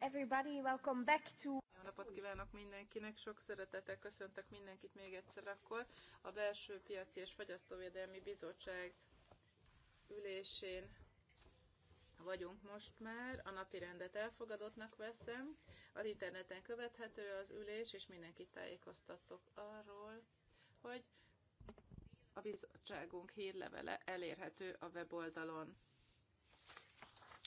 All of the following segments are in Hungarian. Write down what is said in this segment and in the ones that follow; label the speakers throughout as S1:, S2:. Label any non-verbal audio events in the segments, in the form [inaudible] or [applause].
S1: everybody, welcome back to...
S2: Jó napot kívánok mindenkinek, sok szeretettel köszöntök mindenkit még egyszer akkor. A Belső Piaci és Fogyasztóvédelmi Bizottság ülésén vagyunk most már, a napi rendet elfogadottnak veszem, az interneten követhető az ülés, és mindenkit tájékoztatok arról, hogy a bizottságunk hírlevele elérhető a weboldalon.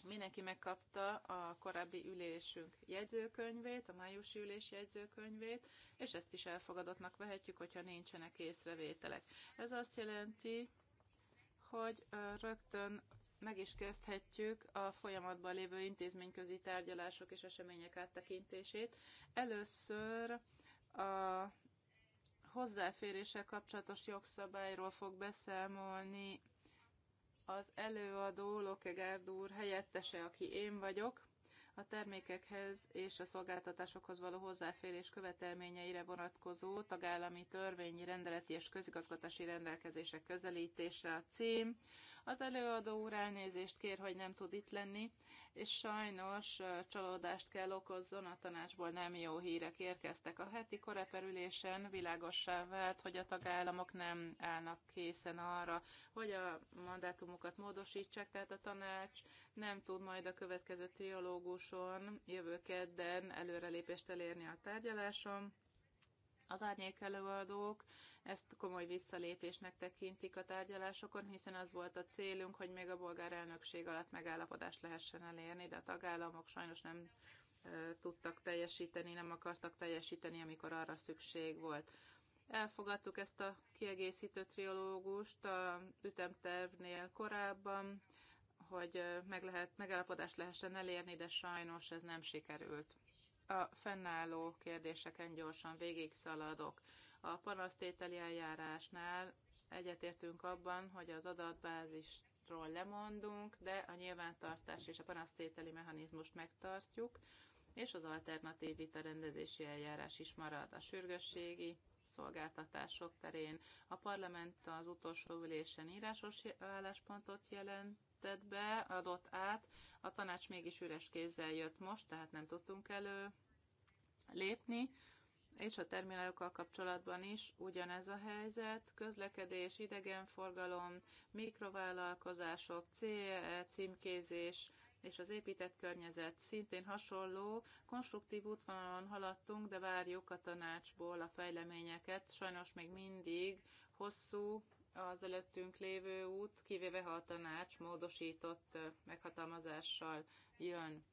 S2: Mindenki megkapta a korábbi ülésünk jegyzőkönyvét, a májusi ülés jegyzőkönyvét, és ezt is elfogadottnak vehetjük, hogyha nincsenek észrevételek. Ez azt jelenti, hogy rögtön meg is kezdhetjük a folyamatban lévő intézményközi tárgyalások és események áttekintését. Először a hozzáféréssel kapcsolatos jogszabályról fog beszámolni az előadó Lokegárd úr helyettese, aki én vagyok, a termékekhez és a szolgáltatásokhoz való hozzáférés követelményeire vonatkozó tagállami törvényi, rendeleti és közigazgatási rendelkezések közelítése a cím. Az előadó úr elnézést kér, hogy nem tud itt lenni, és sajnos csalódást kell okozzon, a tanácsból nem jó hírek érkeztek. A heti koreperülésen világossá vált, hogy a tagállamok nem állnak készen arra, hogy a mandátumokat módosítsák, tehát a tanács nem tud majd a következő triológuson jövő kedden előrelépést elérni a tárgyaláson. Az árnyék előadók ezt komoly visszalépésnek tekintik a tárgyalásokon, hiszen az volt a célunk, hogy még a bolgár elnökség alatt megállapodást lehessen elérni, de a tagállamok sajnos nem tudtak teljesíteni, nem akartak teljesíteni, amikor arra szükség volt. Elfogadtuk ezt a kiegészítő triológust a ütemtervnél korábban, hogy meg lehet, megállapodást lehessen elérni, de sajnos ez nem sikerült. A fennálló kérdéseken gyorsan végigszaladok. A panasztételi eljárásnál egyetértünk abban, hogy az adatbázisról lemondunk, de a nyilvántartás és a panasztételi mechanizmust megtartjuk, és az alternatív vitarendezési rendezési eljárás is marad a sürgősségi szolgáltatások terén. A parlament az utolsó ülésen írásos álláspontot jelentett be, adott át, a tanács mégis üres kézzel jött most, tehát nem tudtunk elő lépni és a terminálokkal kapcsolatban is ugyanez a helyzet, közlekedés, idegenforgalom, mikrovállalkozások, CE címkézés és az épített környezet szintén hasonló, konstruktív útvonalon haladtunk, de várjuk a tanácsból a fejleményeket. Sajnos még mindig hosszú az előttünk lévő út, kivéve ha a tanács módosított meghatalmazással jön.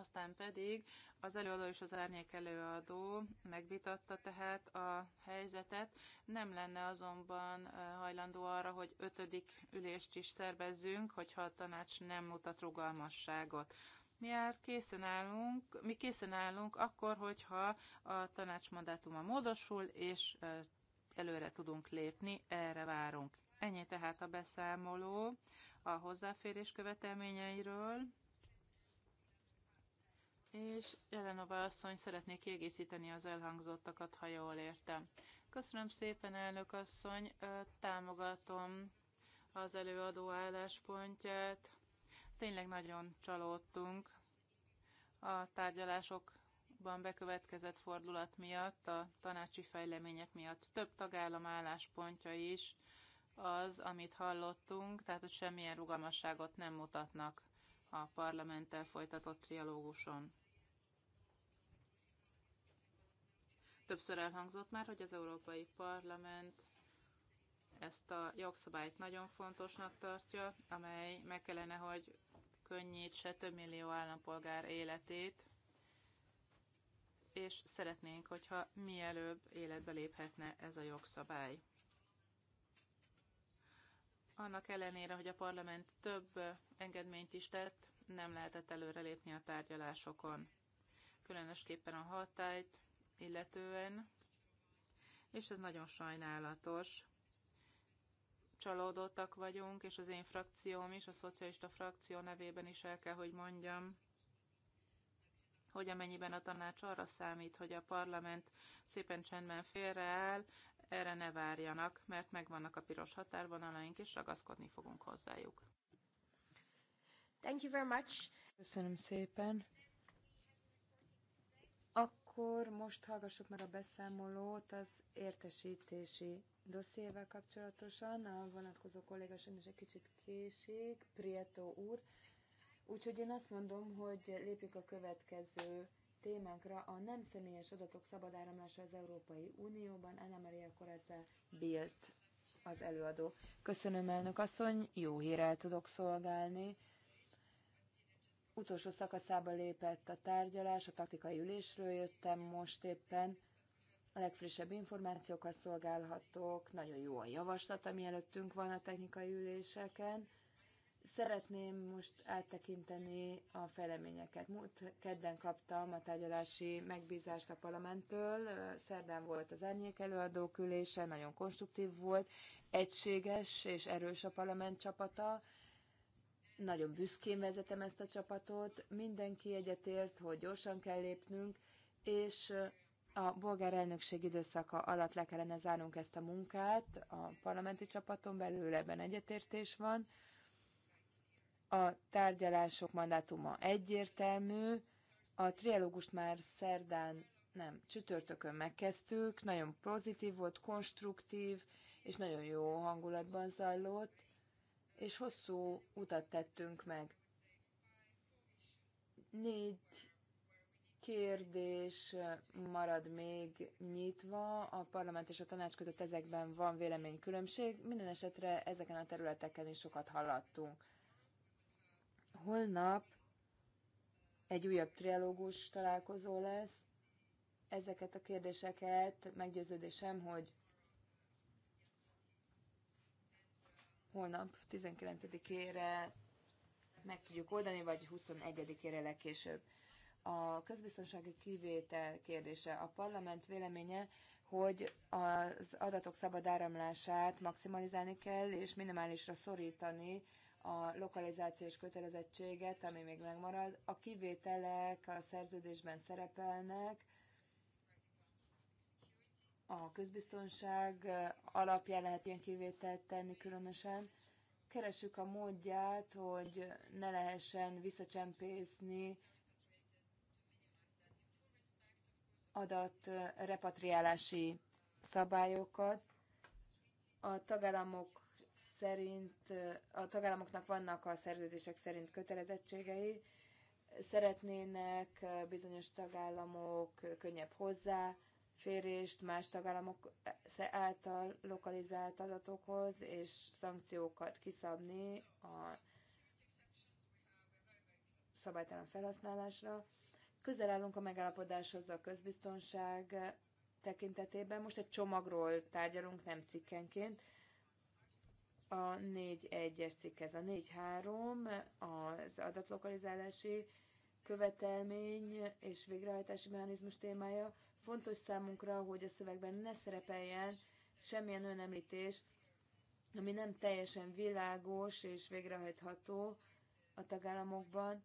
S2: Aztán pedig az előadó és az árnyék előadó megvitatta tehát a helyzetet. Nem lenne azonban hajlandó arra, hogy ötödik ülést is szervezzünk, hogyha a tanács nem mutat rugalmasságot. Mi már készen állunk, mi készen állunk akkor, hogyha a tanács mandátuma módosul, és előre tudunk lépni, erre várunk. Ennyi tehát a beszámoló a hozzáférés követelményeiről és Jelenova asszony szeretné kiegészíteni az elhangzottakat, ha jól értem. Köszönöm szépen, elnök asszony, támogatom az előadó álláspontját. Tényleg nagyon csalódtunk a tárgyalásokban bekövetkezett fordulat miatt, a tanácsi fejlemények miatt. Több tagállam álláspontja is az, amit hallottunk, tehát hogy semmilyen rugalmasságot nem mutatnak a parlamenttel folytatott trialóguson. Többször elhangzott már, hogy az Európai Parlament ezt a jogszabályt nagyon fontosnak tartja, amely meg kellene, hogy könnyítse több millió állampolgár életét, és szeretnénk, hogyha mielőbb életbe léphetne ez a jogszabály. Annak ellenére, hogy a parlament több engedményt is tett, nem lehetett előrelépni a tárgyalásokon. Különösképpen a hatályt illetően, és ez nagyon sajnálatos. Csalódottak vagyunk, és az én frakcióm is, a szocialista frakció nevében is el kell, hogy mondjam, hogy amennyiben a tanács arra számít, hogy a parlament szépen csendben félreáll, erre ne várjanak, mert megvannak a piros határvonalaink, és ragaszkodni fogunk hozzájuk.
S1: Thank you very much. Köszönöm szépen. Akkor most hallgassuk meg a beszámolót az értesítési dossziével kapcsolatosan. A vonatkozó kolléga is egy kicsit késik, Prieto úr. Úgyhogy én azt mondom, hogy lépjük a következő témánkra, a nem személyes adatok szabad áramlása az Európai Unióban. Anna Maria Corazza Bilt az előadó. Köszönöm, elnök asszony, jó hírrel tudok szolgálni utolsó szakaszába lépett a tárgyalás, a taktikai ülésről jöttem most éppen, a legfrissebb információkkal szolgálhatok, nagyon jó a javaslat, ami előttünk van a technikai üléseken. Szeretném most áttekinteni a fejleményeket. Múlt kedden kaptam a tárgyalási megbízást a parlamenttől, szerdán volt az árnyék előadók ülése, nagyon konstruktív volt, egységes és erős a parlament csapata, nagyon büszkén vezetem ezt a csapatot, mindenki egyetért, hogy gyorsan kell lépnünk, és a bolgár elnökség időszaka alatt le kellene zárnunk ezt a munkát, a parlamenti csapaton belül ebben egyetértés van. A tárgyalások mandátuma egyértelmű, a trialógust már szerdán, nem, csütörtökön megkezdtük, nagyon pozitív volt, konstruktív, és nagyon jó hangulatban zajlott és hosszú utat tettünk meg. Négy kérdés marad még nyitva, a parlament és a tanács között ezekben van véleménykülönbség, minden esetre ezeken a területeken is sokat haladtunk. Holnap egy újabb trialógus találkozó lesz, ezeket a kérdéseket meggyőződésem, hogy holnap 19-ére meg tudjuk oldani, vagy 21-ére legkésőbb. A közbiztonsági kivétel kérdése. A parlament véleménye, hogy az adatok szabad áramlását maximalizálni kell, és minimálisra szorítani a lokalizációs kötelezettséget, ami még megmarad. A kivételek a szerződésben szerepelnek, a közbiztonság alapján lehet ilyen kivételt tenni különösen. Keressük a módját, hogy ne lehessen visszacsempészni adat repatriálási szabályokat. A tagállamok szerint, a tagállamoknak vannak a szerződések szerint kötelezettségei, szeretnének bizonyos tagállamok könnyebb hozzá férést más tagállamok által lokalizált adatokhoz, és szankciókat kiszabni a szabálytalan felhasználásra. Közel állunk a megállapodáshoz a közbiztonság tekintetében. Most egy csomagról tárgyalunk, nem cikkenként. A 4.1-es cikk ez a 4.3, az adatlokalizálási követelmény és végrehajtási mechanizmus témája. Fontos számunkra, hogy a szövegben ne szerepeljen semmilyen önemlítés, ami nem teljesen világos és végrehajtható a tagállamokban,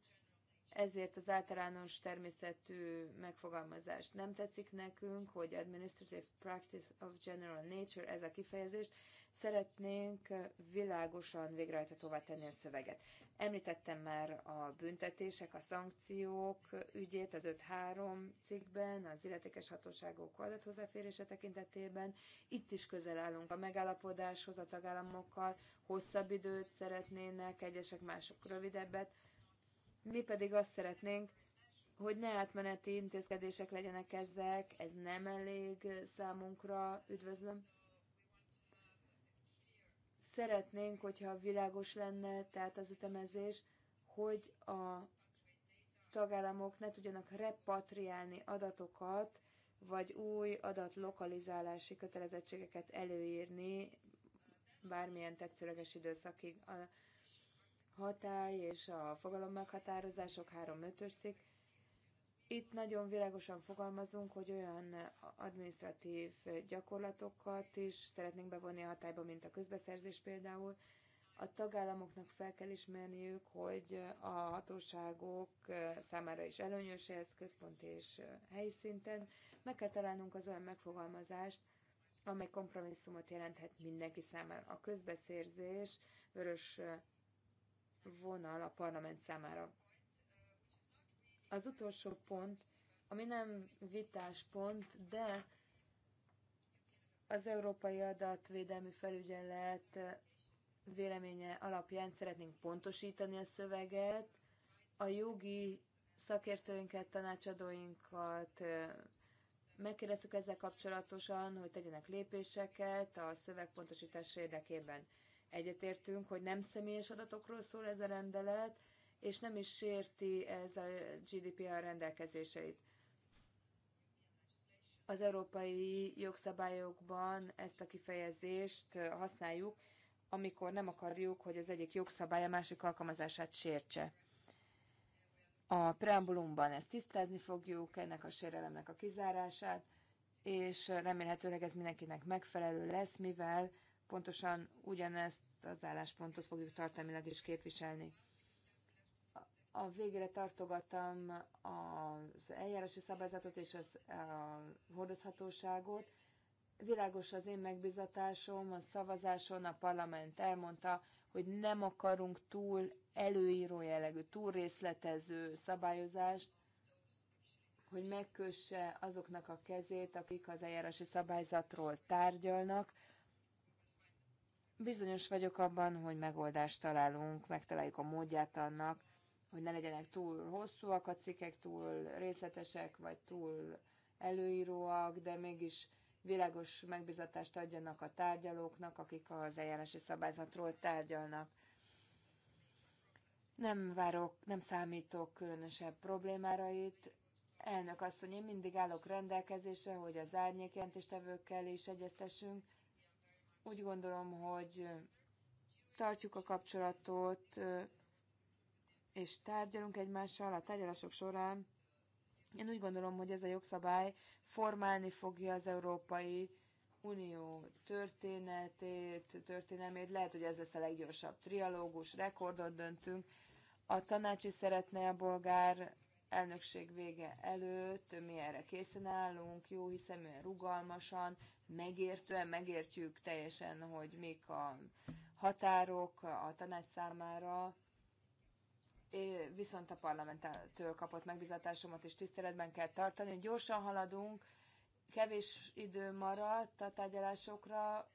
S1: ezért az általános természetű megfogalmazás nem tetszik nekünk, hogy Administrative Practice of General Nature, ez a kifejezés, szeretnénk világosan végrehajthatóvá tenni a szöveget. Említettem már a büntetések, a szankciók ügyét az 5-3 cikkben, az illetékes hatóságok adathozáférése tekintetében. Itt is közel állunk a megállapodáshoz a tagállamokkal, hosszabb időt szeretnének, egyesek mások rövidebbet. Mi pedig azt szeretnénk, hogy ne átmeneti intézkedések legyenek ezek, ez nem elég számunkra, üdvözlöm Szeretnénk, hogyha világos lenne, tehát az ütemezés, hogy a tagállamok ne tudjanak repatriálni adatokat, vagy új adatlokalizálási kötelezettségeket előírni bármilyen tetszőleges időszakig. A hatály és a fogalom meghatározások 3-5-ös cikk itt nagyon világosan fogalmazunk, hogy olyan administratív gyakorlatokat is szeretnénk bevonni a hatályba, mint a közbeszerzés például. A tagállamoknak fel kell ismerniük, hogy a hatóságok számára is előnyös ez központi és helyi szinten. Meg kell találnunk az olyan megfogalmazást, amely kompromisszumot jelenthet mindenki számára. A közbeszerzés vörös vonal a parlament számára. Az utolsó pont, ami nem vitás pont, de az Európai Adatvédelmi Felügyelet véleménye alapján szeretnénk pontosítani a szöveget, a jogi szakértőinket, tanácsadóinkat megkérdeztük ezzel kapcsolatosan, hogy tegyenek lépéseket a szöveg pontosítása érdekében. Egyetértünk, hogy nem személyes adatokról szól ez a rendelet, és nem is sérti ez a GDPR rendelkezéseit. Az európai jogszabályokban ezt a kifejezést használjuk, amikor nem akarjuk, hogy az egyik jogszabály a másik alkalmazását sértse. A preambulumban ezt tisztázni fogjuk, ennek a sérelemnek a kizárását, és remélhetőleg ez mindenkinek megfelelő lesz, mivel pontosan ugyanezt az álláspontot fogjuk tartalmilag is képviselni a végére tartogattam az eljárási szabályzatot és az, a hordozhatóságot. Világos az én megbizatásom, a szavazáson a parlament elmondta, hogy nem akarunk túl előíró jellegű, túl részletező szabályozást, hogy megkösse azoknak a kezét, akik az eljárási szabályzatról tárgyalnak. Bizonyos vagyok abban, hogy megoldást találunk, megtaláljuk a módját annak, hogy ne legyenek túl hosszúak a cikkek, túl részletesek, vagy túl előíróak, de mégis világos megbizatást adjanak a tárgyalóknak, akik az eljárási szabályzatról tárgyalnak. Nem várok, nem számítok különösebb problémára itt. Elnök asszony, én mindig állok rendelkezésre, hogy az árnyékjelentéstevőkkel is egyeztessünk. Úgy gondolom, hogy tartjuk a kapcsolatot, és tárgyalunk egymással a tárgyalások során, én úgy gondolom, hogy ez a jogszabály formálni fogja az Európai Unió történetét, történelmét. Lehet, hogy ez lesz a leggyorsabb trialógus, rekordot döntünk. A tanács is szeretne a bolgár elnökség vége előtt, mi erre készen állunk, jó hiszeműen, rugalmasan, megértően, megértjük teljesen, hogy mik a határok a tanács számára, viszont a parlamenttől kapott megbizatásomat is tiszteletben kell tartani. Gyorsan haladunk, kevés idő maradt a tárgyalásokra,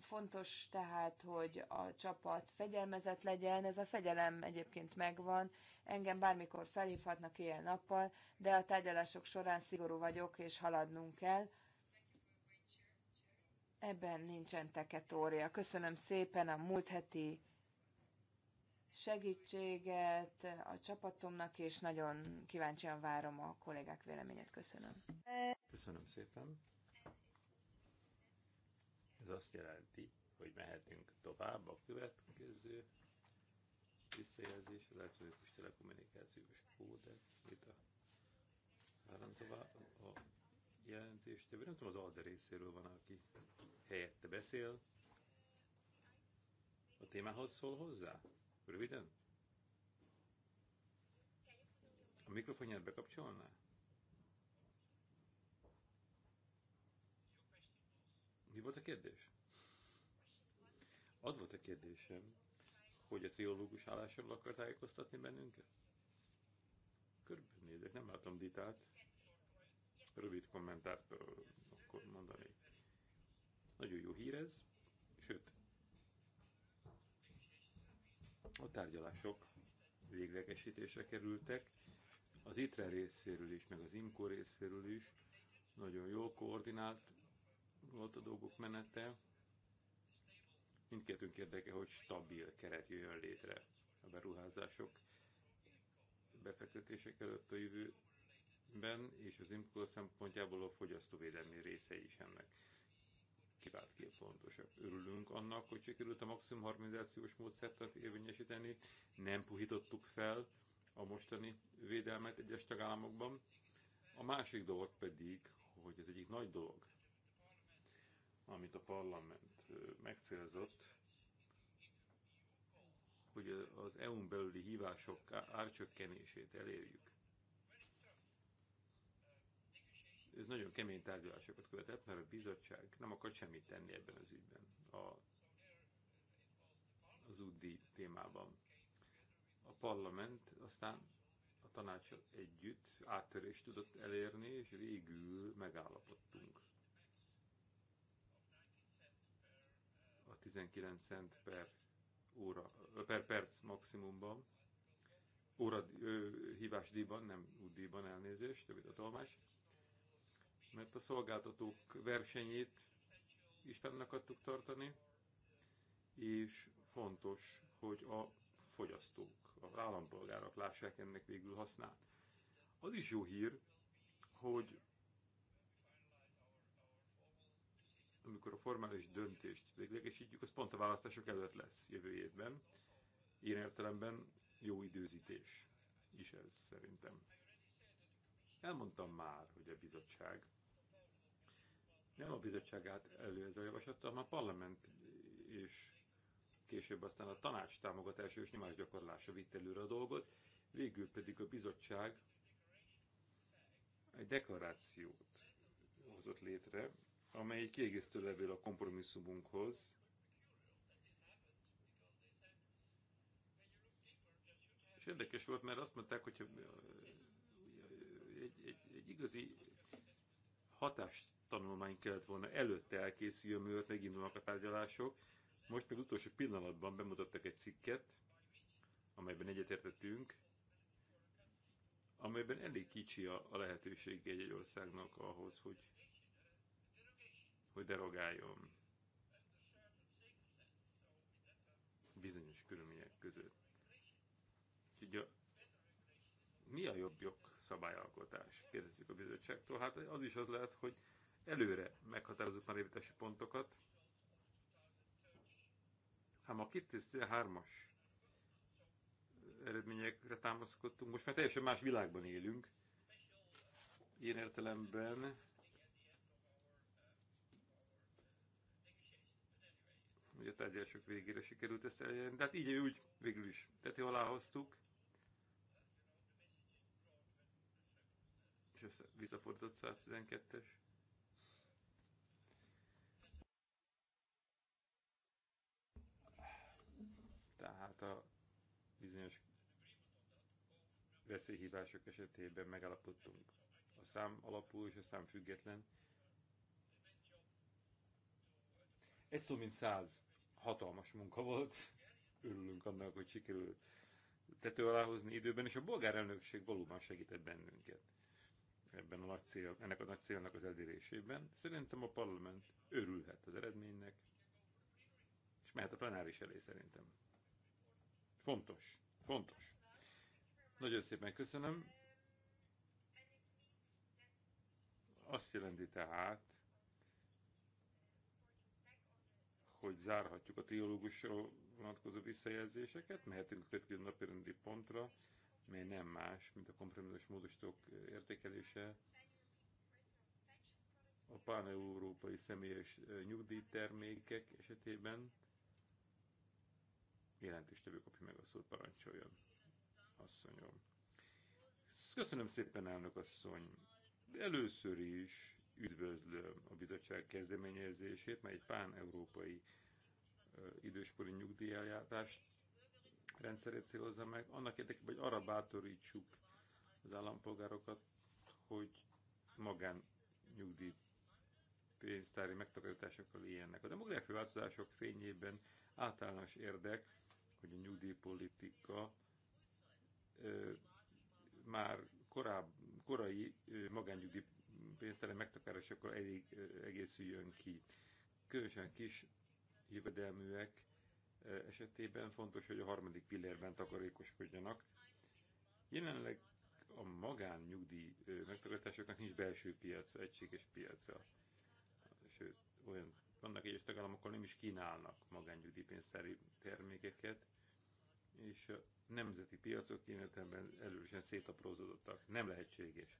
S1: fontos tehát, hogy a csapat fegyelmezett legyen, ez a fegyelem egyébként megvan, engem bármikor felhívhatnak éjjel-nappal, de a tárgyalások során szigorú vagyok, és haladnunk kell. Ebben nincsen teketória. Köszönöm szépen a múlt heti segítséget a csapatomnak, és nagyon kíváncsian várom a kollégák véleményét. Köszönöm.
S3: Köszönöm szépen. Ez azt jelenti, hogy mehetünk tovább a következő visszajelzés, az elektronikus telekommunikációs kódex, itt a Háromszóval a jelentéstevő, nem tudom, az Alde részéről van, aki helyette beszél. A témához szól hozzá? Röviden? A mikrofonját bekapcsolná? Mi volt a kérdés? Az volt a kérdésem, hogy a triológus állásról akar tájékoztatni bennünket? Körbenézek, nem látom ditát. Rövid kommentárt akkor mondanék. Nagyon jó hír ez, sőt, a tárgyalások véglegesítésre kerültek, az ITRE részéről is, meg az IMCO részéről is. Nagyon jól koordinált volt a dolgok menete. Mindkettőnk érdeke, hogy stabil keret jöjjön létre a beruházások befektetések előtt a jövőben, és az IMCO szempontjából a fogyasztóvédelmi része is ennek kiváltképp fontosak. Örülünk annak, hogy sikerült a maximum harmonizációs módszertet érvényesíteni, nem puhítottuk fel a mostani védelmet egyes tagállamokban. A másik dolog pedig, hogy ez egyik nagy dolog, amit a parlament megcélzott, hogy az EU-n belüli hívások árcsökkenését elérjük. Ez nagyon kemény tárgyalásokat követett, mert a bizottság nem akar semmit tenni ebben az ügyben, a, az UDI témában. A parlament aztán a tanácsal együtt áttörést tudott elérni, és végül megállapodtunk. A 19 cent per, óra, per perc maximumban, óra ö, hívásdíjban, nem útdíjban elnézést, rövid a tolmács, mert a szolgáltatók versenyét is fennak adtuk tartani, és fontos, hogy a fogyasztók, a állampolgárok lássák ennek végül használt. Az is jó hír, hogy amikor a formális döntést véglegesítjük, az pont a választások előtt lesz jövő évben. Én értelemben jó időzítés is ez szerintem. Elmondtam már, hogy a bizottság nem a bizottság állt elő ez a javaslat, hanem a parlament és később aztán a tanács támogatása és gyakorlása vitt előre a dolgot, végül pedig a bizottság egy deklarációt hozott létre, amely egy kiegészítő levél a kompromisszumunkhoz, És érdekes volt, mert azt mondták, hogy egy, egy, egy igazi hatást tanulmány kellett volna előtte elkészüljön, mielőtt megindulnak a tárgyalások. Most meg utolsó pillanatban bemutattak egy cikket, amelyben egyetértettünk, amelyben elég kicsi a, a lehetőség egy, egy országnak ahhoz, hogy, hogy derogáljon bizonyos körülmények között. Úgyhogy a, mi a jobb jogszabályalkotás? Kérdezzük a bizottságtól. Hát az is az lehet, hogy Előre meghatározott már pontokat, ám a 2013-as eredményekre támaszkodtunk. Most már teljesen más világban élünk. Ilyen értelemben hogy a tárgyalások végére sikerült ezt elérni. Tehát így úgy végül is tető alá hoztuk. És visszafordított 112-es bizonyos veszélyhívások esetében megállapodtunk. A szám alapú és a szám független. Egy szó, mint száz. Hatalmas munka volt. Örülünk annak, hogy sikerült tető alá hozni időben, és a bolgár elnökség valóban segített bennünket ebben a nagy cél, ennek a nagy célnak az elérésében. Szerintem a parlament örülhet az eredménynek, és mehet a plenáris elé szerintem. Fontos. Fontos. Nagyon szépen köszönöm. Azt jelenti tehát, hogy zárhatjuk a teológusról vonatkozó visszajelzéseket, mehetünk a következő napirendi pontra, mely nem más, mint a kompromisszós módosítók értékelése, a pán-európai személyes eh, nyugdíjtermékek esetében Jelentéstevő kapja meg a szót, parancsoljon. Asszonyom. Köszönöm szépen, elnök asszony. Először is üdvözlöm a bizottság kezdeményezését, mert egy pán-európai időskori nyugdíjeljátást rendszerét célozza meg, annak érdekében, hogy arra bátorítsuk az állampolgárokat, hogy magán nyugdíj pénztári megtakarításokkal éljenek. A demográfiai változások fényében általános érdek, hogy a nyugdíjpolitika már koráb, korai ö, magányugdíj pénztelen megtakarásokor elég egészüljön ki. Különösen kis jövedelműek esetében fontos, hogy a harmadik pillérben takarékoskodjanak. Jelenleg a magán nyugdíj megtakarításoknak nincs belső piac, egységes piaca. Sőt, olyan vannak egyes tagállamok, nem is kínálnak magányugdíjpénztári termékeket, és a nemzeti piacok kínálatában erősen szétaprózódottak. Nem lehetséges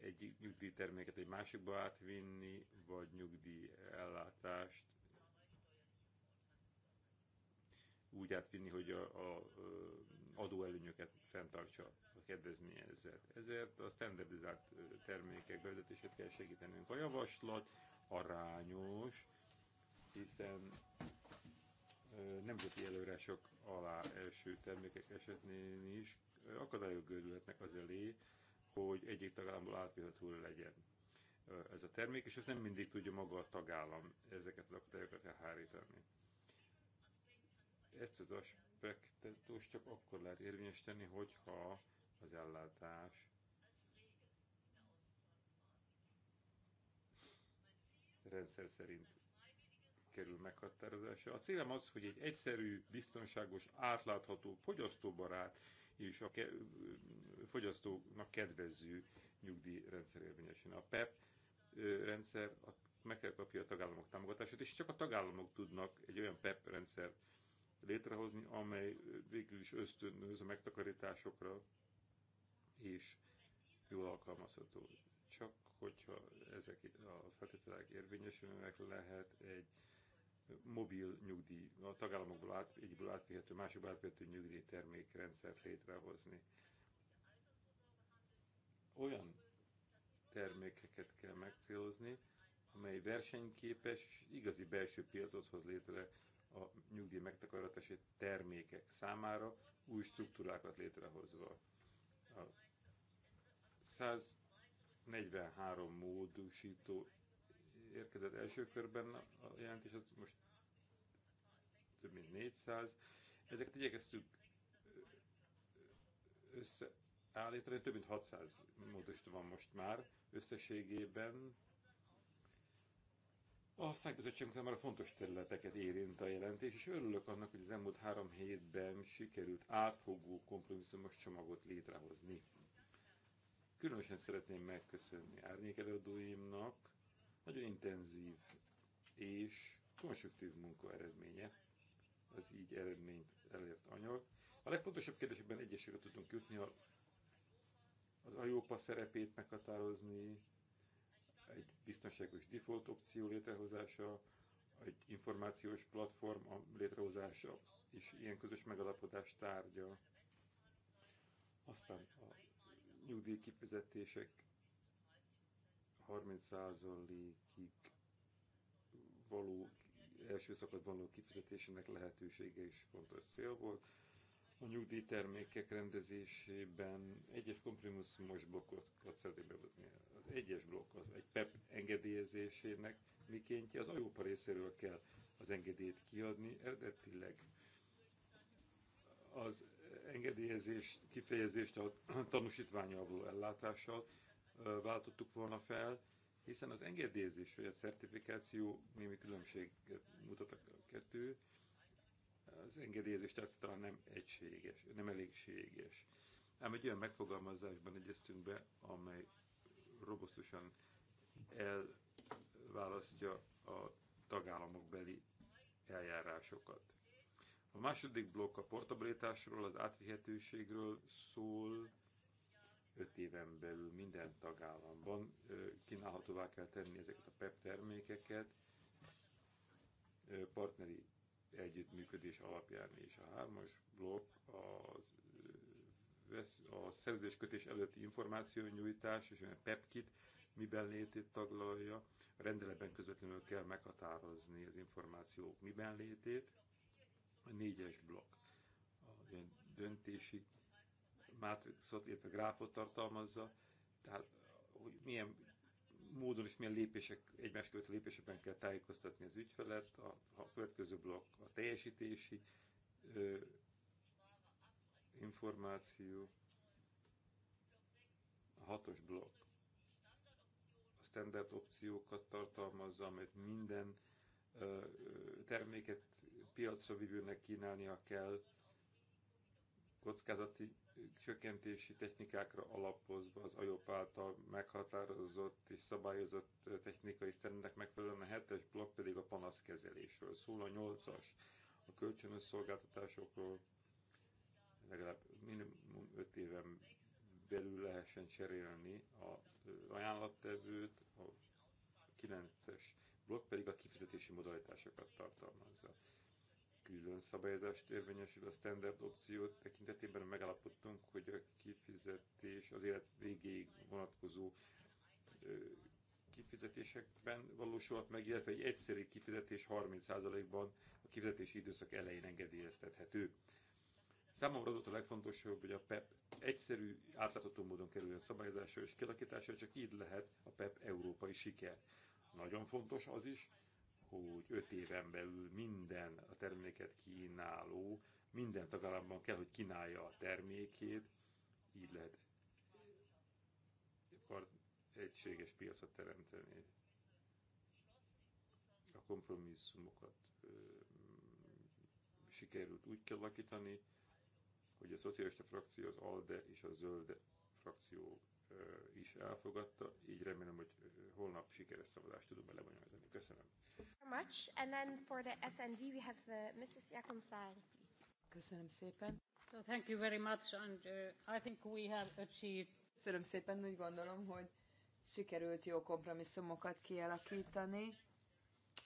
S3: egy nyugdíjterméket egy másikba átvinni, vagy nyugdíjellátást úgy átvinni, hogy a, a, a adóelőnyöket fenntartsa a kedvezményezet. Ezért a standardizált termékek bevezetését kell segítenünk. A javaslat arányos, hiszen nemzeti előrások alá első termékek esetén is akadályok gördülhetnek az elé, hogy egyik tagállamból átvihető legyen ez a termék, és ezt nem mindig tudja maga a tagállam ezeket az akadályokat elhárítani. Ezt az aspektus csak akkor lehet érvényesíteni, hogyha az ellátás rendszer szerint kerül meghatározásra. A célom az, hogy egy egyszerű, biztonságos, átlátható, fogyasztóbarát és a ke- fogyasztónak kedvező nyugdíjrendszer érvényesüljön. A PEP e rendszer meg kell kapja a tagállamok támogatását, és csak a tagállamok tudnak egy olyan PEP rendszert létrehozni, amely végül is ösztönöz a megtakarításokra, és jól alkalmazható csak hogyha ezek a feltételek érvényesülnek, lehet egy mobil nyugdíj, a tagállamokból át, egyből átvihető, másikból átvihető nyugdíjtermékrendszert létrehozni. Olyan termékeket kell megcélozni, amely versenyképes, igazi belső piacot hoz létre a nyugdíj megtakarítási termékek számára, új struktúrákat létrehozva. A 100 43 módosító érkezett első körben a jelentés, az most több mint 400. Ezeket igyekeztük összeállítani, több mint 600 módosító van most már összességében. A már a fontos területeket érint a jelentés, és örülök annak, hogy az elmúlt három hétben sikerült átfogó kompromisszumos csomagot létrehozni. Különösen szeretném megköszönni előadóimnak, nagyon intenzív és konstruktív munka eredménye, az így eredményt elért anyag. A legfontosabb kérdésben egyesére tudunk jutni, a, az ajópa szerepét meghatározni, egy biztonságos default opció létrehozása, egy információs platform létrehozása és ilyen közös megalapodás tárgya. Aztán a nyugdíjkifizetések 30%-ig való első szakaszban való kifizetésének lehetősége is fontos cél volt. A nyugdíjtermékek rendezésében egyes kompromisszumos blokkot szeretnék bevetni. Az egyes blokk, az egy PEP engedélyezésének mikéntje, az ajópa részéről kell az engedélyt kiadni, eredetileg az engedélyezést, kifejezést a tanúsítványal való ellátással váltottuk volna fel, hiszen az engedélyezés vagy a certifikáció némi különbséget mutat a kettő, az engedélyezés tehát talán nem egységes, nem elégséges. Ám egy olyan megfogalmazásban egyeztünk be, amely robosztusan elválasztja a tagállamok beli eljárásokat. A második blokk a portabilitásról, az átvihetőségről szól, 5 éven belül minden tagállamban kínálhatóvá kell tenni ezeket a PEP termékeket, partneri együttműködés alapján és a hármas blokk az a szerződéskötés előtti nyújtás és a PEPKIT miben létét taglalja. A rendeletben közvetlenül kell meghatározni az információk miben létét, a négyes blokk. A döntési mátrixot, illetve gráfot tartalmazza, tehát hogy milyen módon és milyen lépések, egymás követő lépésekben kell tájékoztatni az ügyfelet, a, a következő blokk a teljesítési ö, információ, a hatos blokk a standard opciókat tartalmazza, amelyet minden terméket piacra vívőnek kínálnia kell, kockázati csökkentési technikákra alapozva az AJOP által meghatározott és szabályozott technikai sztenderdek megfelelően a hetes blokk pedig a panaszkezelésről szól, a nyolcas a kölcsönös szolgáltatásokról legalább minimum 5 éven belül lehessen cserélni a ajánlattevőt, a 9-es blokk pedig a kifizetési modalitásokat tartalmazza. Külön szabályozást érvényesül a standard opció tekintetében megállapodtunk, hogy a kifizetés az élet végéig vonatkozó kifizetésekben valósulhat meg, illetve egy egyszerű kifizetés 30%-ban a kifizetési időszak elején engedélyeztethető. Számomra az a legfontosabb, hogy a PEP e egyszerű, átlátható módon kerüljön szabályozásra és kialakításra, csak így lehet a PEP e európai siker. Nagyon fontos az is, hogy öt éven belül minden a terméket kínáló, minden tagállamban kell, hogy kínálja a termékét, így lehet egységes piacot teremteni. A kompromisszumokat ö, sikerült úgy kialakítani, hogy a szocialista frakció, az ALDE és a zöld frakció is elfogadta, így remélem, hogy holnap sikeres szavazást tudunk lebonyolítani. Köszönöm.
S1: Much. And then for the SND we have uh, Mrs. Köszönöm szépen. So thank you very much, and uh, I think we have achieved. Köszönöm szépen, úgy gondolom, hogy sikerült jó kompromisszumokat kialakítani,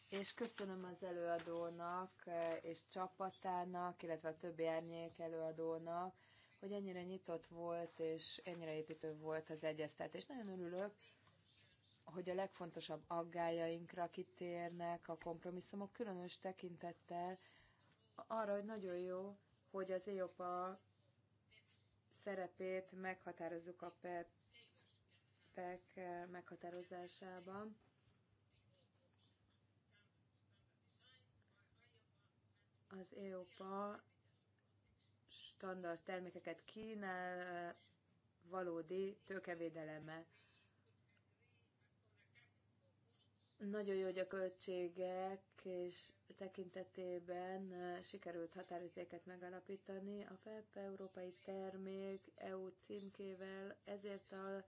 S1: és köszönöm az előadónak eh, és csapatának, illetve a többi árnyék előadónak, hogy ennyire nyitott volt, és ennyire építő volt az egyeztetés. Nagyon örülök, hogy a legfontosabb aggájainkra kitérnek a kompromisszumok, különös tekintettel arra, hogy nagyon jó, hogy az EOPA szerepét meghatározzuk a PEP-ek meghatározásában. Az EOPA standard termékeket kínál valódi tőkevédelemmel. Nagyon jó, hogy a költségek és tekintetében sikerült határértéket megalapítani. A PEP európai termék EU címkével ezért a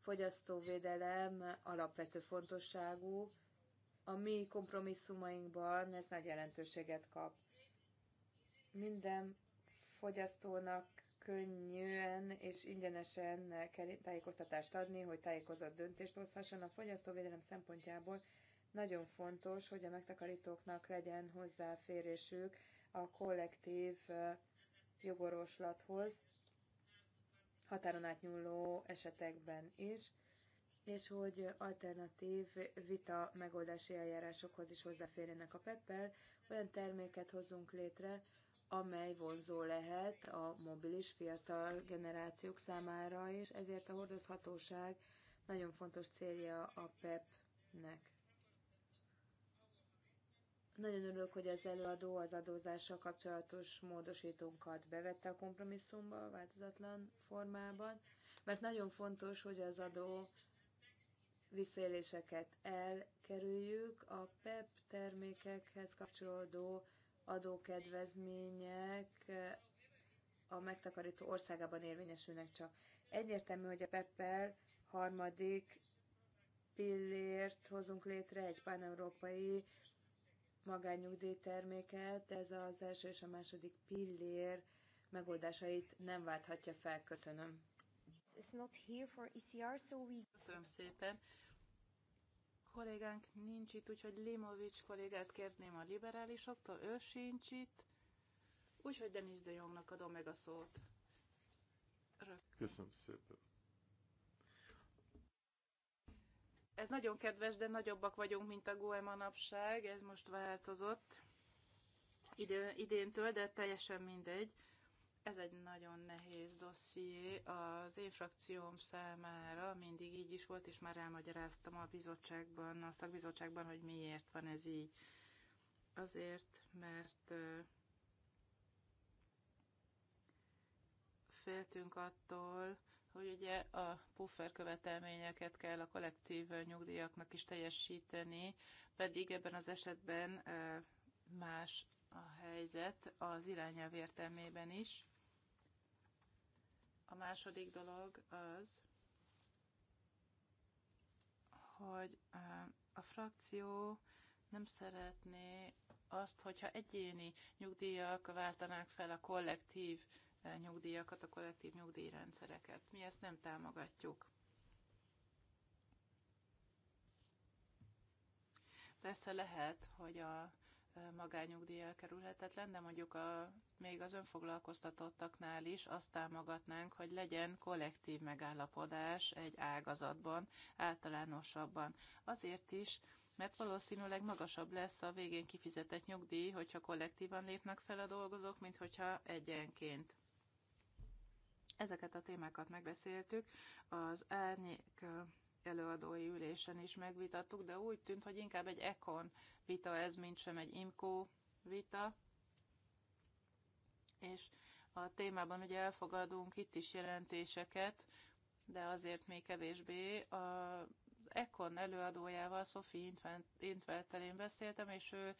S1: fogyasztóvédelem alapvető fontosságú. A mi kompromisszumainkban ez nagy jelentőséget kap. Minden fogyasztónak könnyűen és ingyenesen tájékoztatást adni, hogy tájékozott döntést hozhasson. A fogyasztóvédelem szempontjából nagyon fontos, hogy a megtakarítóknak legyen hozzáférésük a kollektív jogorvoslathoz, határon átnyúló esetekben is, és hogy alternatív vita megoldási eljárásokhoz is hozzáférjenek a peppel, olyan terméket hozunk létre, amely vonzó lehet a mobilis fiatal generációk számára, és ezért a hordozhatóság nagyon fontos célja a PEP-nek. Nagyon örülök, hogy az előadó az adózással kapcsolatos módosítónkat bevette a kompromisszumba, a változatlan formában, mert nagyon fontos, hogy az adó visszaéléseket elkerüljük, a PEP termékekhez kapcsolódó adókedvezmények a megtakarító országában érvényesülnek csak. Egyértelmű, hogy a Pepper harmadik pillért hozunk létre, egy pán-európai terméket ez az első és a második pillér megoldásait nem válthatja fel. Köszönöm.
S2: E Köszönöm szépen kollégánk nincs itt, úgyhogy Limovics kollégát kérném a liberálisoktól, ő sincs itt. Úgyhogy Denis de Jongnak adom meg a szót. Rögtön.
S3: Köszönöm szépen.
S2: Ez nagyon kedves, de nagyobbak vagyunk, mint a GOE manapság, ez most változott idő, idéntől, de teljesen mindegy. Ez egy nagyon nehéz dosszié. Az én frakcióm számára mindig így is volt, és már elmagyaráztam a bizottságban, a szakbizottságban, hogy miért van ez így. Azért, mert féltünk attól, hogy ugye a puffer követelményeket kell a kollektív nyugdíjaknak is teljesíteni, pedig ebben az esetben más a helyzet az irányelv értelmében is. A második dolog az, hogy a frakció nem szeretné azt, hogyha egyéni nyugdíjak váltanák fel a kollektív nyugdíjakat, a kollektív nyugdíjrendszereket. Mi ezt nem támogatjuk. Persze lehet, hogy a magányugdíj elkerülhetetlen, de mondjuk a, még az önfoglalkoztatottaknál is azt támogatnánk, hogy legyen kollektív megállapodás egy ágazatban, általánosabban. Azért is, mert valószínűleg magasabb lesz a végén kifizetett nyugdíj, hogyha kollektívan lépnek fel a dolgozók, mint hogyha egyenként. Ezeket a témákat megbeszéltük. Az árnyék előadói ülésen is megvitattuk, de úgy tűnt, hogy inkább egy ekon vita ez, mint sem egy imkó vita. És a témában ugye elfogadunk itt is jelentéseket, de azért még kevésbé. A Ekon előadójával, Szofi Intveltel én beszéltem, és ő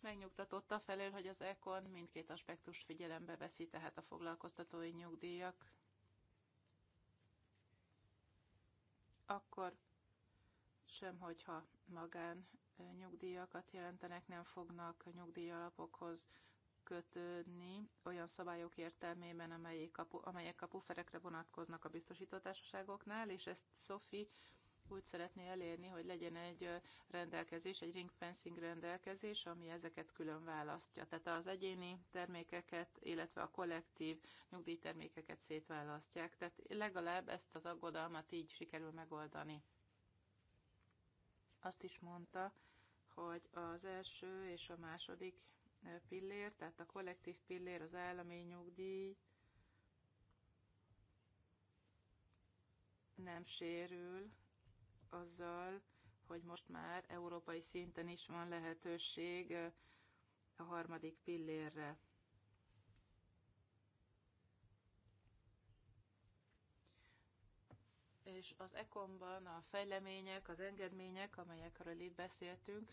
S2: megnyugtatotta felől, hogy az Ekon mindkét aspektust figyelembe veszi, tehát a foglalkoztatói nyugdíjak akkor sem, hogyha magán nyugdíjakat jelentenek, nem fognak nyugdíjalapokhoz kötődni olyan szabályok értelmében, amelyek a, amelyek a pufferekre vonatkoznak a biztosítótársaságoknál, és ezt Sophie úgy szeretné elérni, hogy legyen egy rendelkezés, egy ring fencing rendelkezés, ami ezeket külön választja. Tehát az egyéni termékeket, illetve a kollektív nyugdíjtermékeket szétválasztják. Tehát legalább ezt az aggodalmat így sikerül megoldani. Azt is mondta, hogy az első és a második pillér, tehát a kollektív pillér, az állami nyugdíj, nem sérül, azzal, hogy most már európai szinten is van lehetőség a harmadik pillérre. És az ekonban a fejlemények, az engedmények, amelyekről itt beszéltünk,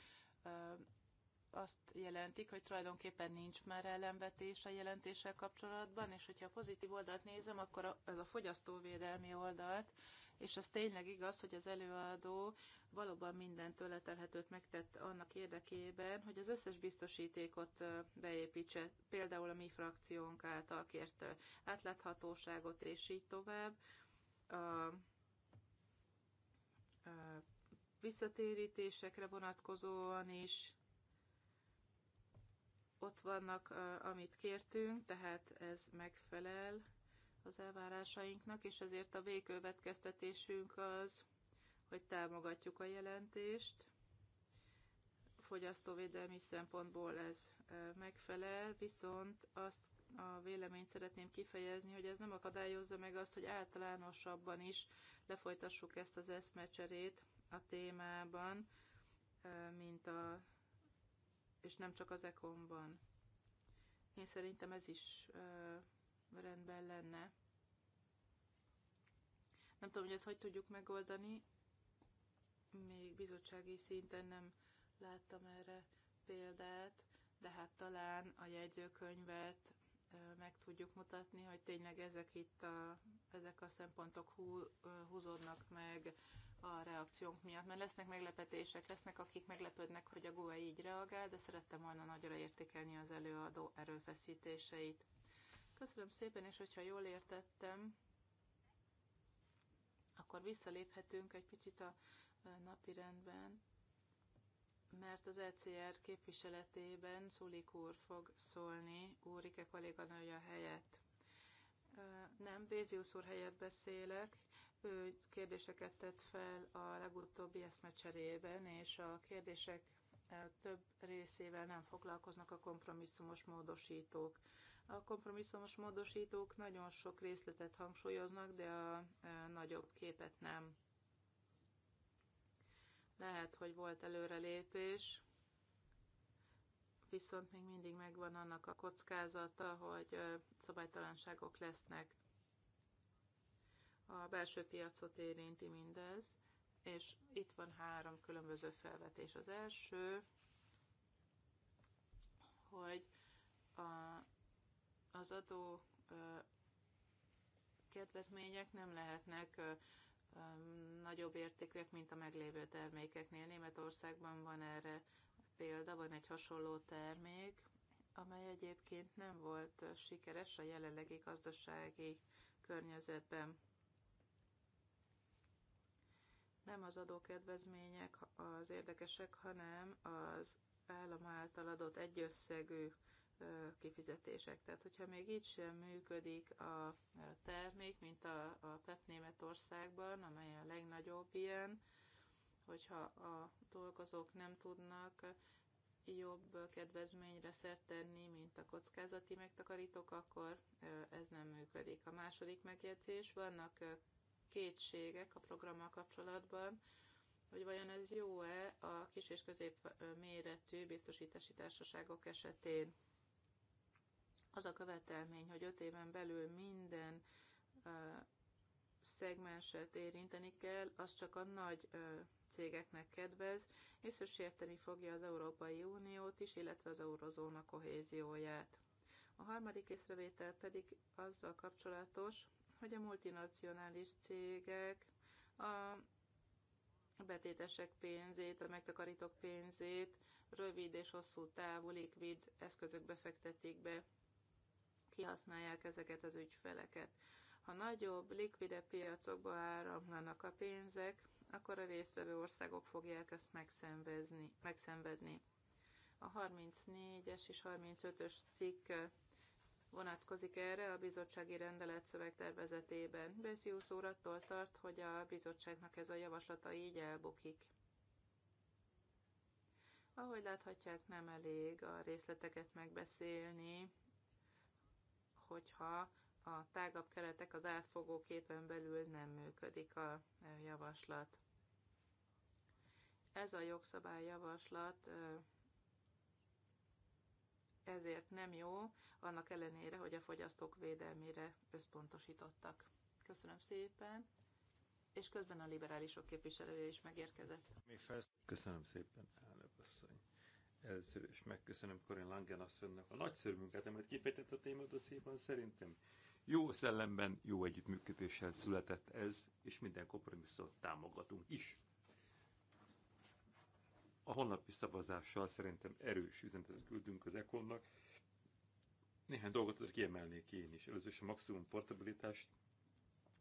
S2: azt jelentik, hogy tulajdonképpen nincs már ellenvetés a jelentéssel kapcsolatban, és hogyha a pozitív oldalt nézem, akkor ez a fogyasztóvédelmi oldalt és az tényleg igaz, hogy az előadó valóban minden tőle megtett annak érdekében, hogy az összes biztosítékot beépítse, például a mi frakciónk által kért átláthatóságot, és így tovább. A, a visszatérítésekre vonatkozóan is ott vannak, amit kértünk, tehát ez megfelel az elvárásainknak, és ezért a végkövetkeztetésünk az, hogy támogatjuk a jelentést. Fogyasztóvédelmi szempontból ez megfelel, viszont azt a véleményt szeretném kifejezni, hogy ez nem akadályozza meg azt, hogy általánosabban is lefolytassuk ezt az eszmecserét a témában, mint a, és nem csak az ekonban. Én szerintem ez is rendben lenne. Nem tudom, hogy ezt hogy tudjuk megoldani. Még bizottsági szinten nem láttam erre példát, de hát talán a jegyzőkönyvet meg tudjuk mutatni, hogy tényleg ezek itt a, ezek a szempontok hú, húzódnak meg a reakciónk miatt, mert lesznek meglepetések, lesznek akik meglepődnek, hogy a GUE így reagál, de szerettem volna nagyra értékelni az előadó erőfeszítéseit. Köszönöm szépen, és hogyha jól értettem, akkor visszaléphetünk egy picit a napi rendben, mert az ECR képviseletében Szulik úr fog szólni, Úrike kolléganője helyett. Nem, Bézius úr helyett beszélek, ő kérdéseket tett fel a legutóbbi eszmecserében, és a kérdések több részével nem foglalkoznak a kompromisszumos módosítók. A kompromisszumos módosítók nagyon sok részletet hangsúlyoznak, de a, nagyobb képet nem. Lehet, hogy volt előrelépés, viszont még mindig megvan annak a kockázata, hogy szabálytalanságok lesznek. A belső piacot érinti mindez, és itt van három különböző felvetés. Az első, hogy a az adó kedvezmények nem lehetnek nagyobb értékűek, mint a meglévő termékeknél. Németországban van erre példa, van egy hasonló termék, amely egyébként nem volt sikeres a jelenlegi gazdasági környezetben. Nem az adókedvezmények az érdekesek, hanem az állam által adott egyösszegű kifizetések. Tehát, hogyha még így sem működik a termék, mint a, a PEP Németországban, amely a legnagyobb ilyen, hogyha a dolgozók nem tudnak jobb kedvezményre szert tenni, mint a kockázati megtakarítók, akkor ez nem működik. A második megjegyzés, vannak kétségek a programmal kapcsolatban, hogy vajon ez jó-e a kis és közép méretű biztosítási társaságok esetén az a követelmény, hogy öt éven belül minden szegmenset érinteni kell, az csak a nagy cégeknek kedvez, és sérteni fogja az Európai Uniót is, illetve az eurozóna kohézióját. A harmadik észrevétel pedig azzal kapcsolatos, hogy a multinacionális cégek a betétesek pénzét, a megtakarítók pénzét rövid és hosszú távú likvid eszközökbe fektetik be, kihasználják ezeket az ügyfeleket. Ha nagyobb, likvidebb piacokba áramlanak a pénzek, akkor a résztvevő országok fogják ezt megszenvedni. A 34-es és 35-ös cikk vonatkozik erre a bizottsági rendelet szövegtervezetében. Besziusz úr attól tart, hogy a bizottságnak ez a javaslata így elbukik. Ahogy láthatják, nem elég a részleteket megbeszélni hogyha a tágabb keretek az átfogó képen belül nem működik a e, javaslat. Ez a jogszabály javaslat, e, ezért nem jó, annak ellenére, hogy a fogyasztók védelmére összpontosítottak. Köszönöm szépen, és közben a liberálisok képviselője is megérkezett.
S3: Köszönöm szépen, elnök asszony. Először is megköszönöm Karin Langen asszonynak a nagyszerű munkát, amit kifejtett a témadosszéban szerintem. Jó szellemben, jó együttműködéssel született ez, és minden kompromisszot támogatunk is. A honlapi szavazással szerintem erős üzenetet küldünk az Ekonnak. Néhány dolgot kiemelnék én is. Először is a maximum portabilitást,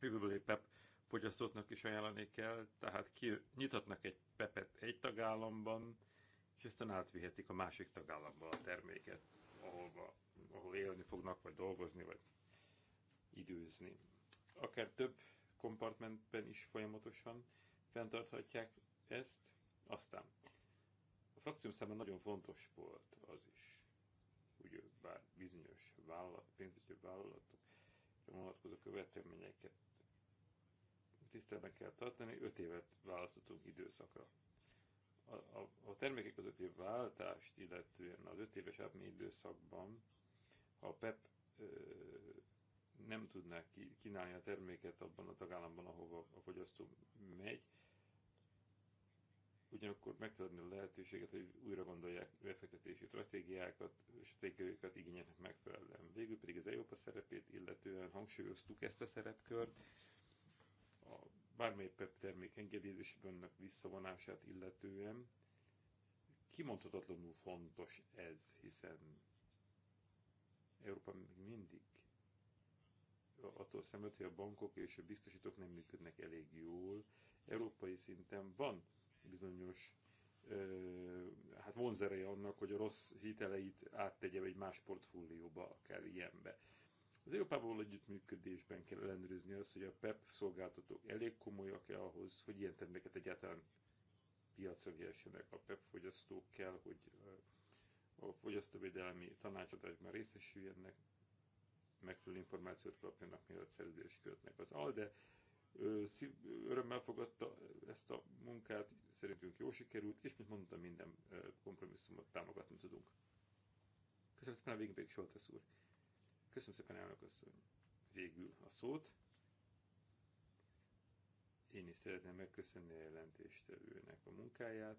S3: jövőbeli PEP fogyasztóknak is ajánlani kell, tehát ki, nyithatnak egy PEP-et egy tagállamban, és aztán átvihetik a másik tagállamba a terméket, ahol, ahol élni fognak, vagy dolgozni, vagy időzni. Akár több kompartmentben is folyamatosan fenntarthatják ezt, aztán a frakcióm számára nagyon fontos volt az is, ugye bár bizonyos vállalat, pénzügyi vállalatok vonatkozó követelményeket tisztelben kell tartani, öt évet választottunk időszakra a, a, termékek közötti váltást illetően az öt éves átmény időszakban, ha a PEP ö, nem tudná ki, kínálni a terméket abban a tagállamban, ahova a fogyasztó megy, ugyanakkor meg kell adni a lehetőséget, hogy újra gondolják befektetési stratégiákat, stratégiákat igényeknek megfelelően. Végül pedig az EIOPA szerepét illetően hangsúlyoztuk ezt a szerepkört, bármely PEP termék engedélyezésében visszavonását illetően kimondhatatlanul fontos ez, hiszen Európa még mindig attól szemet, hogy a bankok és a biztosítók nem működnek elég jól. Európai szinten van bizonyos ö, hát vonzereje annak, hogy a rossz hiteleit áttegye egy más portfólióba, akár ilyenbe. Az Európával együttműködésben kell ellenőrizni azt, hogy a PEP szolgáltatók elég komolyak-e ahhoz, hogy ilyen terméket egyáltalán piacra vihessenek. A PEP fogyasztók kell, hogy a fogyasztóvédelmi tanácsadásban részesüljenek, megfelelő információt kapjanak, mielőtt szerződést kötnek. Az ALDE örömmel fogadta ezt a munkát, szerintünk jó sikerült, és mint mondtam, minden kompromisszumot támogatni tudunk. Köszönöm szépen a pedig Soltesz úr! Köszönöm szépen, elnök asszony. Végül a szót. Én is szeretném megköszönni a jelentéstevőnek a munkáját,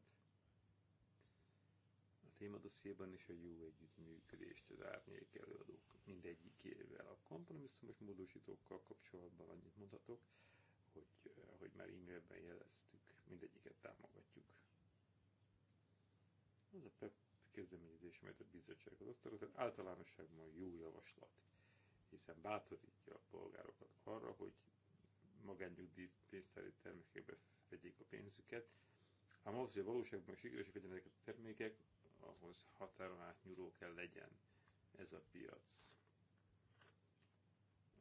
S3: a témadosszéban is a jó együttműködést az árnyék előadók mindegyikével. A kompromisszumos módosítókkal kapcsolatban annyit mondhatok, hogy, hogy már e-mailben jeleztük, mindegyiket támogatjuk. Az a kezdeményezés, amelyet a bizottság az asztalra, tehát általánosságban jó javaslat, hiszen bátorítja a polgárokat arra, hogy magánnyugdíj pénztári termékekbe vegyék a pénzüket, ám ahhoz, hogy a valóságban sikeresek legyenek a termékek, ahhoz határon átnyúló kell legyen ez a piac.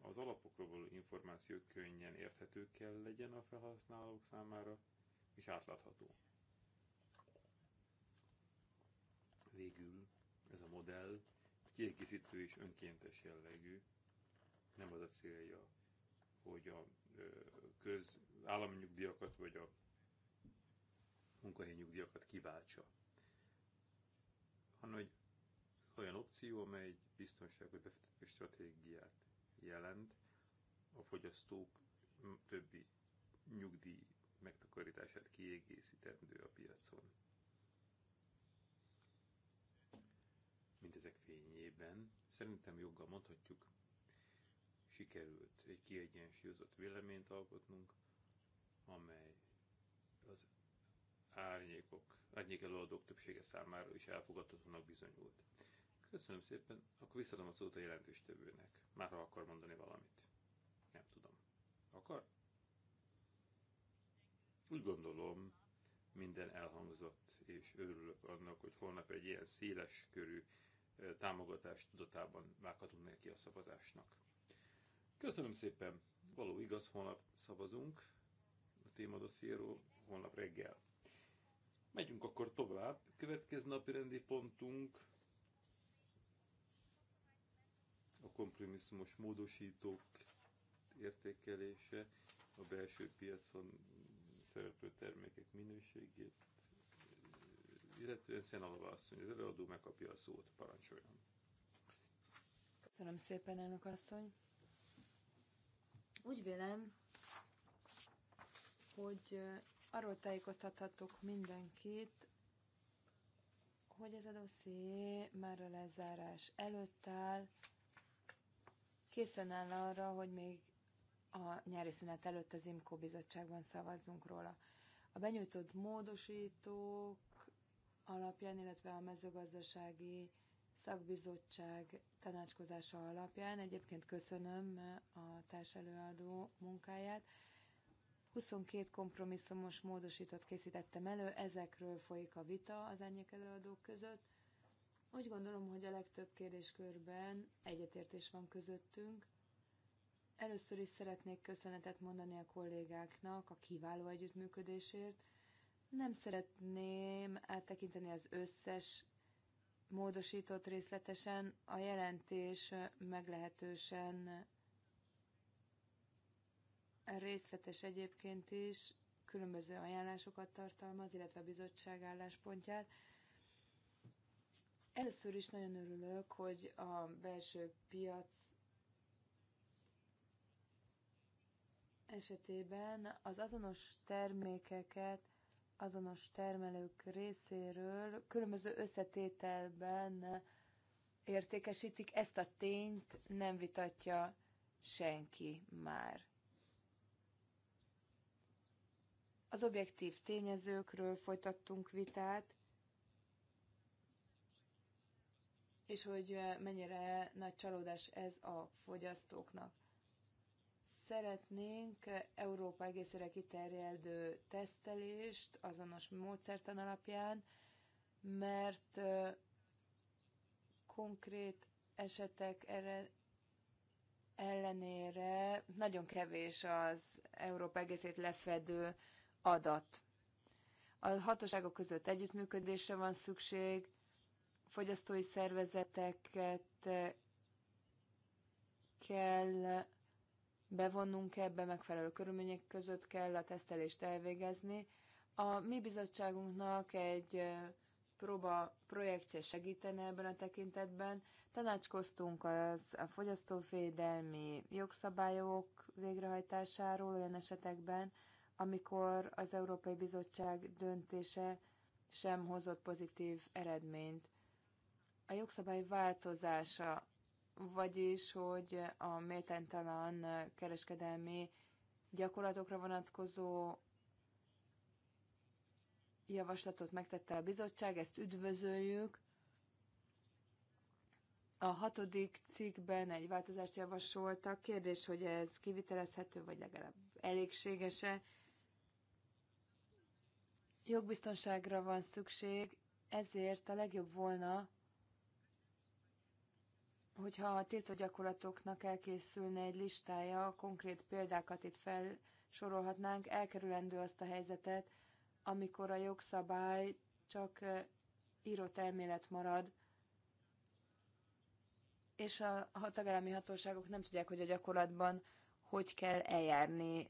S3: Az alapokról való információ könnyen érthető kell legyen a felhasználók számára, és átlátható. Végül ez a modell kiegészítő és önkéntes jellegű. Nem az a célja, hogy a köz állami nyugdíjakat vagy a munkahelyi nyugdíjakat kiváltsa, hanem egy olyan opció, amely egy biztonságos befektetési stratégiát jelent a fogyasztók többi nyugdíj megtakarítását kiegészítendő a piacon. ezek fényében szerintem joggal mondhatjuk, sikerült egy kiegyensúlyozott véleményt alkotnunk, amely az árnyékok, árnyék előadók többsége számára is elfogadhatónak bizonyult. Köszönöm szépen, akkor visszadom a szót a jelentéstevőnek. Már ha akar mondani valamit. Nem tudom. Akar? Úgy gondolom, minden elhangzott, és örülök annak, hogy holnap egy ilyen széles körű támogatás tudatában vághatunk neki a szavazásnak. Köszönöm szépen! Való igaz, holnap szavazunk a témadosszíról, holnap reggel. Megyünk akkor tovább. Következő napi rendi pontunk a kompromisszumos módosítók értékelése, a belső piacon szereplő termékek minőségét, illetően Szenalova asszony, az előadó megkapja a szót, parancsoljon.
S1: Köszönöm szépen, elnök asszony. Úgy vélem, hogy arról tájékoztathatok mindenkit, hogy ez a dosszié már a lezárás előtt áll, készen áll arra, hogy még a nyári szünet előtt az IMCO bizottságban szavazzunk róla. A benyújtott módosítók alapján, illetve a mezőgazdasági szakbizottság tanácskozása alapján. Egyébként köszönöm a társelőadó munkáját. 22 kompromisszumos módosítót készítettem elő, ezekről folyik a vita az árnyék előadók között. Úgy gondolom, hogy a legtöbb kérdéskörben egyetértés van közöttünk. Először is szeretnék köszönetet mondani a kollégáknak a kiváló együttműködésért, nem szeretném áttekinteni az összes módosított részletesen, a jelentés meglehetősen részletes egyébként is, különböző ajánlásokat tartalmaz, illetve a bizottság álláspontját. Először is nagyon örülök, hogy a belső piac esetében az azonos termékeket azonos termelők részéről különböző összetételben értékesítik, ezt a tényt nem vitatja senki már. Az objektív tényezőkről folytattunk vitát, és hogy mennyire nagy csalódás ez a fogyasztóknak. Szeretnénk Európa egészére kiterjedő tesztelést azonos módszertan alapján, mert konkrét esetek erre ellenére nagyon kevés az Európa egészét lefedő adat. A hatóságok között együttműködésre van szükség, fogyasztói szervezeteket kell bevonnunk ebbe, megfelelő körülmények között kell a tesztelést elvégezni. A mi bizottságunknak egy próba projektje segítene ebben a tekintetben. Tanácskoztunk az a fogyasztóvédelmi jogszabályok végrehajtásáról olyan esetekben, amikor az Európai Bizottság döntése sem hozott pozitív eredményt. A jogszabály változása vagyis, hogy a méltánytalan kereskedelmi gyakorlatokra vonatkozó javaslatot megtette a bizottság, ezt üdvözöljük. A hatodik cikkben egy változást javasoltak. Kérdés, hogy ez kivitelezhető, vagy legalább elégséges-e. Jogbiztonságra van szükség, ezért a legjobb volna, hogyha a tiltó gyakorlatoknak elkészülne egy listája, konkrét példákat itt felsorolhatnánk, elkerülendő azt a helyzetet, amikor a jogszabály csak írott elmélet marad, és a, a tagállami hatóságok nem tudják, hogy a gyakorlatban hogy kell eljárni.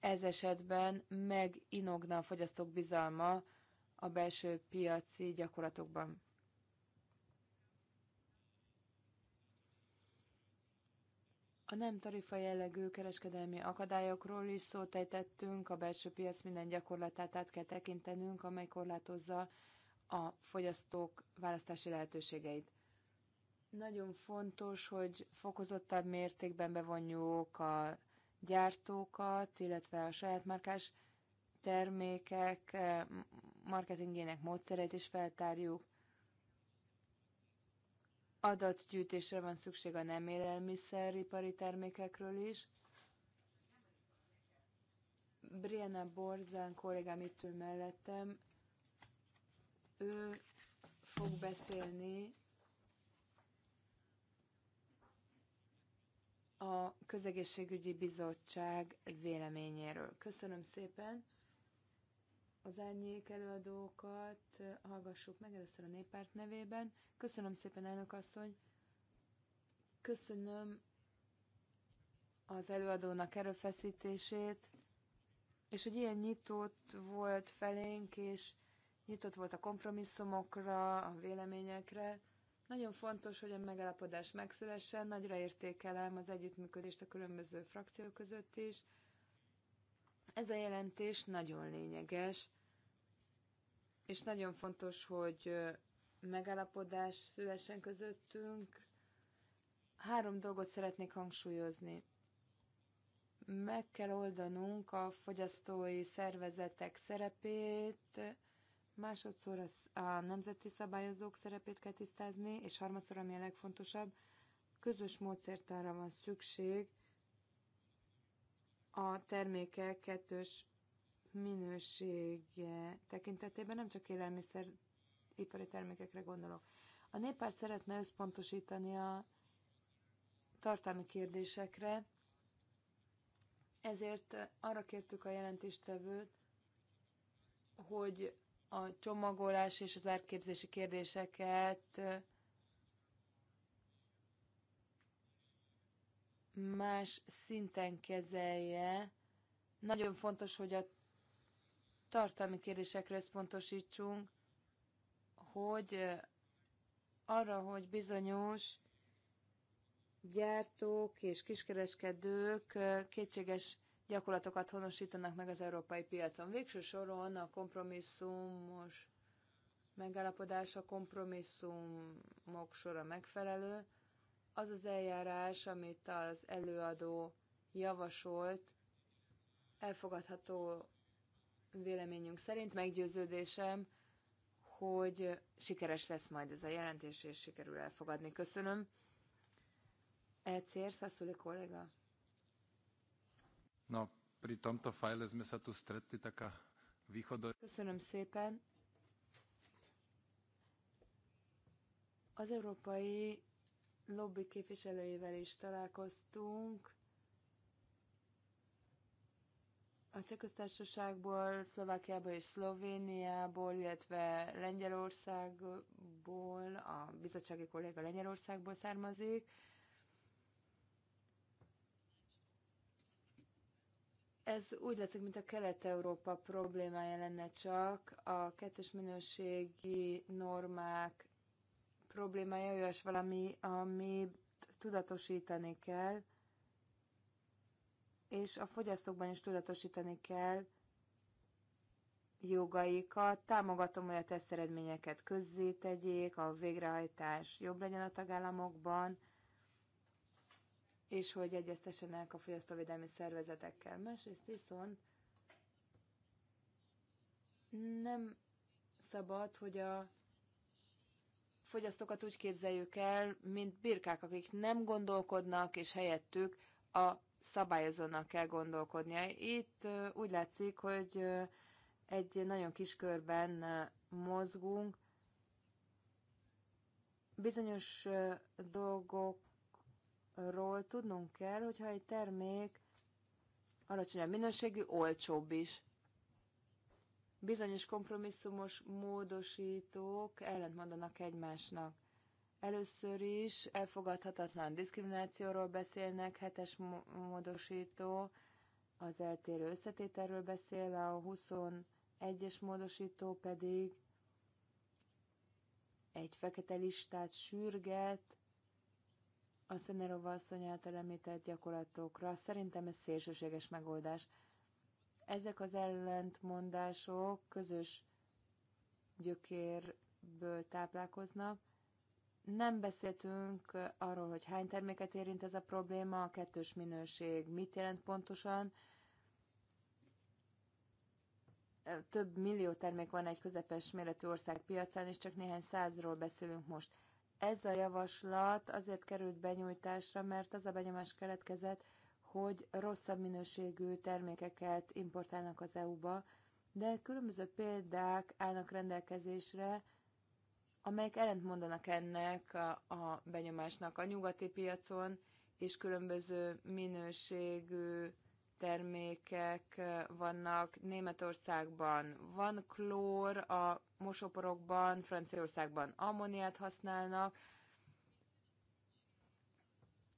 S1: Ez esetben meginogna a fogyasztók bizalma a belső piaci gyakorlatokban. A nem tarifa jellegű kereskedelmi akadályokról is szót ejtettünk, a belső piac minden gyakorlatát át kell tekintenünk, amely korlátozza a fogyasztók választási lehetőségeit. Nagyon fontos, hogy fokozottabb mértékben bevonjuk a gyártókat, illetve a saját márkás termékek marketingének módszereit is feltárjuk adatgyűjtésre van szükség a nem élelmiszeripari termékekről is. Brianna Borzán kollégám itt ül mellettem, ő fog beszélni a Közegészségügyi Bizottság véleményéről. Köszönöm szépen! az árnyék előadókat hallgassuk meg először a néppárt nevében. Köszönöm szépen, elnök asszony! Köszönöm az előadónak erőfeszítését, és hogy ilyen nyitott volt felénk, és nyitott volt a kompromisszumokra, a véleményekre. Nagyon fontos, hogy a megállapodás megszülessen, nagyra értékelem az együttműködést a különböző frakciók között is. Ez a jelentés nagyon lényeges, és nagyon fontos, hogy megállapodás szülesen közöttünk. Három dolgot szeretnék hangsúlyozni. Meg kell oldanunk a fogyasztói szervezetek szerepét, másodszor a nemzeti szabályozók szerepét kell tisztázni, és harmadszor, ami a legfontosabb, közös módszertára van szükség a termékek kettős minősége tekintetében, nem csak élelmiszeripari termékekre gondolok. A néppárt szeretne összpontosítani a tartalmi kérdésekre, ezért arra kértük a jelentéstevőt, hogy a csomagolás és az árképzési kérdéseket más szinten kezelje. Nagyon fontos, hogy a tartalmi kérdésekre összpontosítsunk, hogy arra, hogy bizonyos gyártók és kiskereskedők kétséges gyakorlatokat honosítanak meg az európai piacon. Végső soron a kompromisszumos megállapodás, a kompromisszumok sora megfelelő. Az az eljárás, amit az előadó javasolt, elfogadható Véleményünk szerint meggyőződésem, hogy sikeres lesz majd ez a jelentés, és sikerül elfogadni. Köszönöm. ECR, Szaszuli kollega.
S3: Na, pri tomto fajle sme sa tu stretli taká východor...
S1: Köszönöm szépen. Az európai lobby képviselőjével is találkoztunk, a Csehköztársaságból, Szlovákiából és Szlovéniából, illetve Lengyelországból, a bizottsági kolléga Lengyelországból származik. Ez úgy látszik, mint a Kelet-Európa problémája lenne csak, a kettős minőségi normák problémája olyas valami, amit tudatosítani kell – és a fogyasztókban is tudatosítani kell jogaikat. Támogatom, hogy a teszteredményeket tegyék, a végrehajtás jobb legyen a tagállamokban, és hogy egyeztessenek a fogyasztóvédelmi szervezetekkel. Másrészt viszont nem szabad, hogy a fogyasztókat úgy képzeljük el, mint birkák, akik nem gondolkodnak, és helyettük a szabályozónak kell gondolkodnia. Itt úgy látszik, hogy egy nagyon kis körben mozgunk. Bizonyos dolgokról tudnunk kell, hogyha egy termék alacsonyabb minőségű, olcsóbb is. Bizonyos kompromisszumos módosítók ellentmondanak egymásnak. Először is elfogadhatatlan diszkriminációról beszélnek, hetes módosító az eltérő összetételről beszél, a 21-es módosító pedig egy fekete listát sürget a Szenerova asszony által említett gyakorlatokra. Szerintem ez szélsőséges megoldás. Ezek az ellentmondások közös gyökérből táplálkoznak, nem beszéltünk arról, hogy hány terméket érint ez a probléma, a kettős minőség mit jelent pontosan. Több millió termék van egy közepes méretű ország piacán, és csak néhány százról beszélünk most. Ez a javaslat azért került benyújtásra, mert az a benyomás keletkezett, hogy rosszabb minőségű termékeket importálnak az EU-ba, de különböző példák állnak rendelkezésre, amelyek ellentmondanak ennek a benyomásnak a nyugati piacon, és különböző minőségű termékek vannak Németországban. Van klór a mosoporokban, Franciaországban ammoniát használnak.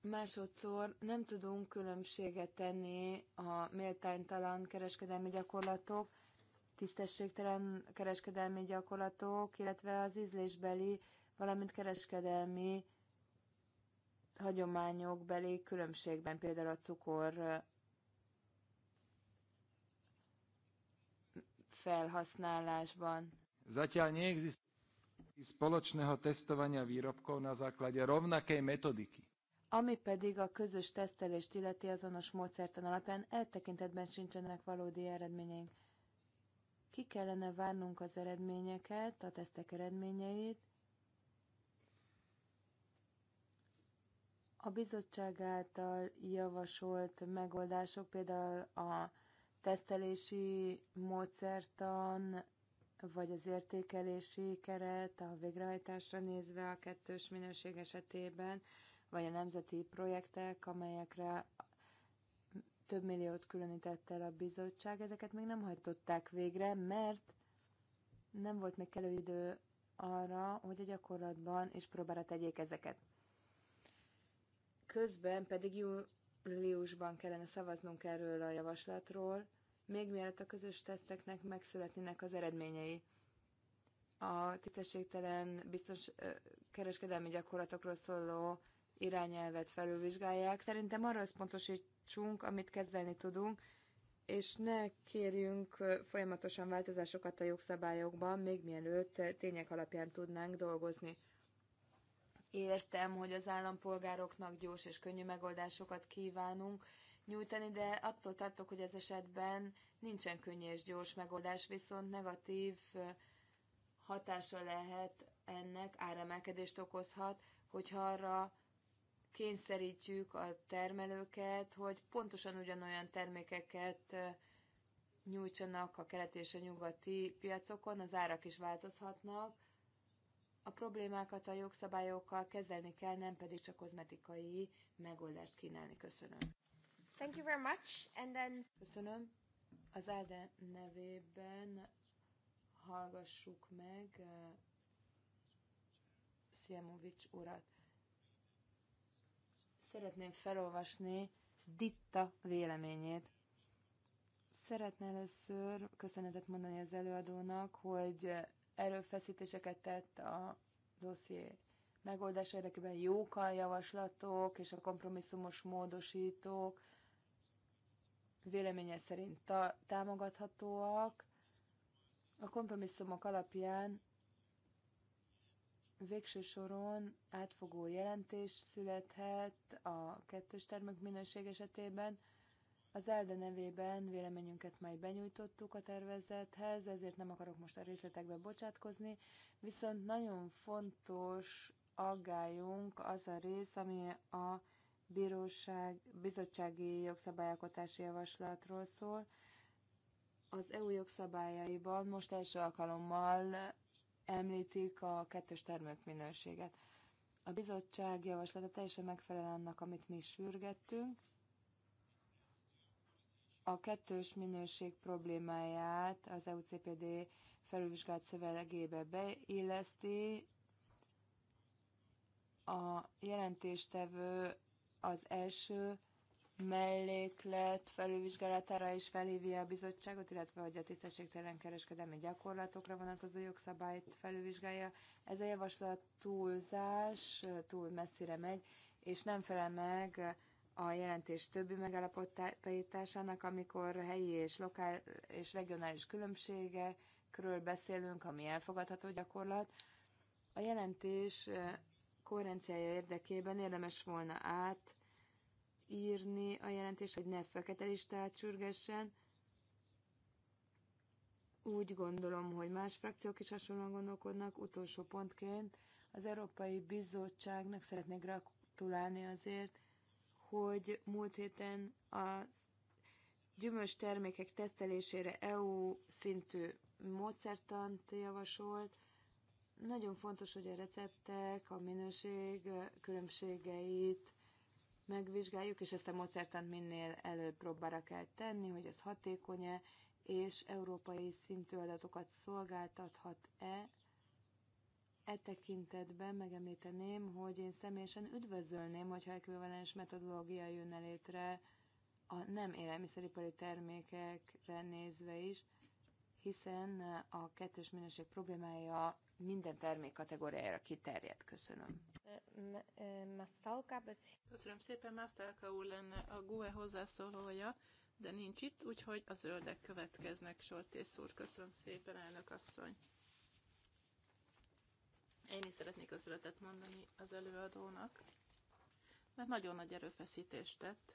S1: Másodszor nem tudunk különbséget tenni a méltánytalan kereskedelmi gyakorlatok tisztességtelen kereskedelmi gyakorlatok, illetve az ízlésbeli, valamint kereskedelmi beli különbségben, például a cukor felhasználásban.
S3: Zatiaľ neexistuje spoločného testovania výrobkov na základe rovnakej metodiky.
S1: Ami pedig a közös tesztelést illeti azonos módszertan alapján, eltekintetben sincsenek valódi eredményeink. Ki kellene várnunk az eredményeket, a tesztek eredményeit. A bizottság által javasolt megoldások, például a tesztelési módszertan, vagy az értékelési keret a végrehajtásra nézve a kettős minőség esetében, vagy a nemzeti projektek, amelyekre több milliót különített el a bizottság, ezeket még nem hajtották végre, mert nem volt még kellő idő arra, hogy a gyakorlatban is próbára tegyék ezeket. Közben pedig júliusban kellene szavaznunk erről a javaslatról, még mielőtt a közös teszteknek megszületnének az eredményei. A tisztességtelen biztos kereskedelmi gyakorlatokról szóló irányelvet felülvizsgálják. Szerintem arra összpontosít, tartsunk, amit kezelni tudunk, és ne kérjünk folyamatosan változásokat a jogszabályokban, még mielőtt tények alapján tudnánk dolgozni. Értem, hogy az állampolgároknak gyors és könnyű megoldásokat kívánunk nyújtani, de attól tartok, hogy ez esetben nincsen könnyű és gyors megoldás, viszont negatív hatása lehet ennek, áremelkedést okozhat, hogyha arra kényszerítjük a termelőket, hogy pontosan ugyanolyan termékeket nyújtsanak a kelet és a nyugati piacokon, az árak is változhatnak. A problémákat a jogszabályokkal kezelni kell, nem pedig csak kozmetikai megoldást kínálni. Köszönöm. Thank you very much, and then... Köszönöm. Az Áde nevében hallgassuk meg Szijemovics urat. Szeretném felolvasni Ditta véleményét. Szeretné először köszönetet mondani az előadónak, hogy erőfeszítéseket tett a dosszié megoldása érdekében jók a javaslatok és a kompromisszumos módosítók véleménye szerint ta- támogathatóak. A kompromisszumok alapján Végső soron átfogó jelentés születhet a kettős termék minőség esetében. Az ELDE nevében véleményünket majd benyújtottuk a tervezethez, ezért nem akarok most a részletekbe bocsátkozni, viszont nagyon fontos aggályunk az a rész, ami a bíróság, bizottsági jogszabályalkotási javaslatról szól. Az EU jogszabályaiban most első alkalommal említik a kettős termékminőséget. A bizottság javaslata teljesen megfelel annak, amit mi sürgettünk. A kettős minőség problémáját az EUCPD felülvizsgált szövegébe beilleszti. A jelentéstevő az első melléklet felülvizsgálatára is felhívja a bizottságot, illetve hogy a tisztességtelen kereskedelmi gyakorlatokra vonatkozó jogszabályt felülvizsgálja. Ez a javaslat túlzás, túl messzire megy, és nem felel meg a jelentés többi megállapításának, amikor helyi és lokál és regionális különbségekről beszélünk, ami elfogadható gyakorlat. A jelentés eh, koherenciája érdekében érdemes volna át írni a jelentést, hogy ne fekete listát sürgessen. Úgy gondolom, hogy más frakciók is hasonlóan gondolkodnak. Utolsó pontként az Európai Bizottságnak szeretnék gratulálni azért, hogy múlt héten a gyümölcs termékek tesztelésére EU szintű módszertant javasolt. Nagyon fontos, hogy a receptek, a minőség különbségeit megvizsgáljuk, és ezt a módszertant minél előbb próbára kell tenni, hogy ez hatékony-e, és európai szintű adatokat szolgáltathat-e. E tekintetben megemlíteném, hogy én személyesen üdvözölném, hogyha ekvivalens metodológia jönne létre a nem élelmiszeripari termékekre nézve is, hiszen a kettős minőség problémája minden termék kategóriára kiterjed. Köszönöm. Mastalka, Köszönöm
S2: szépen, Mastalka úr lenne a GUE hozzászólója, de nincs itt, úgyhogy a zöldek következnek, Soltész úr. Köszönöm szépen, elnök asszony. Én is szeretnék köszönetet mondani az előadónak, mert nagyon nagy erőfeszítést tett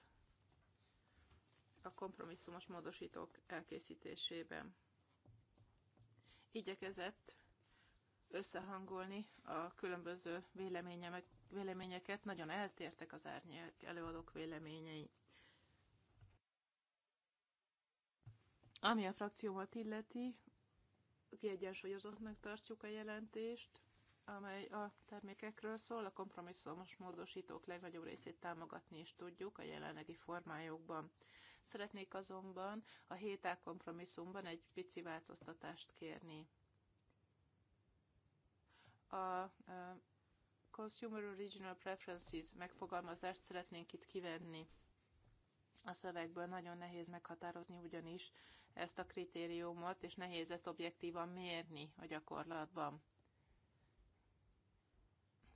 S2: a kompromisszumos módosítók elkészítésében. Igyekezett összehangolni a különböző véleményeket. Nagyon eltértek az árnyék előadók véleményei. Ami a frakciómat illeti, kiegyensúlyozottnak tartjuk a jelentést, amely a termékekről szól, a kompromisszumos módosítók legnagyobb részét támogatni is tudjuk a jelenlegi formájukban. Szeretnék azonban a héták kompromisszumban egy pici változtatást kérni a Consumer Original Preferences megfogalmazást szeretnénk itt kivenni a szövegből. Nagyon nehéz meghatározni ugyanis ezt a kritériumot, és nehéz ezt objektívan mérni a gyakorlatban.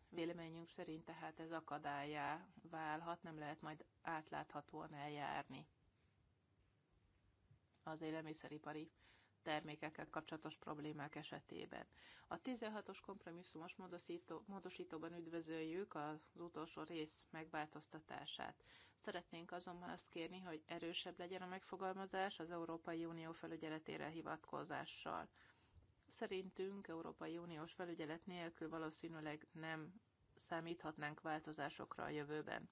S2: Véleményünk szerint tehát ez akadályá válhat, nem lehet majd átláthatóan eljárni az élelmiszeripari termékekkel kapcsolatos problémák esetében. A 16-os kompromisszumos módosító, módosítóban üdvözöljük az utolsó rész megváltoztatását. Szeretnénk azonban azt kérni, hogy erősebb legyen a megfogalmazás az Európai Unió felügyeletére hivatkozással. Szerintünk Európai Uniós felügyelet nélkül valószínűleg nem számíthatnánk változásokra a jövőben.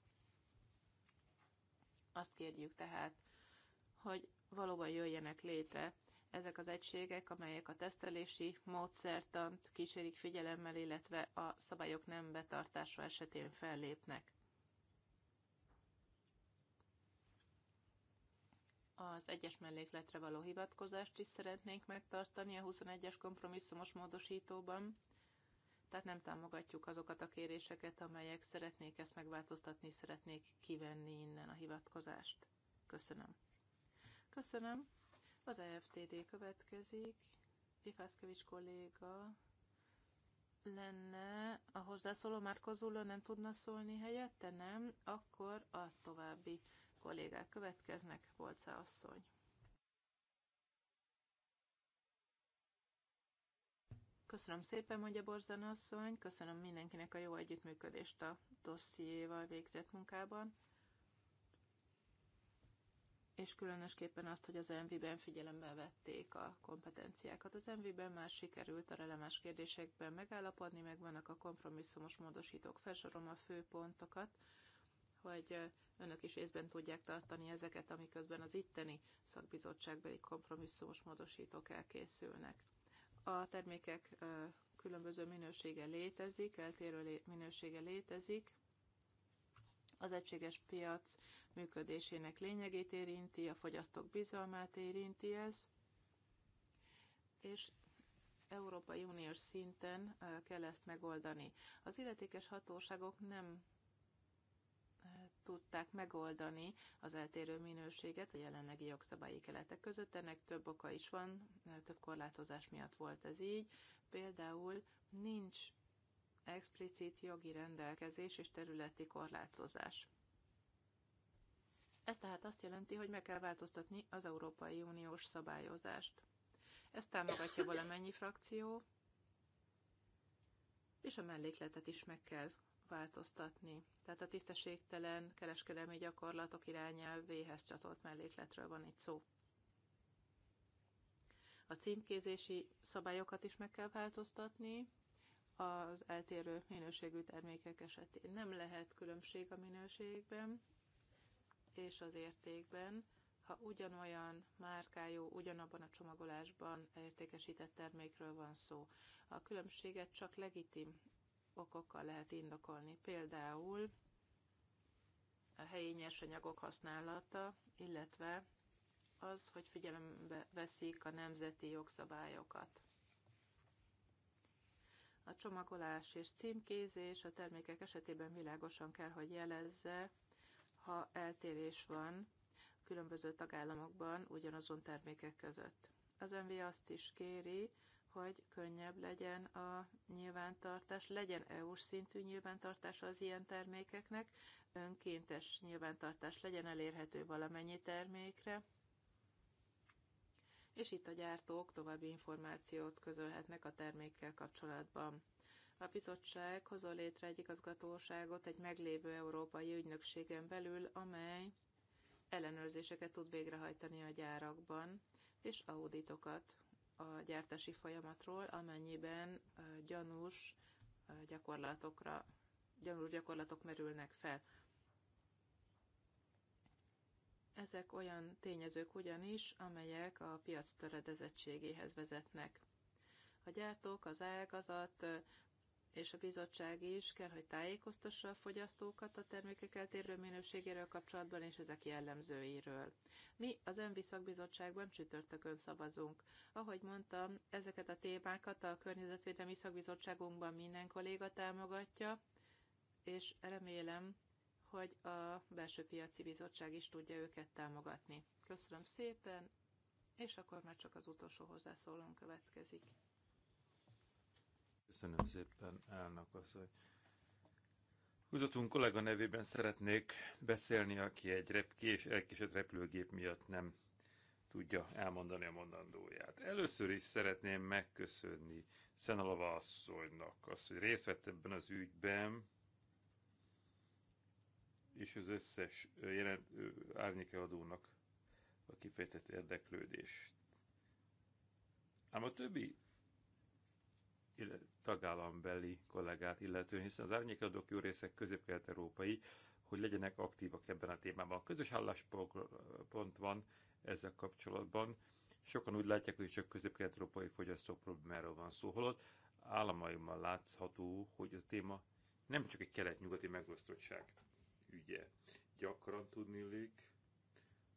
S2: Azt kérjük tehát, hogy valóban jöjjenek létre ezek az egységek, amelyek a tesztelési módszertant kísérik figyelemmel, illetve a szabályok nem betartása esetén fellépnek. Az egyes mellékletre való hivatkozást is szeretnénk megtartani a 21-es kompromisszumos módosítóban, tehát nem támogatjuk azokat a kéréseket, amelyek szeretnék ezt megváltoztatni, szeretnék kivenni innen a hivatkozást. Köszönöm. Köszönöm. Az EFTD következik. Ifászkevics kolléga lenne a hozzászóló Márko Zulló nem tudna szólni helyette, nem? Akkor a további kollégák következnek, Bolca asszony. Köszönöm szépen, mondja Borzan asszony, köszönöm mindenkinek a jó együttműködést a dossziéval végzett munkában és különösképpen azt, hogy az MV-ben figyelembe vették a kompetenciákat. Az MV-ben már sikerült a releváns kérdésekben megállapodni, meg vannak a kompromisszumos módosítók. Felsorom a főpontokat, hogy önök is észben tudják tartani ezeket, amiközben az itteni szakbizottságbeli kompromisszumos módosítók elkészülnek. A termékek különböző minősége létezik, eltérő minősége létezik, az egységes piac működésének lényegét érinti, a fogyasztók bizalmát érinti ez, és Európai Uniós szinten kell ezt megoldani. Az illetékes hatóságok nem tudták megoldani az eltérő minőséget a jelenlegi jogszabályi keretek között. Ennek több oka is van, több korlátozás miatt volt ez így. Például nincs explicit jogi rendelkezés és területi korlátozás. Ez tehát azt jelenti, hogy meg kell változtatni az Európai Uniós szabályozást. Ezt támogatja valamennyi frakció, és a mellékletet is meg kell változtatni. Tehát a tisztességtelen kereskedelmi gyakorlatok irányelvéhez csatolt mellékletről van itt szó. A címkézési szabályokat is meg kell változtatni az eltérő minőségű termékek esetén. Nem lehet különbség a minőségben, és az értékben, ha ugyanolyan márkájú, ugyanabban a csomagolásban értékesített termékről van szó. A különbséget csak legitim okokkal lehet indokolni. Például a helyi nyersanyagok használata, illetve az, hogy figyelembe veszik a nemzeti jogszabályokat. A csomagolás és címkézés a termékek esetében világosan kell, hogy jelezze, ha eltérés van különböző tagállamokban ugyanazon termékek között. Az MV azt is kéri, hogy könnyebb legyen a nyilvántartás, legyen EU-s szintű nyilvántartása az ilyen termékeknek, önkéntes nyilvántartás legyen elérhető valamennyi termékre, és itt a gyártók további információt közölhetnek a termékkel kapcsolatban a bizottság hozol létre egy igazgatóságot egy meglévő európai ügynökségen belül, amely ellenőrzéseket tud végrehajtani a gyárakban, és auditokat a gyártási folyamatról, amennyiben gyanús gyakorlatokra, gyanús gyakorlatok merülnek fel. Ezek olyan tényezők ugyanis, amelyek a piac töredezettségéhez vezetnek. A gyártók, az ágazat és a bizottság is kell, hogy tájékoztassa a fogyasztókat a termékek eltérő minőségéről kapcsolatban és ezek jellemzőiről. Mi az ENVI szakbizottságban csütörtökön szavazunk. Ahogy mondtam, ezeket a témákat a környezetvédelmi szakbizottságunkban minden kolléga támogatja, és remélem, hogy a belső piaci bizottság is tudja őket támogatni. Köszönöm szépen, és akkor már csak az utolsó hozzászólón következik.
S3: Köszönöm szépen, elnök asszony. Kutatón kollega nevében szeretnék beszélni, aki egy rep kés, elkésett repülőgép miatt nem tudja elmondani a mondandóját. Először is szeretném megköszönni Szenalava asszonynak azt, hogy részt vett ebben az ügyben, és az összes jelent, adónak a kifejtett érdeklődést. Ám a többi tagállambeli kollégát illetően, hiszen az árnyékadók jó részek közép-kelet-európai, hogy legyenek aktívak ebben a témában. A közös álláspont van ezzel kapcsolatban. Sokan úgy látják, hogy csak közép-kelet-európai fogyasztók problémáról van szó, holott államaimmal látható, hogy a téma nem csak egy kelet-nyugati megosztottság ügye. Gyakran tudni légy,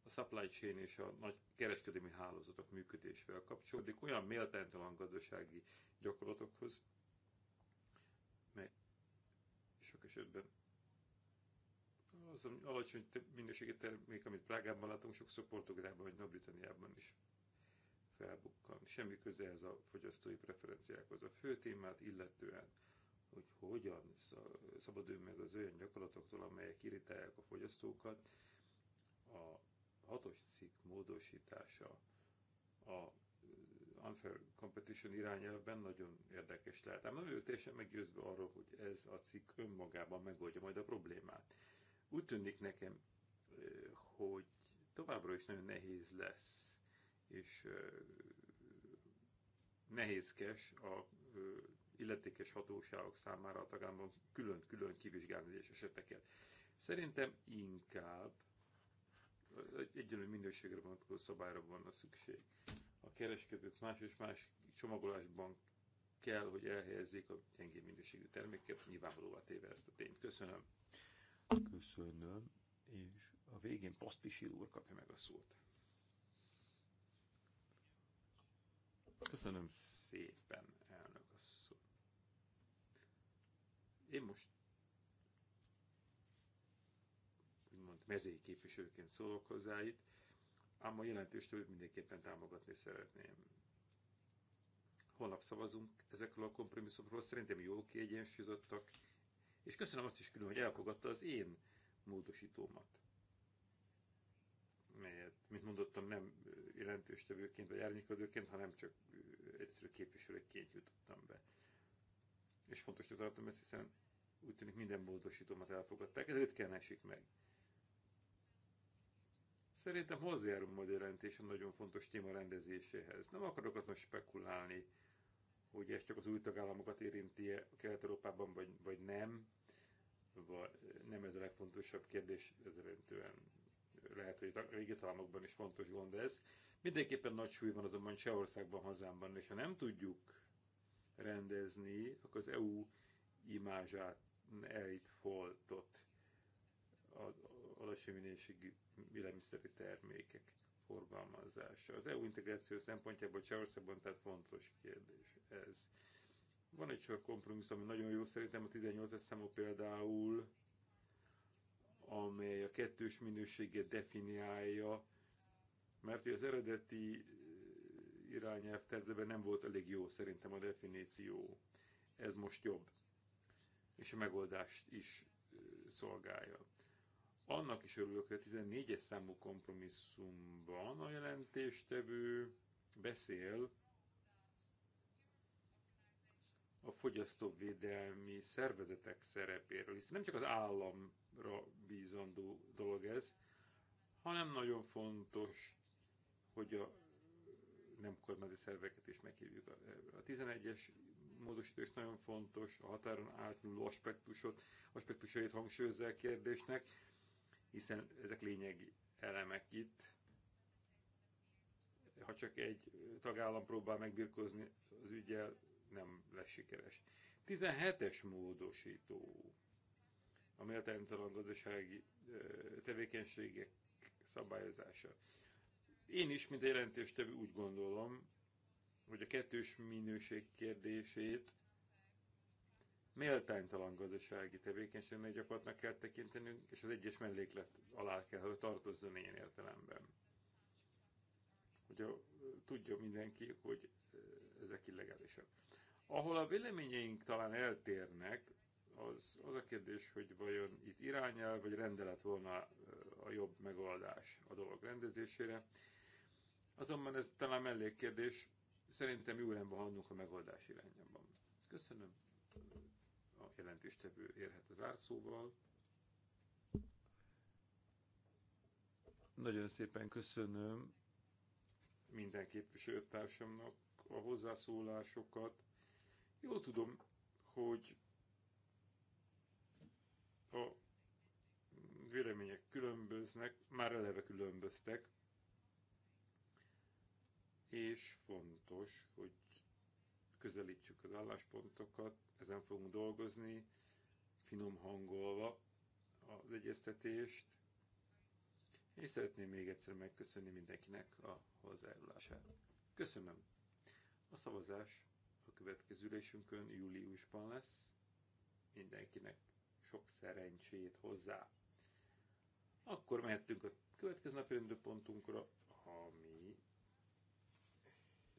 S3: a supply chain és a nagy kereskedelmi hálózatok működésével kapcsolódik olyan méltánytalan gazdasági gyakorlatokhoz, mely sok esetben az alacsony minőségi termék, amit Prágában látunk, sokszor Portugálban vagy Nagy-Britanniában is felbukkan. Semmi köze ez a fogyasztói preferenciákhoz. A fő témát illetően, hogy hogyan szabadul meg az olyan gyakorlatoktól, amelyek irritálják a fogyasztókat, a hatos cikk módosítása a unfair competition irányelvben nagyon érdekes lehet. Ám nem vagyok teljesen meggyőzve arról, hogy ez a cikk önmagában megoldja majd a problémát. Úgy tűnik nekem, hogy továbbra is nagyon nehéz lesz, és nehézkes a illetékes hatóságok számára a tagállamban külön-külön kivizsgálni az eseteket. Szerintem inkább egyenlő minőségre vonatkozó szabályra van a szükség. A kereskedők más és más csomagolásban kell, hogy elhelyezzék a gyengébb minőségű terméket, nyilvánvalóvá téve ezt a tényt. Köszönöm. Köszönöm, és a végén Paszpisil úr kapja meg a szót. Köszönöm szépen, elnök asszony. Én most mezői képviselőként szólok hozzá itt, ám a jelentős többet mindenképpen támogatni szeretném. Holnap szavazunk ezekről a kompromisszumról, szerintem jó kiegyensúlyozottak, és köszönöm azt is külön, hogy elfogadta az én módosítómat melyet, mint mondottam, nem jelentős tevőként vagy árnyékadőként, hanem csak egyszerű képviselőként jutottam be. És fontosnak tartom ezt, hiszen úgy tűnik minden módosítómat elfogadták, ez ritkán esik meg. Szerintem hozzájárul majd jelentés a nagyon fontos téma rendezéséhez. Nem akarok azon spekulálni, hogy ez csak az új tagállamokat érinti -e Kelet-Európában, vagy, vagy nem. Vagy nem ez a legfontosabb kérdés, ez eredetően lehet, hogy a régi tagállamokban is fontos gond ez. Mindenképpen nagy súly van azonban Csehországban, hazámban, és ha nem tudjuk rendezni, akkor az EU imázsát elit foltot alacsony minőségű élelmiszeri termékek forgalmazása. Az EU integráció szempontjából Csehországban tehát fontos kérdés ez. Van egy sor kompromisszum, ami nagyon jó, szerintem a 18 számú például, amely a kettős minőséget definiálja, mert az eredeti eh, irányelv tervezetben nem volt elég jó szerintem a definíció. Ez most jobb, és a megoldást is eh, szolgálja. Annak is örülök, hogy a 14-es számú kompromisszumban a jelentéstevő beszél a fogyasztóvédelmi szervezetek szerepéről, hiszen nem csak az államra bízandó dolog ez, hanem nagyon fontos, hogy a nem kormányzati szerveket is meghívjuk. A 11-es módosító is nagyon fontos, a határon átnyúló aspektusot, aspektusait hangsúlyozza a kérdésnek, hiszen ezek lényegi elemek itt. Ha csak egy tagállam próbál megbirkózni az ügyel, nem lesz sikeres. 17-es módosító, a méltánytalan gazdasági tevékenységek szabályozása. Én is, mint jelentéstevő úgy gondolom, hogy a kettős minőség kérdését méltánytalan gazdasági tevékenységnek gyakorlatnak kell tekintenünk, és az egyes melléklet alá kell, hogy tartozzon ilyen értelemben. Hogy a, tudja mindenki, hogy ezek illegálisak. Ahol a véleményeink talán eltérnek, az, az a kérdés, hogy vajon itt irányel vagy rendelet volna a jobb megoldás a dolog rendezésére. Azonban ez talán mellékkérdés, szerintem jó rendben haladunk a megoldás irányában. Köszönöm jelentéstevő érhet az árszóval. Nagyon szépen köszönöm minden képviselőtársamnak a hozzászólásokat. Jól tudom, hogy a vélemények különböznek, már eleve különböztek, és fontos, hogy közelítsük az álláspontokat, ezen fogunk dolgozni, finom hangolva az egyeztetést, és szeretném még egyszer megköszönni mindenkinek a hozzájárulását. Köszönöm! A szavazás a következő ülésünkön júliusban lesz. Mindenkinek sok szerencsét hozzá! Akkor mehetünk a következő napi pontunkra, ami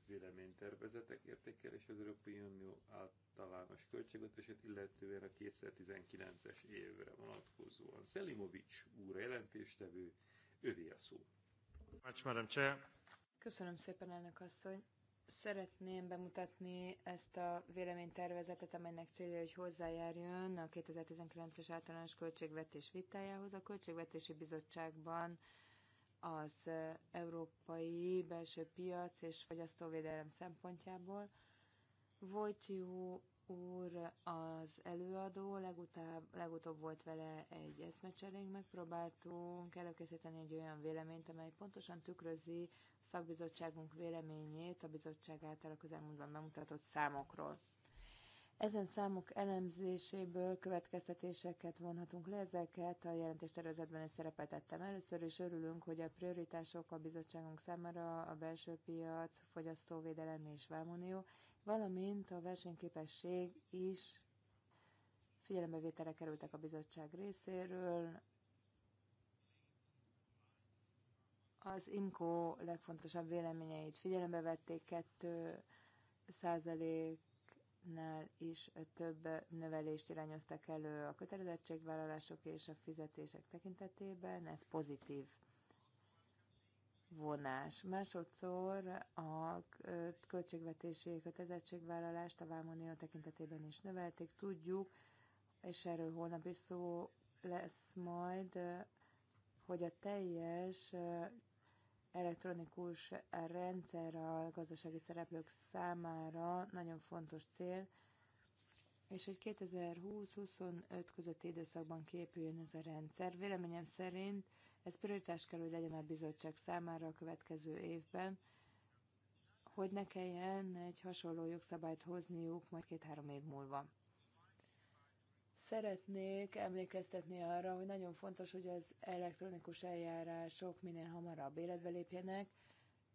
S3: véleménytervezetek értékelés az Európai Unió általános költségvetését, illetően a 2019-es évre vonatkozóan. Szelimovics úr jelentéstevő, övé a szó.
S1: Köszönöm szépen, elnök asszony. Szeretném bemutatni ezt a véleménytervezetet, amelynek célja, hogy hozzájárjon a 2019-es általános költségvetés vitájához. A Költségvetési Bizottságban az európai belső piac és fogyasztóvédelem szempontjából. Vojtyú úr az előadó, legutább, legutóbb volt vele egy eszmecserénk, megpróbáltunk előkészíteni egy olyan véleményt, amely pontosan tükrözi szakbizottságunk véleményét a bizottság által a közelmúltban bemutatott számokról. Ezen számok elemzéséből következtetéseket vonhatunk le, ezeket a jelentéstervezetben is szerepeltettem Először is örülünk, hogy a prioritások a bizottságunk számára a belső piac, fogyasztóvédelem és vámunió, valamint a versenyképesség is figyelembevételre kerültek a bizottság részéről. Az IMCO legfontosabb véleményeit figyelembe vették, 2 százalék nál is több növelést irányoztak elő a kötelezettségvállalások és a fizetések tekintetében, ez pozitív vonás. Másodszor a költségvetési kötelezettségvállalást a Vámunió tekintetében is növelték. Tudjuk, és erről holnap is szó lesz majd, hogy a teljes elektronikus rendszer a gazdasági szereplők számára nagyon fontos cél, és hogy 2020-25 közötti időszakban képüljön ez a rendszer. Véleményem szerint ez prioritás kell, hogy legyen a bizottság számára a következő évben, hogy ne kelljen egy hasonló jogszabályt hozniuk majd két-három év múlva. Szeretnék emlékeztetni arra, hogy nagyon fontos, hogy az elektronikus eljárások minél hamarabb életbe lépjenek,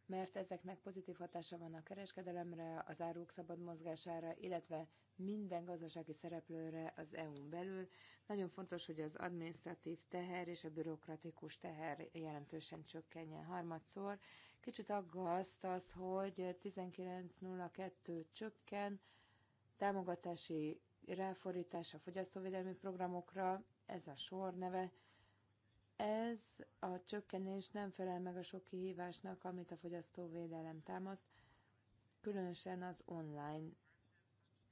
S1: mert ezeknek pozitív hatása van a kereskedelemre, az áruk szabad mozgására, illetve minden gazdasági szereplőre az EU-n belül. Nagyon fontos, hogy az administratív teher és a bürokratikus teher jelentősen csökkenjen harmadszor. Kicsit aggaszt az, hogy 19.02 csökken, támogatási ráfordítás a fogyasztóvédelmi programokra, ez a sor neve. Ez a csökkenés nem felel meg a sok kihívásnak, amit a fogyasztóvédelem támaszt, különösen az online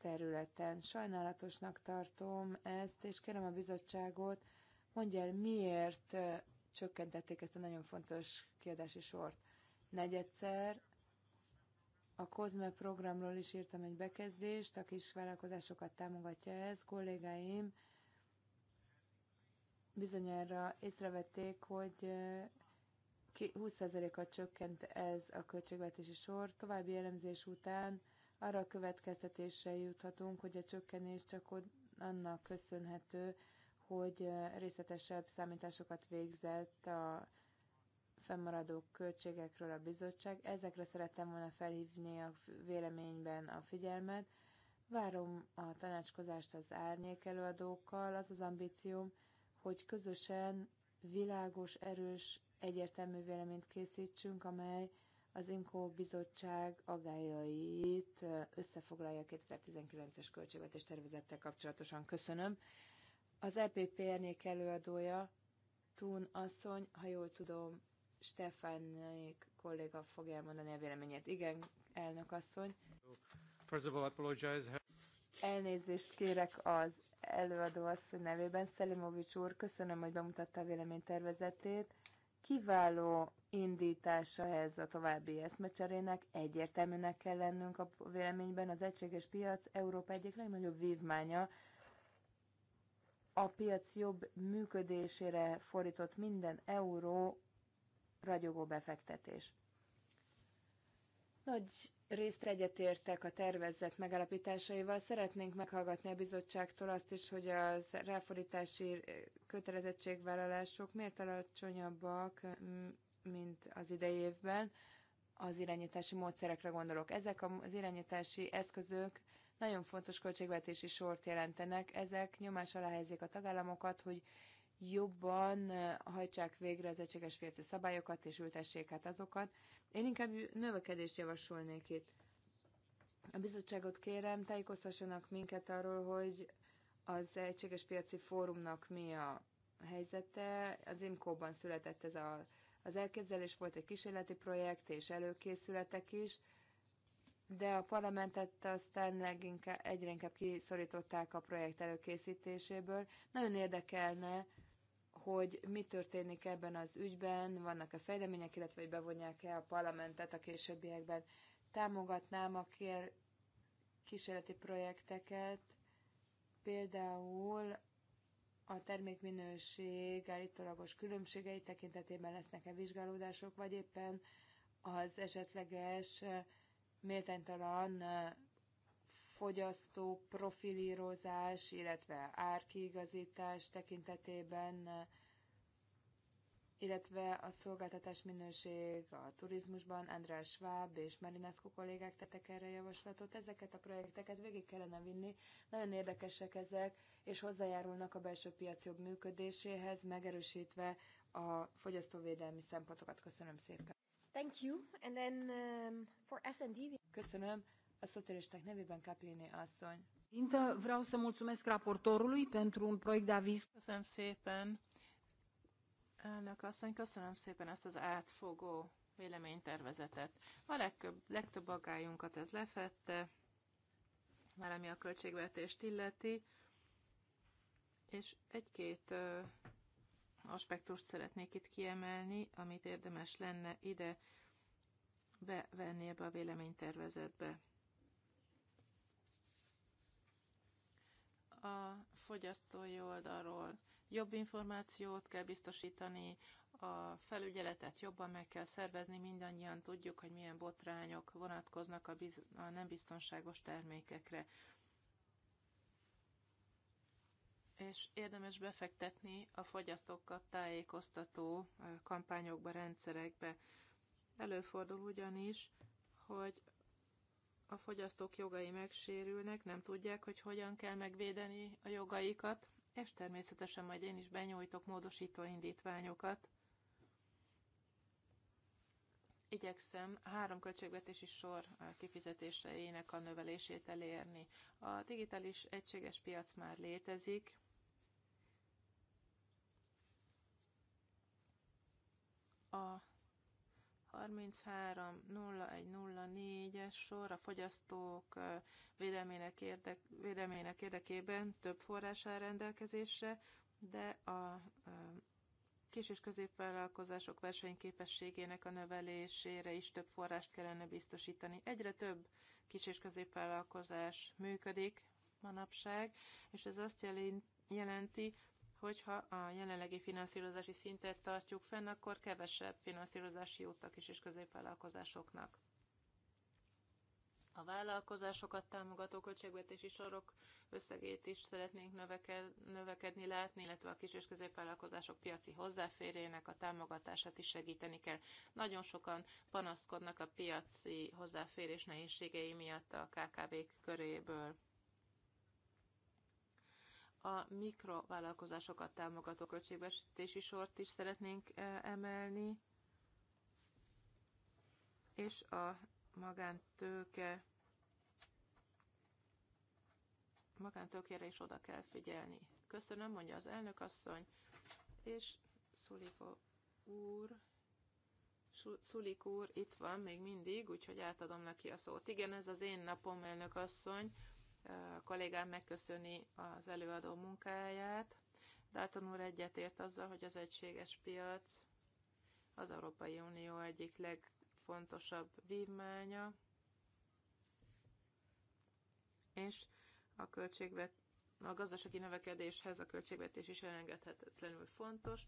S1: területen. Sajnálatosnak tartom ezt, és kérem a bizottságot, mondja el, miért csökkentették ezt a nagyon fontos kiadási sort. Negyedszer a COSME programról is írtam egy bekezdést, a kis vállalkozásokat támogatja ez. Kollégáim bizonyára észrevették, hogy 20 a csökkent ez a költségvetési sor. További elemzés után arra a következtetésre juthatunk, hogy a csökkenés csak annak köszönhető, hogy részletesebb számításokat végzett a fennmaradó költségekről a bizottság. Ezekre szerettem volna felhívni a véleményben a figyelmet. Várom a tanácskozást az árnyék előadókkal. Az az ambícióm, hogy közösen világos, erős, egyértelmű véleményt készítsünk, amely az IMCO bizottság agályait összefoglalja a 2019-es költségvetés tervezettel kapcsolatosan. Köszönöm. Az EPP árnyék előadója Tún asszony, ha jól tudom, Stefan kolléga fogja elmondani a véleményét. Igen, elnök asszony.
S2: First of all, apologize.
S1: Elnézést kérek az előadó asszony nevében. Szelimovics úr, köszönöm, hogy bemutatta a véleménytervezetét. Kiváló indítása ez a további eszmecserének. Egyértelműnek kell lennünk a véleményben. Az egységes piac Európa egyik legnagyobb vívmánya. A piac jobb működésére fordított minden euró ragyogó befektetés. Nagy részt egyetértek a tervezett megalapításaival. Szeretnénk meghallgatni a bizottságtól azt is, hogy az ráfordítási kötelezettségvállalások miért alacsonyabbak, mint az idei évben. Az irányítási módszerekre gondolok. Ezek az irányítási eszközök nagyon fontos költségvetési sort jelentenek. Ezek nyomás alá helyezik a tagállamokat, hogy jobban hajtsák végre az egységes piaci szabályokat és ültessék át azokat. Én inkább növekedést javasolnék itt. A bizottságot kérem, tájékoztassanak minket arról, hogy az egységes piaci fórumnak mi a helyzete. Az IMCO-ban született ez a, az elképzelés, volt egy kísérleti projekt és előkészületek is, de a parlamentet aztán leginkább, egyre inkább kiszorították a projekt előkészítéséből. Nagyon érdekelne, hogy mi történik ebben az ügyben, vannak-e fejlemények, illetve hogy bevonják-e a parlamentet a későbbiekben. Támogatnám a kér kísérleti projekteket, például a termékminőség állítólagos különbségei tekintetében lesznek-e vizsgálódások, vagy éppen az esetleges méltánytalan fogyasztók profilírozás, illetve árkiigazítás tekintetében, illetve a szolgáltatás minőség a turizmusban, András Schwab és Marinescu kollégák tettek erre javaslatot. Ezeket a projekteket végig kellene vinni, nagyon érdekesek ezek, és hozzájárulnak a belső piac jobb működéséhez, megerősítve a fogyasztóvédelmi szempontokat. Köszönöm szépen! Thank you. And then um, for S&D. Köszönöm. A szocialisták nevében Kaplini asszony. Inta, vreau să
S2: mulțumesc raportorului pentru un proiect de aviz. Köszönöm szépen, elnök asszony, köszönöm szépen ezt az átfogó véleménytervezetet. A legtöbb, legtöbb aggályunkat ez lefette, már ami a költségvetést illeti, és egy-két aspektust szeretnék itt kiemelni, amit érdemes lenne ide bevenni ebbe a véleménytervezetbe. a fogyasztói oldalról. Jobb információt kell biztosítani, a felügyeletet jobban meg kell szervezni, mindannyian tudjuk, hogy milyen botrányok vonatkoznak a, biz- a nem biztonságos termékekre. És érdemes befektetni a fogyasztókat tájékoztató kampányokba, rendszerekbe. Előfordul ugyanis, hogy a fogyasztók jogai megsérülnek, nem tudják, hogy hogyan kell megvédeni a jogaikat, és természetesen majd én is benyújtok módosító indítványokat. Igyekszem három költségvetési sor kifizetéseinek a növelését elérni. A digitális egységes piac már létezik, a 33.01.04-es sor a fogyasztók védelmének, érdek, védelmének érdekében több forrás áll rendelkezésre, de a kis- és középvállalkozások versenyképességének a növelésére is több forrást kellene biztosítani. Egyre több kis- és középvállalkozás működik manapság, és ez azt jelenti, hogyha a jelenlegi finanszírozási szintet tartjuk fenn, akkor kevesebb finanszírozási jut a kis és középvállalkozásoknak. A vállalkozásokat támogató költségvetési sorok összegét is szeretnénk növeked, növekedni látni, illetve a kis és középvállalkozások piaci hozzáférének a támogatását is segíteni kell. Nagyon sokan panaszkodnak a piaci hozzáférés nehézségei miatt a KKV-k köréből a mikrovállalkozásokat támogató költségvetési sort is szeretnénk e, emelni, és a magántőke magántőkére is oda kell figyelni. Köszönöm, mondja az elnök asszony, és Szulikó úr, Szulik úr itt van még mindig, úgyhogy átadom neki a szót. Igen, ez az én napom, elnök asszony, kollégám megköszöni az előadó munkáját. Dalton úr egyetért azzal, hogy az egységes piac az Európai Unió egyik legfontosabb vívmánya, és a, költségvet, a gazdasági növekedéshez a költségvetés is elengedhetetlenül fontos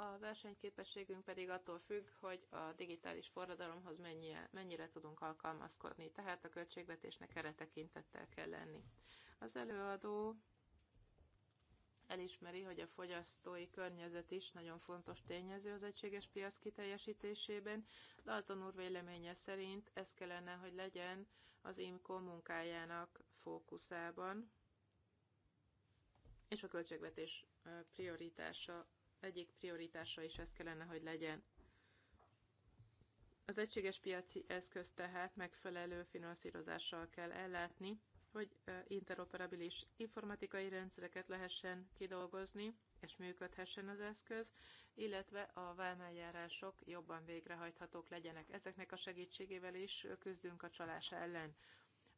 S2: a versenyképességünk pedig attól függ, hogy a digitális forradalomhoz mennyire, mennyire tudunk alkalmazkodni, tehát a költségvetésnek erre tekintettel kell lenni. Az előadó elismeri, hogy a fogyasztói környezet is nagyon fontos tényező az egységes piac kiteljesítésében. Dalton úr véleménye szerint ez kellene, hogy legyen az IMCO munkájának fókuszában, és a költségvetés prioritása egyik prioritása is ez kellene, hogy legyen. Az egységes piaci eszköz tehát megfelelő finanszírozással kell ellátni, hogy interoperabilis informatikai rendszereket lehessen kidolgozni, és működhessen az eszköz, illetve a vámeljárások jobban végrehajthatók legyenek. Ezeknek a segítségével is küzdünk a csalás ellen.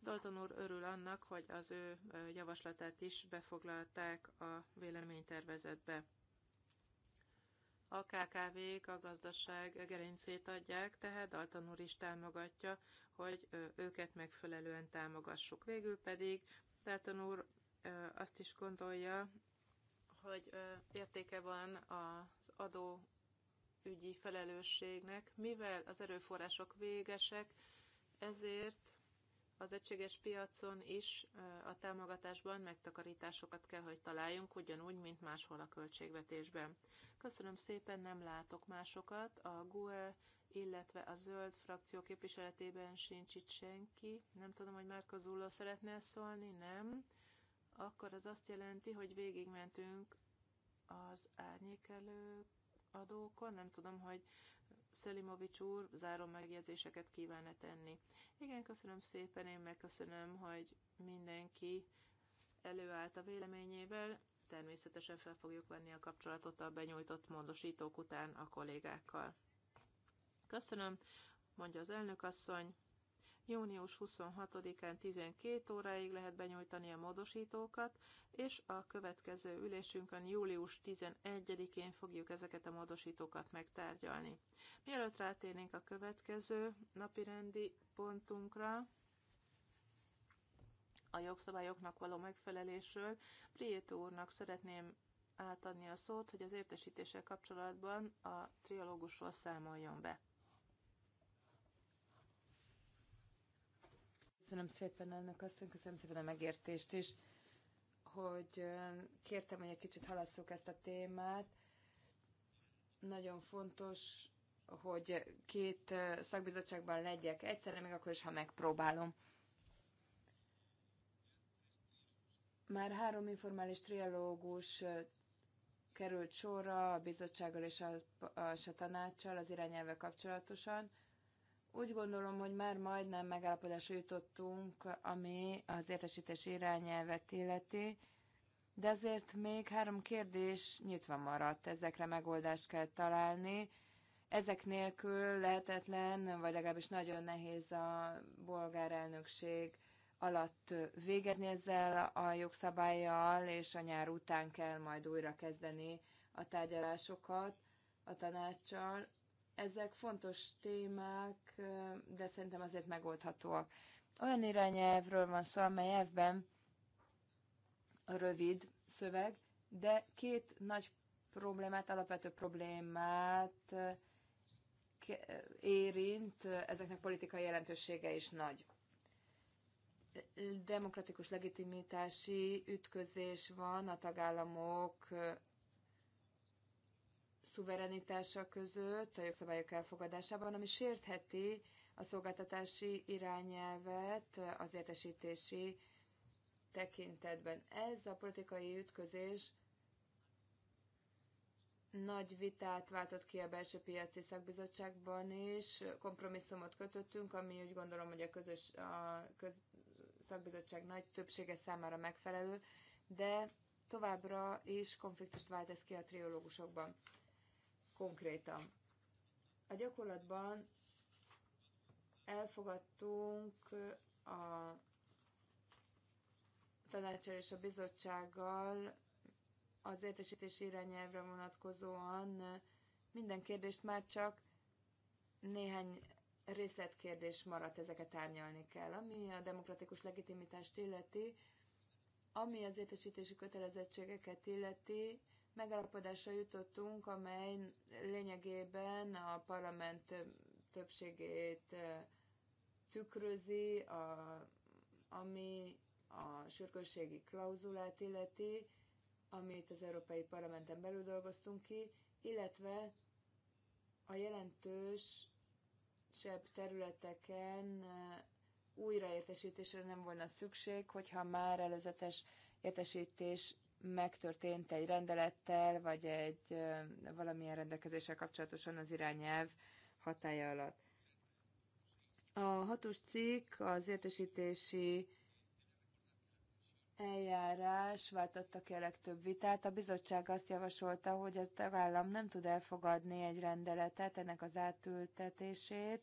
S2: Dalton úr örül annak, hogy az ő javaslatát is befoglalták a véleménytervezetbe a KKV-k a gazdaság gerincét adják, tehát Dalton úr is támogatja, hogy őket megfelelően támogassuk. Végül pedig Dalton úr azt is gondolja, hogy értéke van az adó ügyi felelősségnek, mivel az erőforrások végesek, ezért az egységes piacon is a támogatásban megtakarításokat kell, hogy találjunk, ugyanúgy, mint máshol a költségvetésben. Köszönöm szépen, nem látok másokat. A GUE, illetve a zöld frakció képviseletében sincs itt senki. Nem tudom, hogy Márka Zulló szeretne szólni, nem? Akkor az azt jelenti, hogy végigmentünk az árnyékelő adókon. Nem tudom, hogy Szelimovics úr záró megjegyzéseket kívánna tenni. Igen, köszönöm szépen, én megköszönöm, hogy mindenki előállt a véleményével. Természetesen fel fogjuk venni a kapcsolatot a benyújtott módosítók után a kollégákkal. Köszönöm, mondja az elnök asszony. Június 26-án 12 óráig lehet benyújtani a módosítókat, és a következő ülésünkön július 11-én fogjuk ezeket a módosítókat megtárgyalni. Mielőtt rátérnénk a következő napirendi pontunkra, a jogszabályoknak való megfelelésről, Prieto úrnak szeretném átadni a szót, hogy az értesítéssel kapcsolatban
S1: a triológusról számoljon be. Köszönöm szépen, elnök asszony, köszönöm szépen a megértést is, hogy kértem, hogy egy kicsit halasszuk ezt a témát. Nagyon fontos, hogy két szakbizottságban legyek egyszerre, még akkor is, ha megpróbálom. Már három informális trialógus került sorra a bizottsággal és a, a, a tanácssal az irányelve kapcsolatosan úgy gondolom, hogy már majdnem megállapodásra jutottunk, ami az értesítés irányelvet illeti, de azért még három kérdés nyitva maradt, ezekre megoldást kell találni. Ezek nélkül lehetetlen, vagy legalábbis nagyon nehéz a bolgár elnökség alatt végezni ezzel a jogszabályjal, és a nyár után kell majd újra kezdeni a tárgyalásokat a tanácssal. Ezek fontos témák, de szerintem azért megoldhatóak. Olyan irányelvről van szó, amely elvben rövid szöveg, de két nagy problémát, alapvető problémát érint, ezeknek politikai jelentősége is nagy. Demokratikus legitimitási ütközés van a tagállamok szuverenitása között a jogszabályok elfogadásában, ami sértheti a szolgáltatási irányelvet az értesítési tekintetben. Ez a politikai ütközés nagy vitát váltott ki a belső piaci szakbizottságban is, kompromisszumot kötöttünk, ami úgy gondolom, hogy a közös a köz, szakbizottság nagy többsége számára megfelelő, de továbbra is konfliktust vált ez ki a triológusokban konkrétan. A gyakorlatban elfogadtunk a tanácsal és a bizottsággal az értesítési irányelvre vonatkozóan minden kérdést már csak néhány részletkérdés maradt, ezeket árnyalni kell. Ami a demokratikus legitimitást illeti, ami az értesítési kötelezettségeket illeti, megállapodásra jutottunk, amely lényegében a parlament többségét eh, tükrözi, a, ami a sürgősségi klauzulát illeti, amit az Európai Parlamenten belül dolgoztunk ki, illetve a jelentős sebb területeken eh, újraértesítésre nem volna szükség, hogyha már előzetes értesítés megtörtént egy rendelettel, vagy egy valamilyen rendelkezéssel kapcsolatosan az irányelv hatája alatt. A hatos cikk az értesítési eljárás váltotta ki a legtöbb vitát. A bizottság azt javasolta, hogy a tagállam nem tud elfogadni egy rendeletet, ennek az átültetését,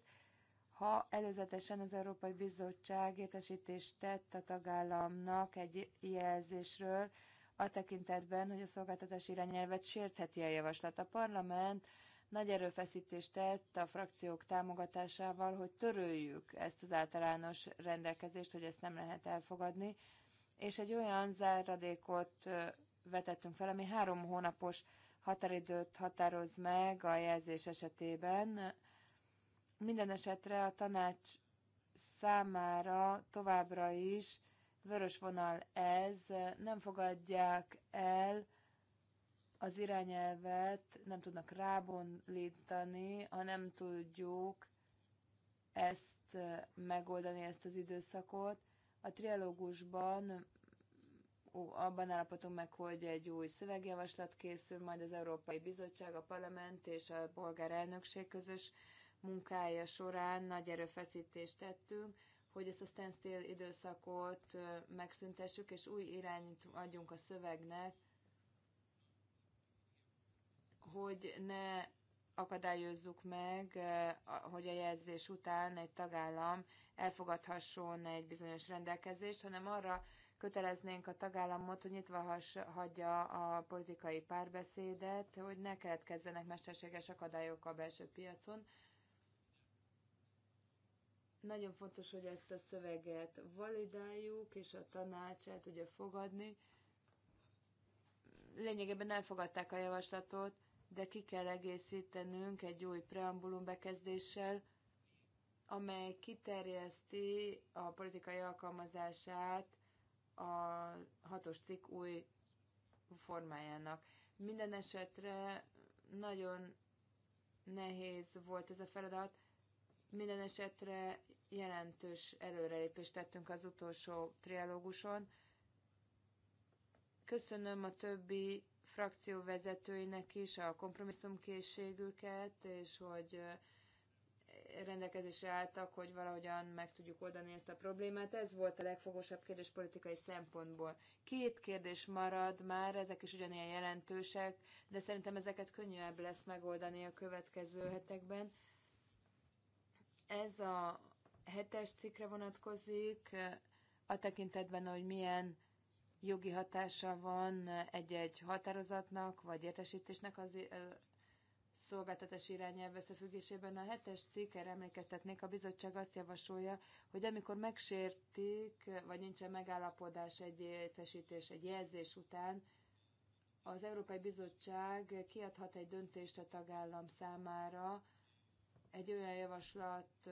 S1: ha előzetesen az Európai Bizottság értesítést tett a tagállamnak egy jelzésről, a tekintetben, hogy a szolgáltatás irányelvet sértheti a javaslat. A parlament nagy erőfeszítést tett a frakciók támogatásával, hogy töröljük ezt az általános rendelkezést, hogy ezt nem lehet elfogadni, és egy olyan záradékot vetettünk fel, ami három hónapos határidőt határoz meg a jelzés esetében. Minden esetre a tanács számára továbbra is vörös vonal ez, nem fogadják el az irányelvet, nem tudnak rábonlítani, ha nem tudjuk ezt megoldani, ezt az időszakot. A trialógusban ó, abban állapodtunk meg, hogy egy új szövegjavaslat készül, majd az Európai Bizottság, a Parlament és a Bolgár Elnökség közös munkája során nagy erőfeszítést tettünk, hogy ezt a standstill időszakot megszüntessük, és új irányt adjunk a szövegnek, hogy ne akadályozzuk meg, hogy a jelzés után egy tagállam elfogadhasson egy bizonyos rendelkezést, hanem arra köteleznénk a tagállamot, hogy nyitva hagyja a politikai párbeszédet, hogy ne keletkezzenek mesterséges akadályok a belső piacon, nagyon fontos, hogy ezt a szöveget validáljuk, és a tanácsát ugye fogadni. Lényegében elfogadták a javaslatot, de ki kell egészítenünk egy új preambulum bekezdéssel, amely kiterjeszti a politikai alkalmazását a hatos cikk új formájának. Minden esetre nagyon nehéz volt ez a feladat, minden esetre jelentős előrelépést tettünk az utolsó trialóguson. Köszönöm a többi frakció vezetőinek is a kompromisszumkészségüket, és hogy rendelkezésre álltak, hogy valahogyan meg tudjuk oldani ezt a problémát. Ez volt a legfogosabb kérdés politikai szempontból. Két kérdés marad már, ezek is ugyanilyen jelentősek, de szerintem ezeket könnyebb lesz megoldani a következő hetekben. Ez a hetes cikkre vonatkozik, a tekintetben, hogy milyen jogi hatása van egy-egy határozatnak vagy értesítésnek az szolgáltatás irányelv összefüggésében. A hetes cikk, erre emlékeztetnék, a bizottság azt javasolja, hogy amikor megsértik, vagy nincsen megállapodás egy értesítés, egy jelzés után, az Európai Bizottság kiadhat egy döntést a tagállam számára, egy olyan javaslat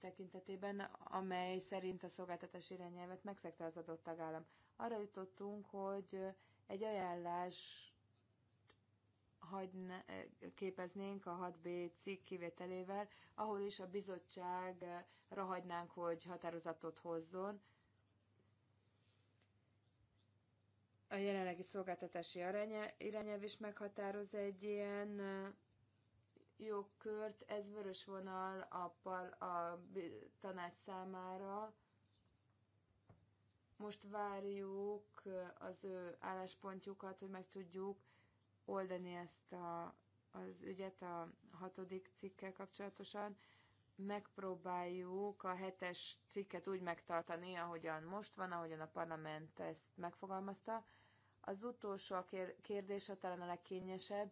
S1: tekintetében, amely szerint a szolgáltatás irányelvet megszegte az adott tagállam. Arra jutottunk, hogy egy ajánlás hagyna, képeznénk a 6B cikk kivételével, ahol is a bizottságra hagynánk, hogy határozatot hozzon. A jelenlegi szolgáltatási irányelv is meghatároz egy ilyen jogkört, ez vörös vonal a, pal, a tanács számára. Most várjuk uh, az ő álláspontjukat, hogy meg tudjuk oldani ezt a, az ügyet a hatodik cikkel kapcsolatosan. Megpróbáljuk a hetes cikket úgy megtartani, ahogyan most van, ahogyan a parlament ezt megfogalmazta. Az utolsó a kérdése talán a legkényesebb,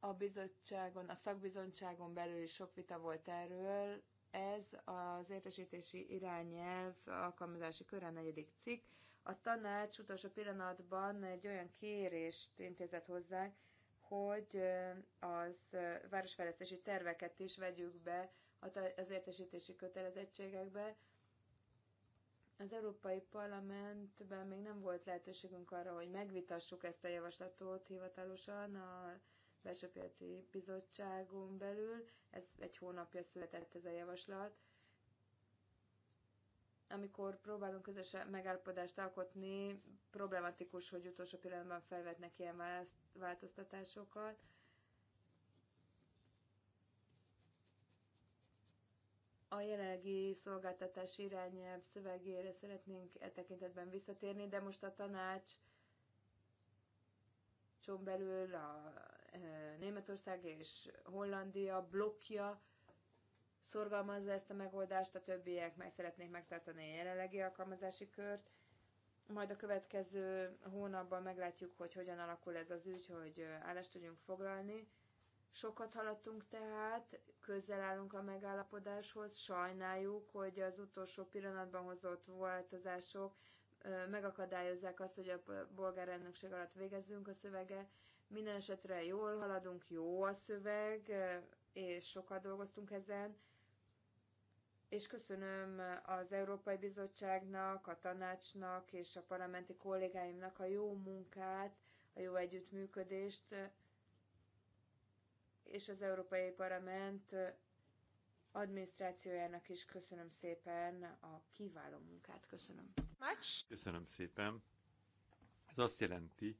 S1: a bizottságon, a szakbizottságon belül is sok vita volt erről. Ez az értesítési irányelv alkalmazási kör a negyedik cikk. A tanács utolsó pillanatban egy olyan kérést intézett hozzánk, hogy az városfejlesztési terveket is vegyük be az értesítési kötelezettségekbe. Az Európai Parlamentben még nem volt lehetőségünk arra, hogy megvitassuk ezt a javaslatot hivatalosan. A belsőpiaci bizottságon belül. Ez egy hónapja született ez a javaslat. Amikor próbálunk közös megállapodást alkotni, problematikus, hogy utolsó pillanatban felvetnek ilyen változtatásokat. a jelenlegi szolgáltatás irányelv szövegére szeretnénk e tekintetben visszatérni, de most a tanács belül a Németország és Hollandia blokja szorgalmazza ezt a megoldást, a többiek meg szeretnék megtartani a jelenlegi alkalmazási kört. Majd a következő hónapban meglátjuk, hogy hogyan alakul ez az ügy, hogy állást tudjunk foglalni. Sokat haladtunk tehát, közel állunk a megállapodáshoz, sajnáljuk, hogy az utolsó pillanatban hozott változások megakadályozzák azt, hogy a bolgár elnökség alatt végezzünk a szövege. Minden esetre jól haladunk, jó a szöveg, és sokat dolgoztunk ezen, és köszönöm az Európai Bizottságnak, a tanácsnak és a parlamenti kollégáimnak a jó munkát, a jó együttműködést, és az Európai Parlament adminisztrációjának is köszönöm szépen a kiváló munkát. Köszönöm.
S3: Köszönöm szépen. Ez azt jelenti,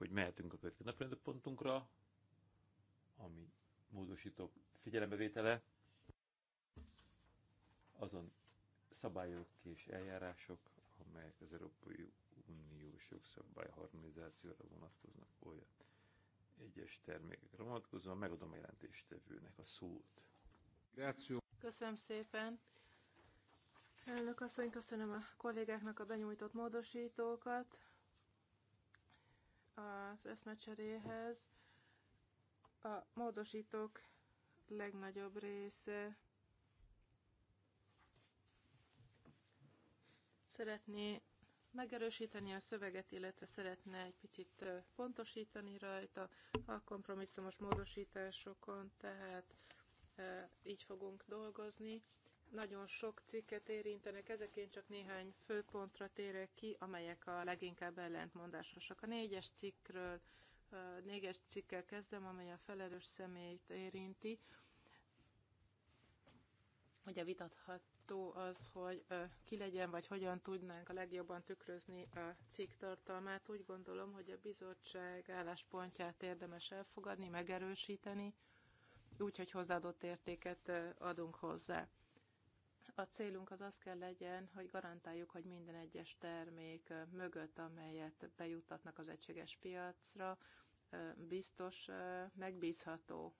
S3: hogy mehetünk a következő napi pontunkra, ami módosító figyelembevétele, azon szabályok és eljárások, amelyek az Európai Uniós jogszabály harmonizációra vonatkoznak olyan egyes termékekre vonatkozóan, megadom a jelentéstevőnek a szót. Gráció.
S2: Köszönöm szépen. Elnök asszony, köszönöm a kollégáknak a benyújtott módosítókat az eszmecseréhez. A módosítók legnagyobb része szeretné megerősíteni a szöveget, illetve szeretne egy picit pontosítani rajta a kompromisszumos módosításokon, tehát így fogunk dolgozni. Nagyon sok cikket érintenek, ezek én csak néhány főpontra térek ki, amelyek a leginkább ellentmondásosak. A négyes cikkről, négyes cikkel kezdem, amely a felelős személyt érinti. Ugye vitatható az, hogy ki legyen, vagy hogyan tudnánk a legjobban tükrözni a cikk tartalmát. Úgy gondolom, hogy a bizottság álláspontját érdemes elfogadni, megerősíteni, úgyhogy hozzáadott értéket adunk hozzá a célunk az az kell legyen, hogy garantáljuk, hogy minden egyes termék mögött, amelyet bejuttatnak az egységes piacra, biztos, megbízható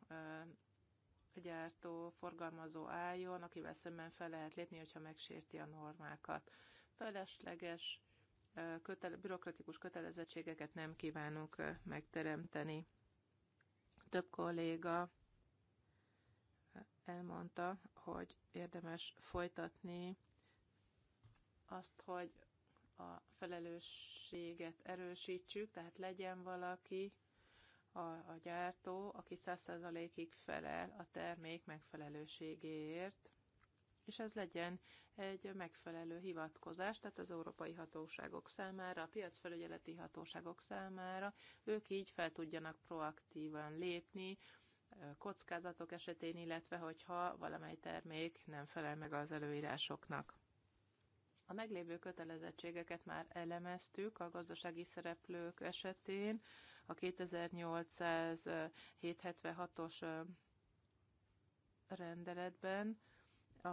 S2: gyártó, forgalmazó álljon, akivel szemben fel lehet lépni, hogyha megsérti a normákat. Felesleges kötele, bürokratikus kötelezettségeket nem kívánunk megteremteni. Több kolléga elmondta, hogy érdemes folytatni azt, hogy a felelősséget erősítsük, tehát legyen valaki, a, a gyártó, aki 100%-ig felel a termék megfelelőségéért, és ez legyen egy megfelelő hivatkozás, tehát az európai hatóságok számára, a piacfelügyeleti hatóságok számára, ők így fel tudjanak proaktívan lépni, kockázatok esetén, illetve hogyha valamely termék nem felel meg az előírásoknak. A meglévő kötelezettségeket már elemeztük a gazdasági szereplők esetén, a 2876-os rendeletben a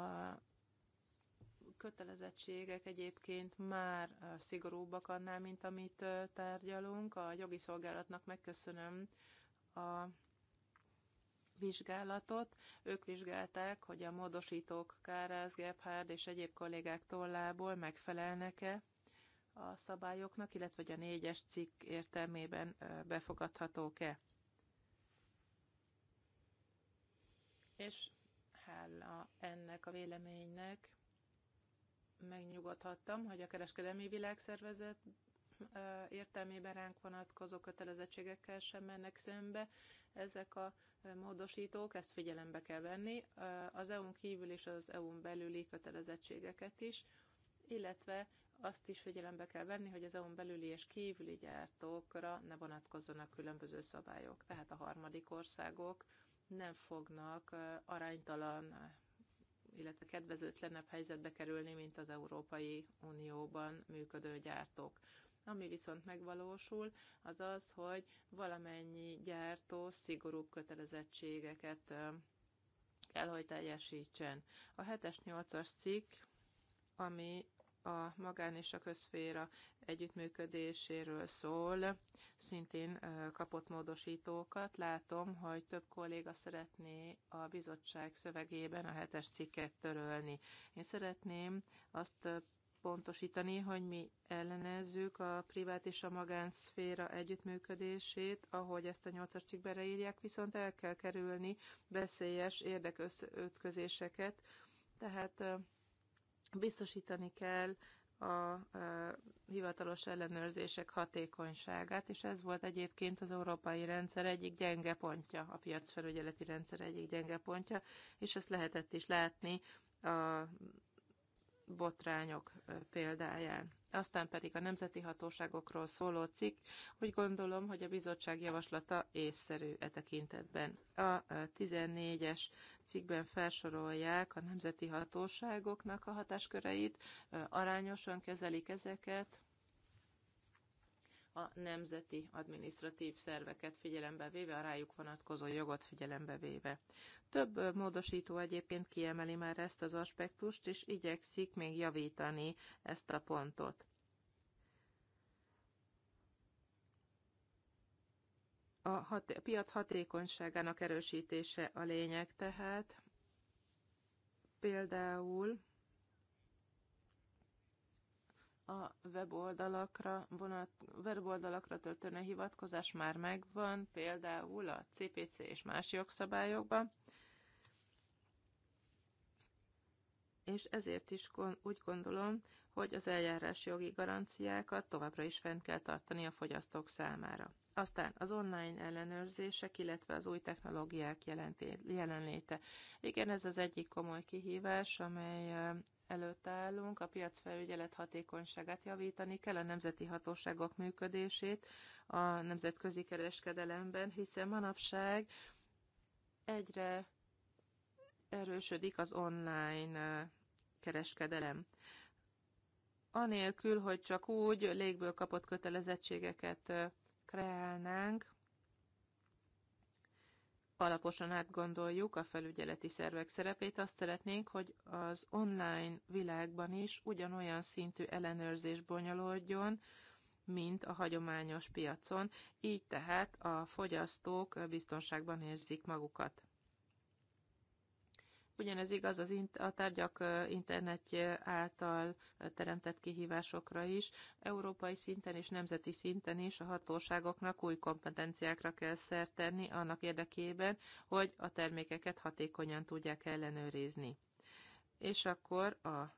S2: kötelezettségek egyébként már szigorúbbak annál, mint amit tárgyalunk. A jogi szolgálatnak megköszönöm a vizsgálatot. Ők vizsgálták, hogy a módosítók Kárász, Gebhard és egyéb kollégák tollából megfelelnek-e a szabályoknak, illetve hogy a négyes cikk értelmében befogadhatók-e. És hála ennek a véleménynek megnyugodhattam, hogy a kereskedelmi világszervezet értelmében ránk vonatkozó kötelezettségekkel sem mennek szembe ezek a módosítók, ezt figyelembe kell venni, az EU-n kívül és az EU-n belüli kötelezettségeket is, illetve azt is figyelembe kell venni, hogy az EU-n belüli és kívüli gyártókra ne vonatkozzanak különböző szabályok. Tehát a harmadik országok nem fognak aránytalan, illetve kedvezőtlenebb helyzetbe kerülni, mint az Európai Unióban működő gyártók. Ami viszont megvalósul, az az, hogy valamennyi gyártó szigorúbb kötelezettségeket kell, hogy teljesítsen. A 7-es, 8-as cikk, ami a magán és a közféra együttműködéséről szól, szintén kapott módosítókat. Látom, hogy több kolléga szeretné a bizottság szövegében a hetes cikket törölni. Én szeretném azt pontosítani, hogy mi ellenezzük a privát és a magánszféra együttműködését, ahogy ezt a nyolcas cikkben írják, viszont el kell kerülni veszélyes érdekötközéseket, tehát biztosítani kell a hivatalos ellenőrzések hatékonyságát, és ez volt egyébként az európai rendszer egyik gyenge pontja, a piacfelügyeleti rendszer egyik gyenge pontja, és ezt lehetett is látni a botrányok példáján. Aztán pedig a nemzeti hatóságokról szóló cikk, úgy gondolom, hogy a bizottság javaslata észszerű e tekintetben. A 14-es cikkben felsorolják a nemzeti hatóságoknak a hatásköreit, arányosan kezelik ezeket, a nemzeti adminisztratív szerveket figyelembe véve, a rájuk vonatkozó jogot figyelembe véve. Több módosító egyébként kiemeli már ezt az aspektust, és igyekszik még javítani ezt a pontot. A, hat, a piac hatékonyságának erősítése a lényeg tehát. Például a weboldalakra, vonat, weboldalakra történő hivatkozás már megvan, például a CPC és más jogszabályokban, és ezért is úgy gondolom, hogy az eljárás jogi garanciákat továbbra is fent kell tartani a fogyasztók számára. Aztán az online ellenőrzések, illetve az új technológiák jelenléte. Igen, ez az egyik komoly kihívás, amely előtt állunk, a piacfelügyelet hatékonyságát javítani kell, a nemzeti hatóságok működését a nemzetközi kereskedelemben, hiszen manapság egyre erősödik az online kereskedelem. Anélkül, hogy csak úgy légből kapott kötelezettségeket kreálnánk, alaposan átgondoljuk a felügyeleti szervek szerepét, azt szeretnénk, hogy az online világban is ugyanolyan szintű ellenőrzés bonyolódjon, mint a hagyományos piacon, így tehát a fogyasztók biztonságban érzik magukat. Ugyanez igaz az a tárgyak internetje által teremtett kihívásokra is. Európai szinten és nemzeti szinten is a hatóságoknak új kompetenciákra kell szert tenni annak érdekében, hogy a termékeket hatékonyan tudják ellenőrizni. És akkor a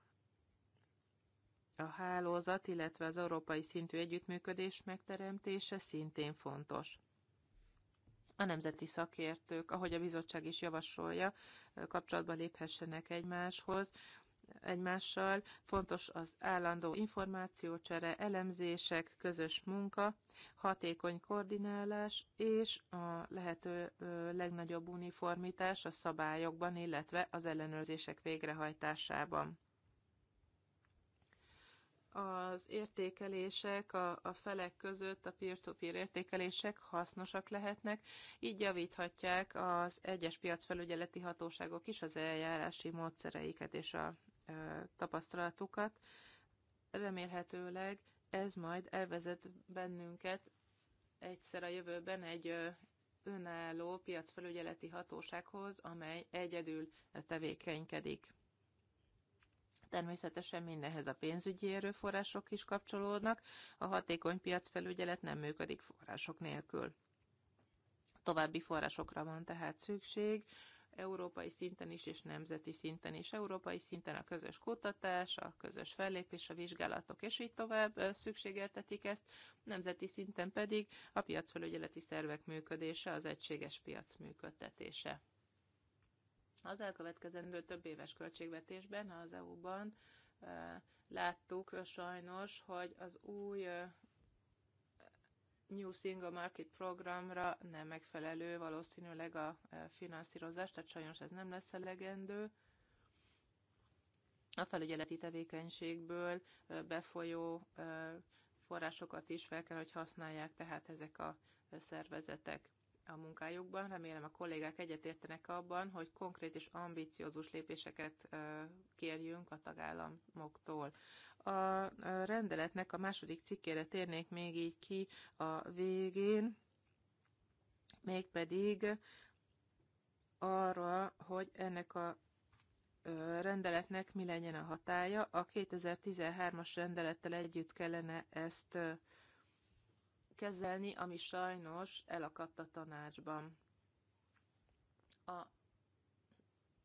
S2: a hálózat, illetve az európai szintű együttműködés megteremtése szintén fontos a nemzeti szakértők, ahogy a bizottság is javasolja, kapcsolatba léphessenek egymáshoz, egymással. Fontos az állandó információcsere, elemzések, közös munka, hatékony koordinálás és a lehető legnagyobb uniformitás a szabályokban, illetve az ellenőrzések végrehajtásában az értékelések a, a felek között, a peer-to-peer -peer értékelések hasznosak lehetnek, így javíthatják az egyes piacfelügyeleti hatóságok is az eljárási módszereiket és a e, tapasztalatukat. Remélhetőleg ez majd elvezet bennünket egyszer a jövőben egy önálló piacfelügyeleti hatósághoz, amely egyedül tevékenykedik. Természetesen mindenhez a pénzügyi erőforrások is kapcsolódnak, a hatékony piacfelügyelet nem működik források nélkül. További forrásokra van tehát szükség, európai szinten is és nemzeti szinten is. Európai szinten a közös kutatás, a közös fellépés, a vizsgálatok és így tovább szükségeltetik ezt, nemzeti szinten pedig a piacfelügyeleti szervek működése, az egységes piac működtetése. Az elkövetkezendő több éves költségvetésben az EU-ban láttuk sajnos, hogy az új New Single Market programra nem megfelelő valószínűleg a finanszírozás, tehát sajnos ez nem lesz elegendő. A felügyeleti tevékenységből befolyó forrásokat is fel kell, hogy használják tehát ezek a szervezetek a munkájukban. Remélem a kollégák egyetértenek abban, hogy konkrét és ambiciózus lépéseket kérjünk a tagállamoktól. A rendeletnek a második cikkére térnék még így ki a végén, mégpedig arra, hogy ennek a rendeletnek mi legyen a hatája. A 2013-as rendelettel együtt kellene ezt kezelni, ami sajnos elakadt a tanácsban. A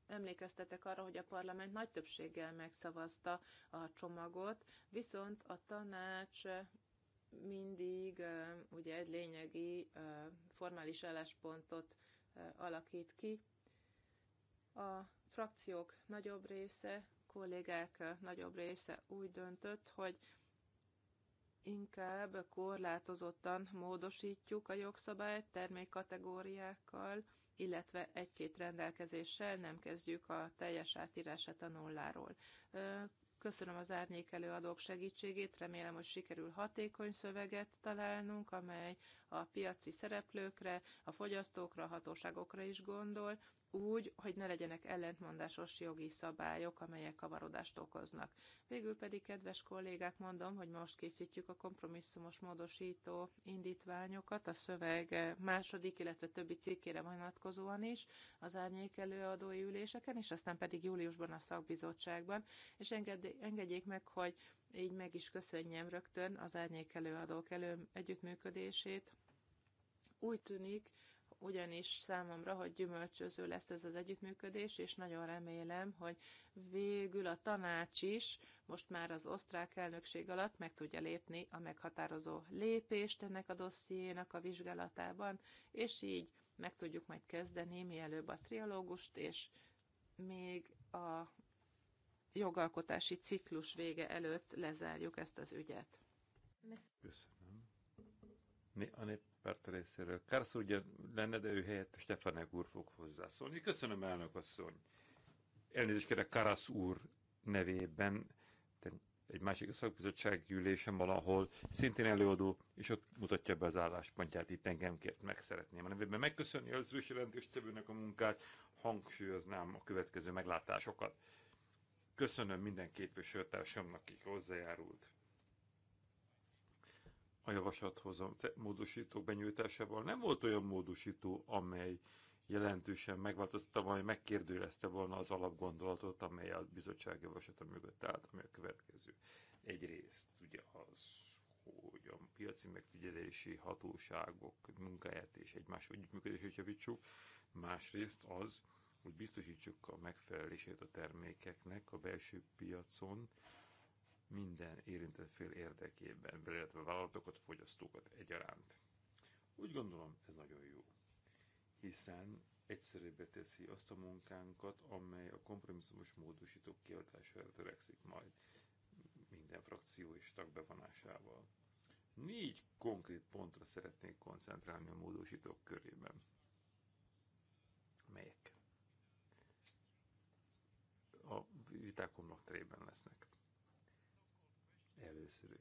S2: Emlékeztetek arra, hogy a parlament nagy többséggel megszavazta a csomagot, viszont a tanács mindig ugye egy lényegi formális álláspontot alakít ki. A frakciók nagyobb része, kollégák nagyobb része úgy döntött, hogy inkább korlátozottan módosítjuk a jogszabályt termékkategóriákkal, illetve egy-két rendelkezéssel nem kezdjük a teljes átírását a nulláról. Köszönöm az árnyékelő adók segítségét, remélem, hogy sikerül hatékony szöveget találnunk, amely a piaci szereplőkre, a fogyasztókra, a hatóságokra is gondol, úgy, hogy ne legyenek ellentmondásos jogi szabályok, amelyek kavarodást okoznak. Végül pedig, kedves kollégák, mondom, hogy most készítjük a kompromisszumos módosító indítványokat a szöveg második, illetve többi cikkére vonatkozóan is az árnyék előadói üléseken, és aztán pedig júliusban a szakbizottságban, és engedjék meg, hogy így meg is köszönjem rögtön az árnyék előadók elő együttműködését. Úgy tűnik, ugyanis számomra, hogy gyümölcsöző lesz ez az együttműködés, és nagyon remélem, hogy végül a tanács is most már az osztrák elnökség alatt meg tudja lépni a meghatározó lépést ennek a dossziénak a vizsgálatában, és így meg tudjuk majd kezdeni mielőbb a trialógust, és még a jogalkotási ciklus vége előtt lezárjuk ezt az ügyet.
S3: Köszönöm. A nép néppárt részéről. Kársz ugye lenne, de ő helyett Stefanek úr fog hozzászólni. Köszönöm, elnök asszony. Elnézést kérek Karasz úr nevében, egy másik szakbizottság gyűlésem valahol, szintén előadó, és ott mutatja be az álláspontját, itt engem kért meg szeretném. A nevében megköszönni az ős jelentéstevőnek a munkát, hangsúlyoznám a következő meglátásokat. Köszönöm minden képviselőtársamnak, aki hozzájárult a javaslathoz a módosítók benyújtásával nem volt olyan módosító, amely jelentősen megváltoztatta volna, vagy megkérdőjelezte volna az alapgondolatot, amely a bizottság javaslata mögött állt, ami a következő. Egyrészt ugye az, hogy a piaci megfigyelési hatóságok munkáját és egymás együttműködését javítsuk, másrészt az, hogy biztosítsuk a megfelelését a termékeknek a belső piacon, minden érintett fél érdekében, illetve a vállalatokat, fogyasztókat egyaránt. Úgy gondolom, ez nagyon jó, hiszen egyszerűbbé teszi azt a munkánkat, amely a kompromisszumos módosítók kiadására törekszik majd minden frakció és tag bevonásával. Négy konkrét pontra szeretnék koncentrálni a módosítók körében. Melyek? A viták homlokterében lesznek. Először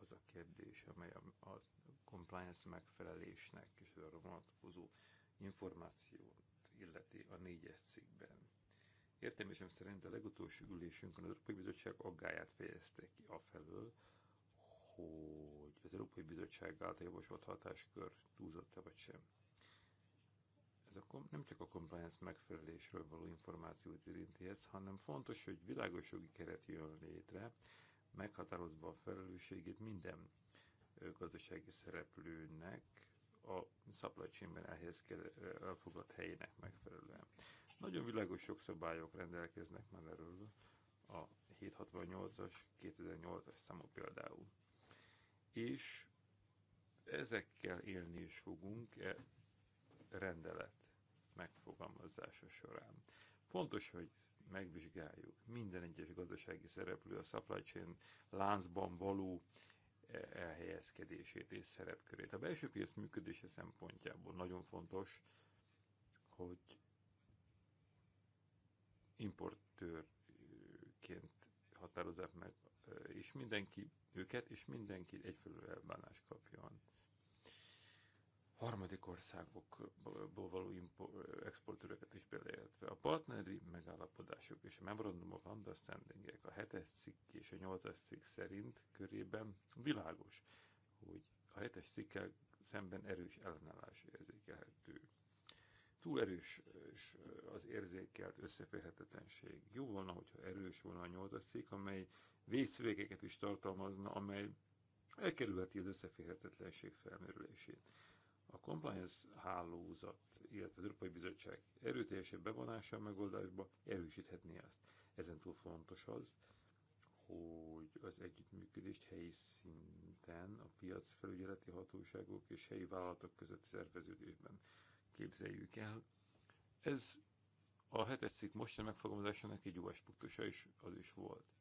S3: az a kérdés, amely a, a compliance megfelelésnek és arra vonatkozó információt illeti a négyes cikkben. Értelmesem szerint a legutolsó ülésünkön az Európai Bizottság aggáját fejezte ki afelől, hogy az Európai Bizottság által javasolt hatáskör túlzott-e vagy sem. Ez a nem csak a compliance megfelelésről való információt érinti ez, hanem fontos, hogy világos jogi keret jön létre, meghatározva a felelősségét minden gazdasági szereplőnek a supply chainben elfogadt helyének megfelelően. Nagyon világos jogszabályok rendelkeznek már erről, a 768-as, 2008-as számú például. És ezekkel élni is fogunk e rendelet megfogalmazása során. Fontos, hogy megvizsgáljuk minden egyes gazdasági szereplő a supply chain láncban való e, elhelyezkedését és szerepkörét. A belső piac működése szempontjából nagyon fontos, hogy importőrként határozzák meg, e, és mindenki őket, és mindenki egyfelől elbánást kapjon harmadik országokból való exportőröket is beleértve. A partneri megállapodások és a Memorandum of understanding a hetes cikk és a nyolcas cikk szerint körében világos, hogy a hetes cikkel szemben erős ellenállás érzékelhető. Túl erős és az érzékelt összeférhetetlenség. Jó volna, hogyha erős volna a nyolcas cikk, amely vészvégeket is tartalmazna, amely elkerülheti az összeférhetetlenség felmerülését a compliance hálózat, illetve az Európai Bizottság erőteljesebb bevonása a megoldásba erősíthetné Ezen túl fontos az, hogy az együttműködést helyi szinten a piac felügyeleti hatóságok és helyi vállalatok közötti szerveződésben képzeljük el. Ez a hetes cikk mostani megfogalmazásának egy jó aspektusa is az is volt.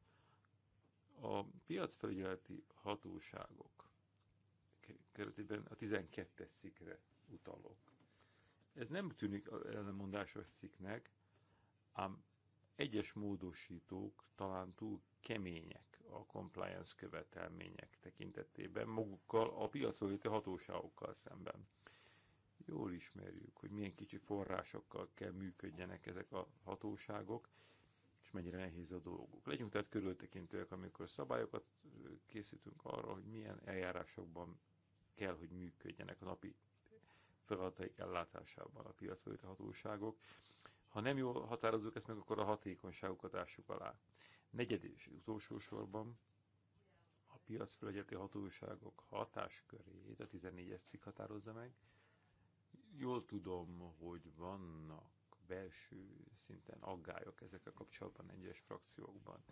S3: A piacfelügyeleti hatóságok keretében a 12-es utalok. Ez nem tűnik ellenmondásos cikknek, ám egyes módosítók talán túl kemények a compliance követelmények tekintetében magukkal a piacvétő hatóságokkal szemben. Jól ismerjük, hogy milyen kicsi forrásokkal kell működjenek ezek a hatóságok, és mennyire nehéz a dolguk. Legyünk tehát körültekintőek, amikor szabályokat készítünk arra, hogy milyen eljárásokban kell, hogy működjenek a napi feladataik ellátásában a piacra hatóságok. Ha nem jól határozzuk ezt meg, akkor a hatékonyságukat ássuk alá. Negyed és utolsó sorban a piacfelügyeleti hatóságok hatáskörét a 14-es cikk határozza meg. Jól tudom, hogy vannak belső szinten aggályok ezekkel kapcsolatban egyes frakciókban.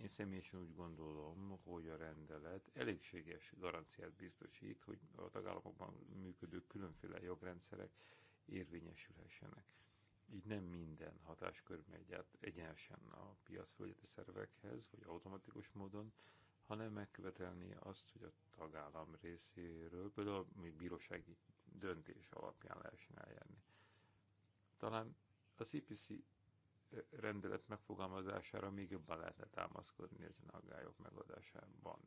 S3: Én személyesen úgy gondolom, hogy a rendelet elégséges garanciát biztosít, hogy a tagállamokban működő különféle jogrendszerek érvényesülhessenek. Így nem minden hatáskör megy át egyenesen a piacfelügyeti szervekhez, vagy automatikus módon, hanem megkövetelni azt, hogy a tagállam részéről, például még bírósági döntés alapján lehessen eljárni. Talán a CPC rendelet megfogalmazására még jobban lehetne támaszkodni ezen aggályok megoldásában.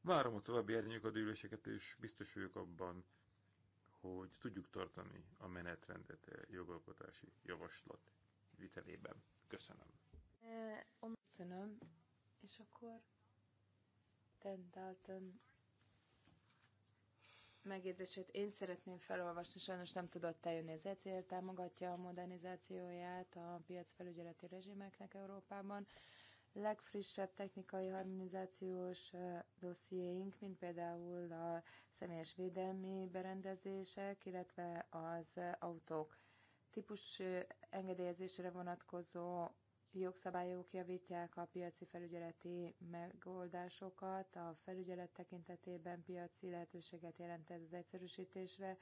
S3: Várom a további a üléseket, és biztos vagyok abban, hogy tudjuk tartani a menetrendet a jogalkotási javaslat vitelében. Köszönöm.
S1: Köszönöm, és akkor Ten megjegyzését én szeretném felolvasni, sajnos nem tudott eljönni az ECL, támogatja a modernizációját a piacfelügyeleti rezsimeknek Európában. Legfrissebb technikai harmonizációs dossziéink, mint például a személyes védelmi berendezések, illetve az autók típus engedélyezésre vonatkozó jogszabályok javítják a piaci felügyeleti megoldásokat, a felügyelet tekintetében piaci lehetőséget jelent ez az egyszerűsítésre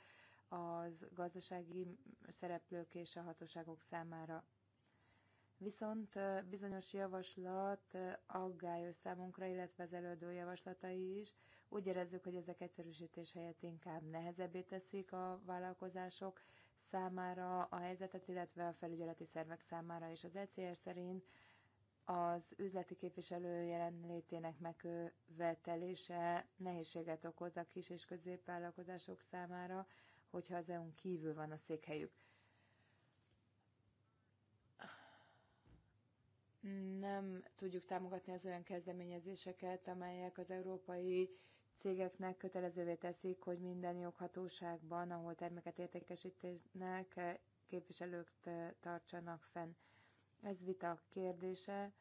S1: az gazdasági szereplők és a hatóságok számára. Viszont bizonyos javaslat aggályos számunkra, illetve az elődő javaslatai is. Úgy érezzük, hogy ezek egyszerűsítés helyett inkább nehezebbé teszik a vállalkozások számára a helyzetet, illetve a felügyeleti szervek számára is. Az ECR szerint az üzleti képviselő jelenlétének megkövetelése nehézséget okoz a kis és középvállalkozások számára, hogyha az EU-n kívül van a székhelyük. Nem tudjuk támogatni az olyan kezdeményezéseket, amelyek az európai cégeknek kötelezővé teszik, hogy minden joghatóságban, ahol terméket értékesítenek, eh, képviselőkt tartsanak fenn. Ez vita kérdése.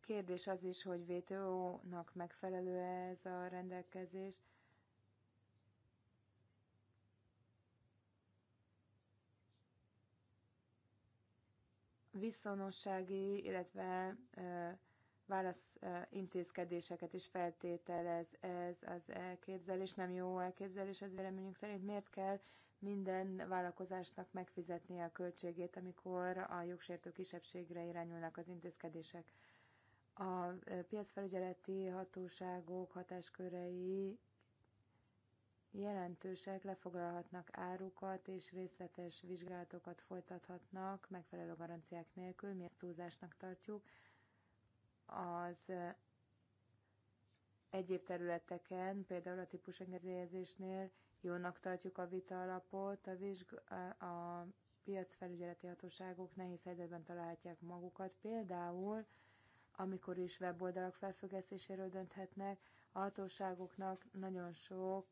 S1: Kérdés az is, hogy WTO-nak megfelelő -e ez a rendelkezés. Viszonossági, illetve eh, válasz intézkedéseket is feltételez ez az elképzelés, nem jó elképzelés ez véleményünk szerint. Miért kell minden vállalkozásnak megfizetnie a költségét, amikor a jogsértő kisebbségre irányulnak az intézkedések? A piacfelügyeleti hatóságok hatáskörei jelentősek, lefoglalhatnak árukat és részletes vizsgálatokat folytathatnak megfelelő garanciák nélkül, mi ezt túlzásnak tartjuk az egyéb területeken, például a típusengedélyezésnél jónak tartjuk a vita alapot, a, vizsg- a piacfelügyeleti hatóságok nehéz helyzetben találhatják magukat, például amikor is weboldalak felfüggesztéséről dönthetnek, a hatóságoknak nagyon sok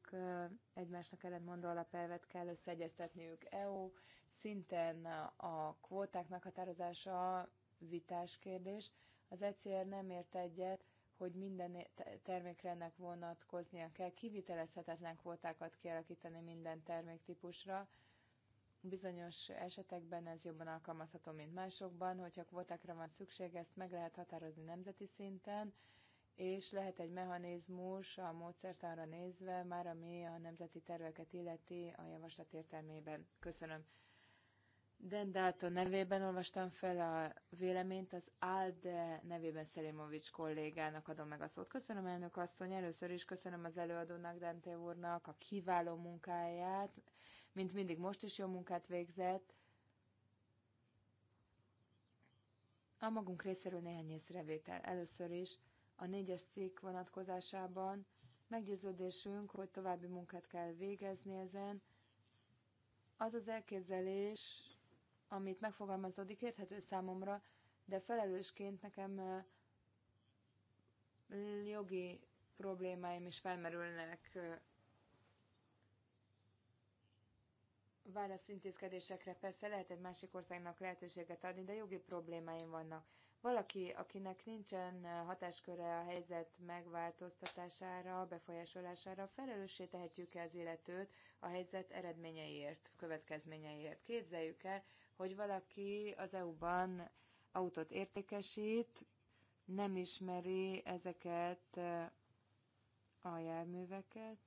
S1: egymásnak ellentmondó alapelvet kell összeegyeztetniük. EU szinten a kvóták meghatározása vitás kérdés, az ECR nem ért egyet, hogy minden termékre ennek vonatkoznia kell. Kivitelezhetetlen kvótákat kialakítani minden terméktípusra. Bizonyos esetekben ez jobban alkalmazható, mint másokban. Hogyha kvótákra van szükség, ezt meg lehet határozni nemzeti szinten, és lehet egy mechanizmus a módszertanra nézve, már ami a nemzeti terveket illeti a javaslat értelmében. Köszönöm. Dan Dalton nevében olvastam fel a véleményt, az ALDE nevében Szelimovics kollégának adom meg a szót. Köszönöm elnök asszony, először is köszönöm az előadónak, Dante úrnak a kiváló munkáját, mint mindig most is jó munkát végzett. A magunk részéről néhány észrevétel. Először is a négyes cikk vonatkozásában meggyőződésünk, hogy további munkát kell végezni ezen, az az elképzelés, amit megfogalmazódik, érthető számomra, de felelősként nekem jogi problémáim is felmerülnek válaszintézkedésekre persze lehet egy másik országnak lehetőséget adni, de jogi problémáim vannak. Valaki, akinek nincsen hatásköre a helyzet megváltoztatására, befolyásolására, felelőssé tehetjük el az illetőt a helyzet eredményeiért, következményeiért. Képzeljük el, hogy valaki az EU-ban autót értékesít, nem ismeri ezeket eh, a járműveket,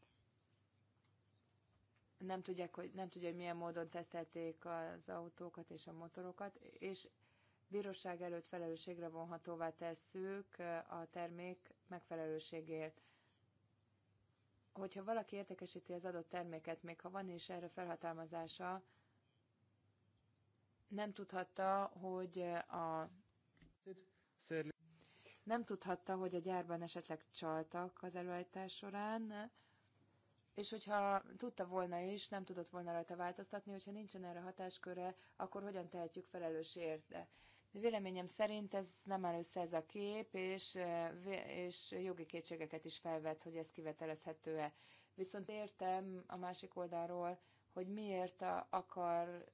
S1: nem, tudják, hogy, nem tudja, hogy milyen módon tesztelték az autókat és a motorokat, és bíróság előtt felelősségre vonhatóvá tesszük eh, a termék megfelelőségért. Hogyha valaki értékesíti az adott terméket, még ha van is erre felhatalmazása, nem tudhatta, hogy a nem tudhatta, hogy a gyárban esetleg csaltak az előállítás során, és hogyha tudta volna is, nem tudott volna rajta változtatni, hogyha nincsen erre hatásköre, akkor hogyan tehetjük felelős érte? Véleményem szerint ez nem áll össze ez a kép, és, és jogi kétségeket is felvet, hogy ez kivetelezhető-e. Viszont értem a másik oldalról, hogy miért akar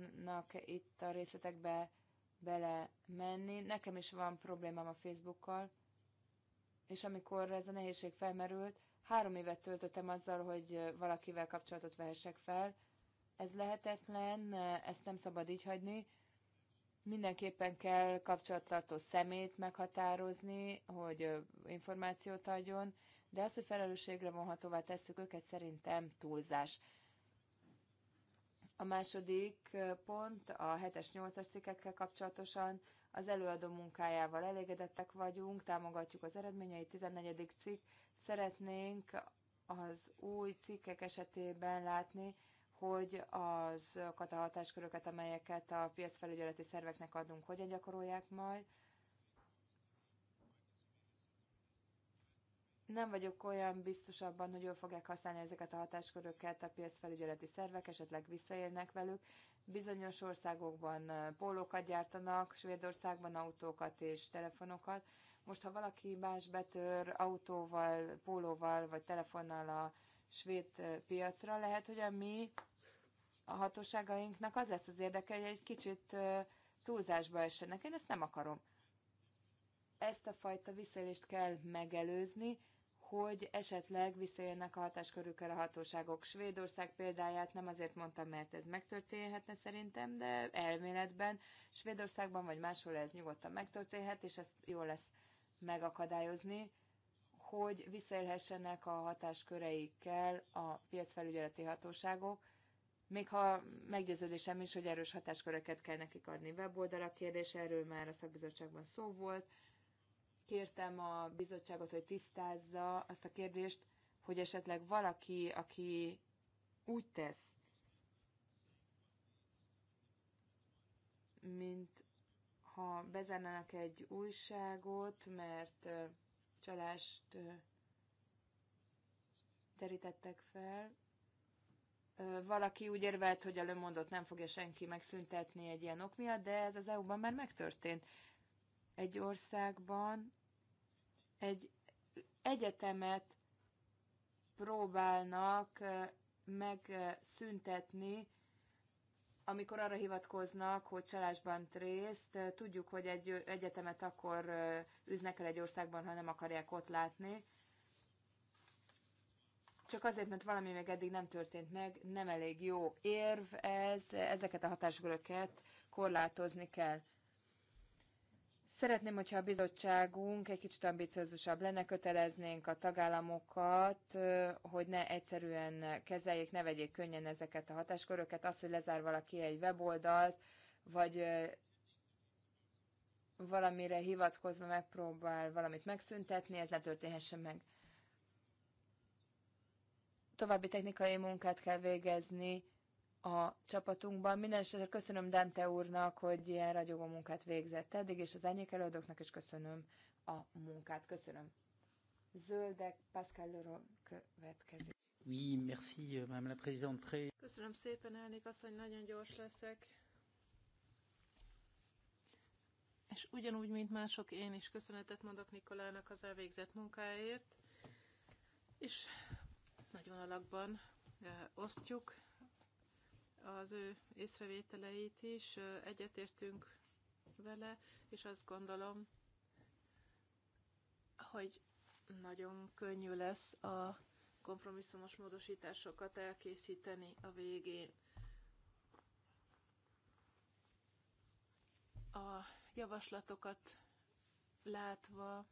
S1: akarnak itt a részletekbe bele menni. Nekem is van problémám a Facebookkal, és amikor ez a nehézség felmerült, három évet töltöttem azzal, hogy valakivel kapcsolatot vehessek fel. Ez lehetetlen, ezt nem szabad így hagyni. Mindenképpen kell kapcsolattartó szemét meghatározni, hogy információt adjon, de az, hogy felelősségre vonhatóvá tesszük őket, szerintem túlzás. A második pont a 7 nyolcas 8-as cikkekkel kapcsolatosan az előadó munkájával elégedettek vagyunk, támogatjuk az eredményeit. 14. cikk, szeretnénk az új cikkek esetében látni, hogy azokat a hatásköröket, amelyeket a piacfelügyeleti szerveknek adunk, hogyan gyakorolják majd, nem vagyok olyan biztos abban, hogy jól fogják használni ezeket a hatásköröket a piacfelügyeleti szervek, esetleg visszaélnek velük. Bizonyos országokban pólókat gyártanak, Svédországban autókat és telefonokat. Most, ha valaki más betör autóval, pólóval vagy telefonnal a svéd piacra, lehet, hogy a mi a hatóságainknak az lesz az érdeke, hogy egy kicsit túlzásba essenek. Én ezt nem akarom ezt a fajta visszaélést kell megelőzni, hogy esetleg visszaélnek a hatáskörükkel a hatóságok. Svédország példáját nem azért mondtam, mert ez megtörténhetne szerintem, de elméletben Svédországban vagy máshol ez nyugodtan megtörténhet, és ezt jó lesz megakadályozni, hogy visszaélhessenek a hatásköreikkel a piacfelügyeleti hatóságok, még ha meggyőződésem is, hogy erős hatásköröket kell nekik adni. Weboldalak kérdése, erről már a szakbizottságban szó volt, kértem a bizottságot, hogy tisztázza azt a kérdést, hogy esetleg valaki, aki úgy tesz, mint ha bezárnának egy újságot, mert csalást terítettek fel. Valaki úgy érvelt, hogy a lömondot nem fogja senki megszüntetni egy ilyen ok miatt, de ez az EU-ban már megtörtént. Egy országban egy egyetemet próbálnak megszüntetni, amikor arra hivatkoznak, hogy csalásban részt, tudjuk, hogy egy egyetemet akkor üznek el egy országban, ha nem akarják ott látni. Csak azért, mert valami még eddig nem történt meg, nem elég jó érv ez, ezeket a hatásköröket korlátozni kell. Szeretném, hogyha a bizottságunk egy kicsit ambiciózusabb lenne, köteleznénk a tagállamokat, hogy ne egyszerűen kezeljék, ne vegyék könnyen ezeket a hatásköröket. Az, hogy lezár valaki egy weboldalt, vagy valamire hivatkozva megpróbál valamit megszüntetni, ez ne történhessen meg. További technikai munkát kell végezni a csapatunkban. Minden esetre köszönöm Dante úrnak, hogy ilyen ragyogó munkát végzett eddig, és az enyék előadóknak is köszönöm a munkát. Köszönöm. Zöldek, Pascal Leroy következik.
S2: Oui, merci, Madame la Présidente. Köszönöm szépen, azt, hogy nagyon gyors leszek. És ugyanúgy, mint mások, én is köszönetet mondok Nikolának az elvégzett munkáért, és nagyon alakban eh, osztjuk az ő észrevételeit is, egyetértünk vele, és azt gondolom, hogy nagyon könnyű lesz a kompromisszumos módosításokat elkészíteni a végén. A javaslatokat látva,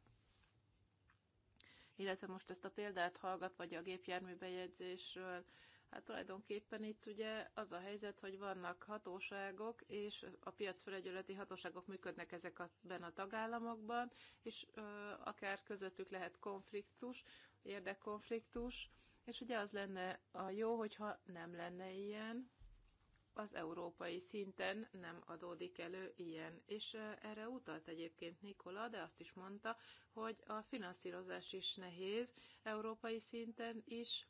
S2: illetve most ezt a példát hallgatva, vagy a gépjármű bejegyzésről, Hát tulajdonképpen itt ugye az a helyzet, hogy vannak hatóságok, és a piacfelügyeleti hatóságok működnek ezekben a tagállamokban, és ö, akár közöttük lehet konfliktus, érdekkonfliktus, és ugye az lenne a jó, hogyha nem lenne ilyen, az európai szinten nem adódik elő ilyen. És erre utalt egyébként Nikola, de azt is mondta, hogy a finanszírozás is nehéz, európai szinten is,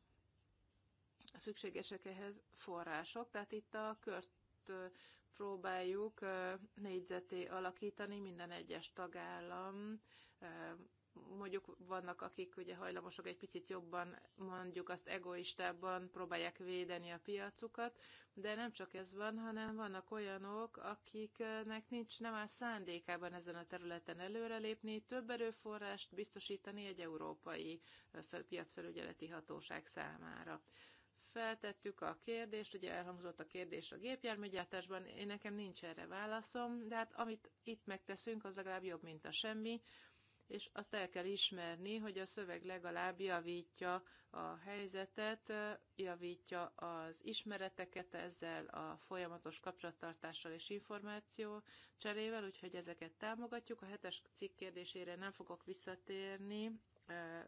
S2: szükségesek ehhez források. Tehát itt a kört próbáljuk négyzeté alakítani minden egyes tagállam mondjuk vannak, akik ugye hajlamosak egy picit jobban, mondjuk azt egoistában próbálják védeni a piacukat, de nem csak ez van, hanem vannak olyanok, akiknek nincs nem áll szándékában ezen a területen előrelépni, több erőforrást biztosítani egy európai piacfelügyeleti hatóság számára feltettük a kérdést, ugye elhangzott a kérdés a gépjárműgyártásban, én nekem nincs erre válaszom, de hát amit itt megteszünk, az legalább jobb, mint a semmi, és azt el kell ismerni, hogy a szöveg legalább javítja a helyzetet, javítja az ismereteket ezzel a folyamatos kapcsolattartással és információ cserével, úgyhogy ezeket támogatjuk. A hetes cikk kérdésére nem fogok visszatérni,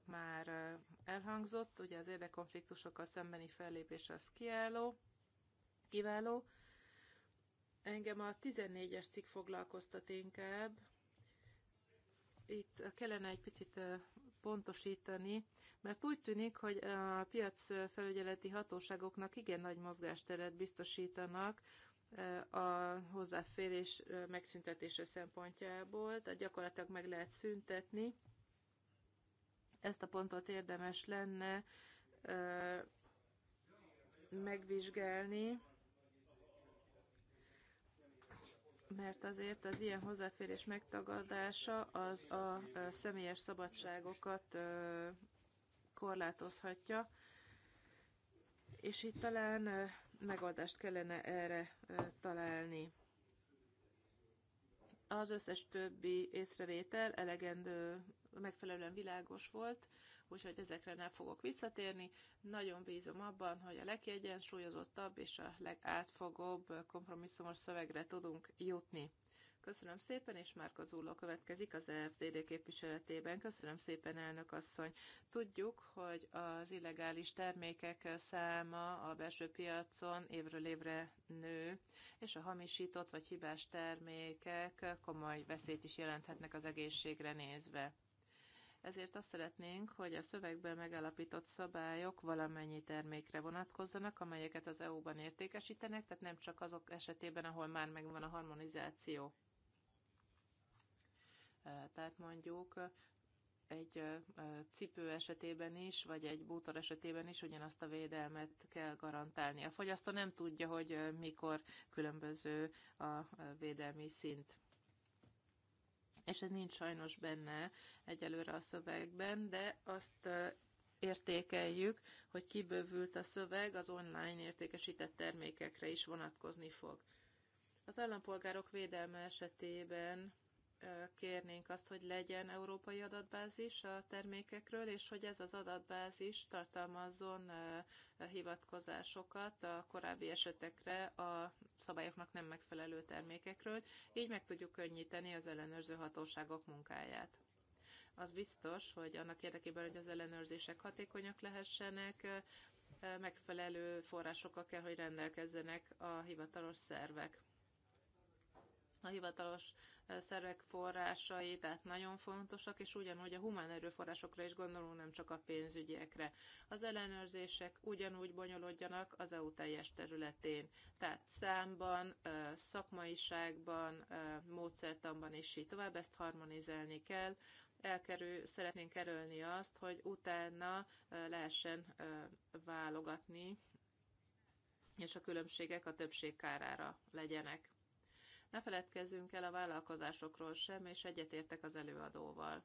S2: már elhangzott, ugye az érdekkonfliktusokkal szembeni fellépés az kiálló, kiváló. Engem a 14-es cikk foglalkoztat inkább. Itt kellene egy picit pontosítani, mert úgy tűnik, hogy a piacfelügyeleti hatóságoknak igen nagy mozgásteret biztosítanak, a hozzáférés megszüntetése szempontjából, tehát gyakorlatilag meg lehet szüntetni ezt a pontot érdemes lenne megvizsgálni, mert azért az ilyen hozzáférés megtagadása az a személyes szabadságokat korlátozhatja, és itt talán megoldást kellene erre találni. Az összes többi észrevétel elegendő megfelelően világos volt, úgyhogy ezekre nem fogok visszatérni. Nagyon bízom abban, hogy a legkiegyensúlyozottabb és a legátfogóbb kompromisszumos szövegre tudunk jutni. Köszönöm szépen, és Márka Zulló következik az EFDD képviseletében. Köszönöm szépen, elnök asszony. Tudjuk, hogy az illegális termékek száma a belső piacon évről évre nő, és a hamisított vagy hibás termékek komoly veszélyt is jelenthetnek az egészségre nézve. Ezért azt szeretnénk, hogy a szövegben megállapított szabályok valamennyi termékre vonatkozzanak, amelyeket az EU-ban értékesítenek, tehát nem csak azok esetében, ahol már megvan a harmonizáció. Tehát mondjuk egy cipő esetében is, vagy egy bútor esetében is ugyanazt a védelmet kell garantálni. A fogyasztó nem tudja, hogy mikor különböző a védelmi szint és ez nincs sajnos benne egyelőre a szövegben, de azt értékeljük, hogy kibővült a szöveg, az online értékesített termékekre is vonatkozni fog. Az állampolgárok védelme esetében kérnénk azt, hogy legyen európai adatbázis a termékekről, és hogy ez az adatbázis tartalmazzon hivatkozásokat a korábbi esetekre a szabályoknak nem megfelelő termékekről, így meg tudjuk könnyíteni az ellenőrző hatóságok munkáját az biztos, hogy annak érdekében, hogy az ellenőrzések hatékonyak lehessenek, megfelelő forrásokkal kell, hogy rendelkezzenek a hivatalos szervek. A hivatalos szerek forrásai, tehát nagyon fontosak, és ugyanúgy a humán erőforrásokra is gondolunk, nem csak a pénzügyiekre. Az ellenőrzések ugyanúgy bonyolodjanak az EU teljes területén, tehát számban, szakmaiságban, módszertanban is így tovább, ezt harmonizálni kell, elkerül, szeretnénk kerülni azt, hogy utána lehessen válogatni, és a különbségek a többség kárára legyenek. Ne feledkezzünk el a vállalkozásokról sem, és egyetértek az előadóval.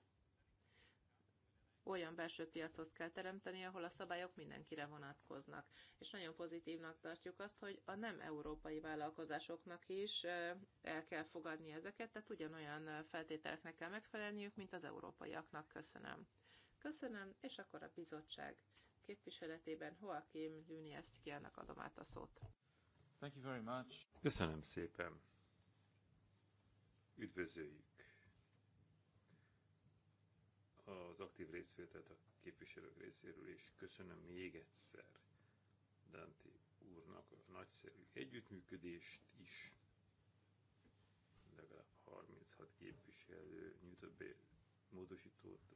S2: Olyan belső piacot kell teremteni, ahol a szabályok mindenkire vonatkoznak. És nagyon pozitívnak tartjuk azt, hogy a nem európai vállalkozásoknak is el kell fogadni ezeket, tehát ugyanolyan feltételeknek kell megfelelniük, mint az európaiaknak. Köszönöm. Köszönöm, és akkor a bizottság képviseletében Joachim Lunieszkiának adom át a szót.
S3: Thank you very much. Köszönöm szépen. Üdvözöljük az aktív részvételt a képviselők részéről, és köszönöm még egyszer Dante úrnak a nagyszerű együttműködést is. Legalább 36 képviselő nyújtott be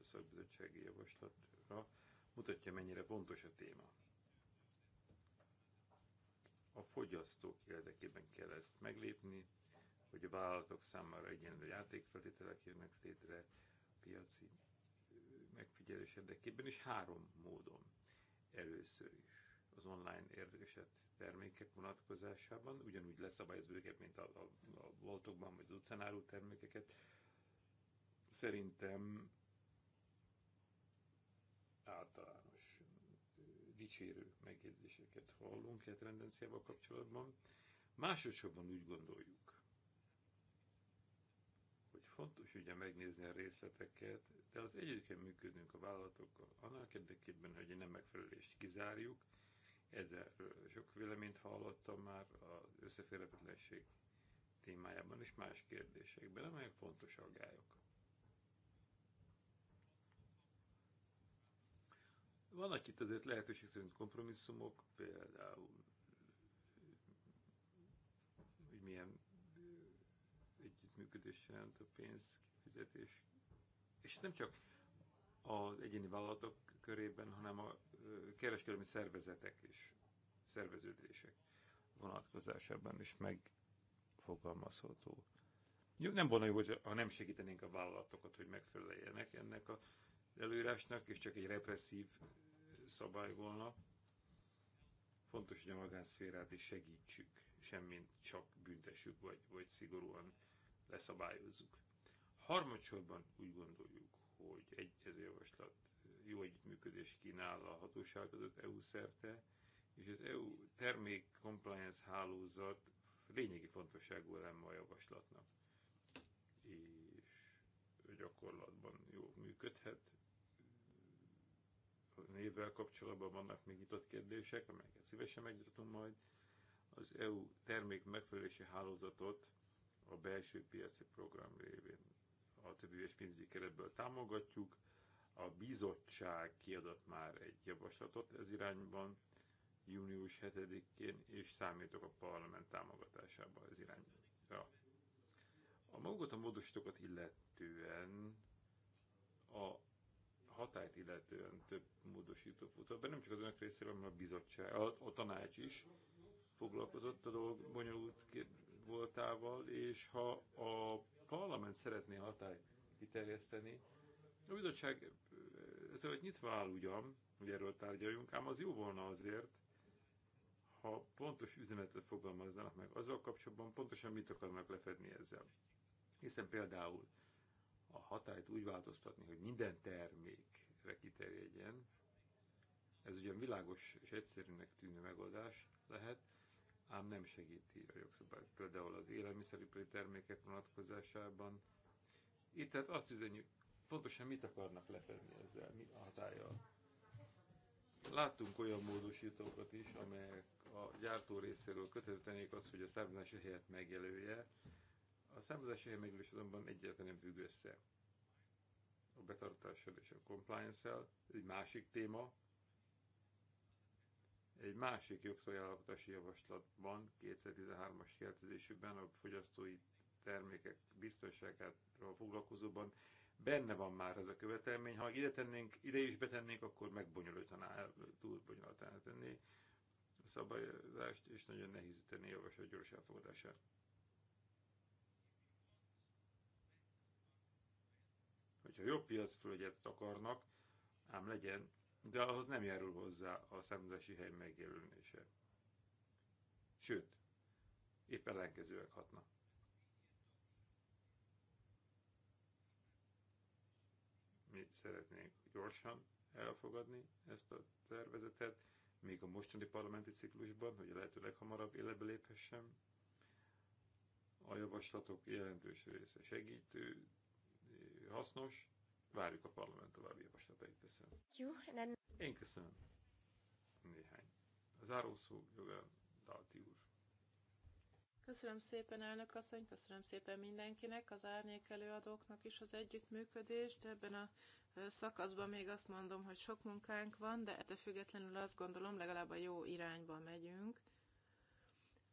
S3: szakbizottsági javaslatra, mutatja, mennyire fontos a téma. A fogyasztók érdekében kell ezt meglépni, hogy a vállalatok számára egyenlő játékfeltételek jönnek létre piaci megfigyelés érdekében, és három módon először is az online értékesített termékek vonatkozásában, ugyanúgy leszabályozva őket, mint a, a, a boltokban vagy az utcán álló termékeket, szerintem általános dicsérő megjegyzéseket hallunk egy tendenciával kapcsolatban. Másodszorban úgy gondoljuk, fontos ugye megnézni a részleteket, de az együtt kell működnünk a vállalatokkal, annak érdekében, hogy nem megfelelést kizárjuk. Ezzel sok véleményt hallottam már az összeférhetetlenség témájában és más kérdésekben, amelyek fontos aggályok. Vannak itt azért lehetőség szerint kompromisszumok, például hogy milyen együttműködés jelent a pénz kifizetés. És nem csak az egyéni vállalatok körében, hanem a kereskedelmi szervezetek és szerveződések vonatkozásában is megfogalmazható. Jó, nem volna jó, hogy ha nem segítenénk a vállalatokat, hogy megfeleljenek ennek a előírásnak, és csak egy represszív szabály volna. Fontos, hogy a magánszférát is segítsük, semmint csak büntessük, vagy, vagy szigorúan leszabályozzuk. Harmadsorban úgy gondoljuk, hogy egy, ez a javaslat jó együttműködés kínál a hatóság között EU szerte, és az EU termék compliance hálózat lényegi fontosságú lenne a javaslatnak. És gyakorlatban jól működhet. A névvel kapcsolatban vannak még nyitott kérdések, amelyeket szívesen megnyitom majd. Az EU termék megfelelési hálózatot a belső piaci program révén a többi éves pénzügyi keretből támogatjuk. A bizottság kiadott már egy javaslatot ez irányban június 7-én, és számítok a parlament támogatásába ez irányra A magukat a módosítókat illetően a hatályt illetően több módosító futott be, nem csak az önök részéről, hanem a bizottság, a, a tanács is foglalkozott a dolog, bonyolult kérdés, voltával, és ha a parlament szeretné hatály kiterjeszteni, a bizottság eh, ez hogy nyitva áll ugyan, hogy erről tárgyaljunk, ám az jó volna azért, ha pontos üzenetet fogalmaznának meg azzal kapcsolatban, pontosan mit akarnak lefedni ezzel. Hiszen például a hatályt úgy változtatni, hogy minden termékre kiterjedjen, ez ugyan világos és egyszerűnek tűnő megoldás lehet, ám nem segíti a jogszabály. Például az élelmiszeripari termékek vonatkozásában. Itt tehát azt üzenjük, pontosan mit akarnak lefedni ezzel, mi a hatája. Láttunk olyan módosítókat is, amelyek a gyártó részéről kötelezik azt, hogy a származási helyet megjelölje. A származási hely megjelölés azonban egyáltalán nem függ össze a betartással és a compliance-el, egy másik téma, egy másik jogszabályalkotási javaslatban, 2013-as kérdezésükben a fogyasztói termékek biztonságáról foglalkozóban benne van már ez a követelmény. Ha ide, tennénk, ide is betennénk, akkor megbonyolítaná, túl bonyolítaná tenni a szabályozást, és nagyon nehéz a javaslat gyors elfogadását. Hogyha jobb piacfölgyet akarnak, ám legyen de ahhoz nem járul hozzá a származási hely megjelölése. Sőt, épp ellenkezőleg hatna. Mi szeretnénk gyorsan elfogadni ezt a tervezetet, még a mostani parlamenti ciklusban, hogy a lehető leghamarabb életbe léphessen. A javaslatok jelentős része segítő, hasznos, Várjuk a parlament további javaslatait. Köszönöm. Jó, nem. Én köszönöm. Néhány. A zárószó joga Dalti úr.
S2: Köszönöm szépen, elnök asszony, köszönöm szépen mindenkinek, az árnyék előadóknak is az együttműködést. Ebben a szakaszban még azt mondom, hogy sok munkánk van, de ettől függetlenül azt gondolom, legalább a jó irányba megyünk.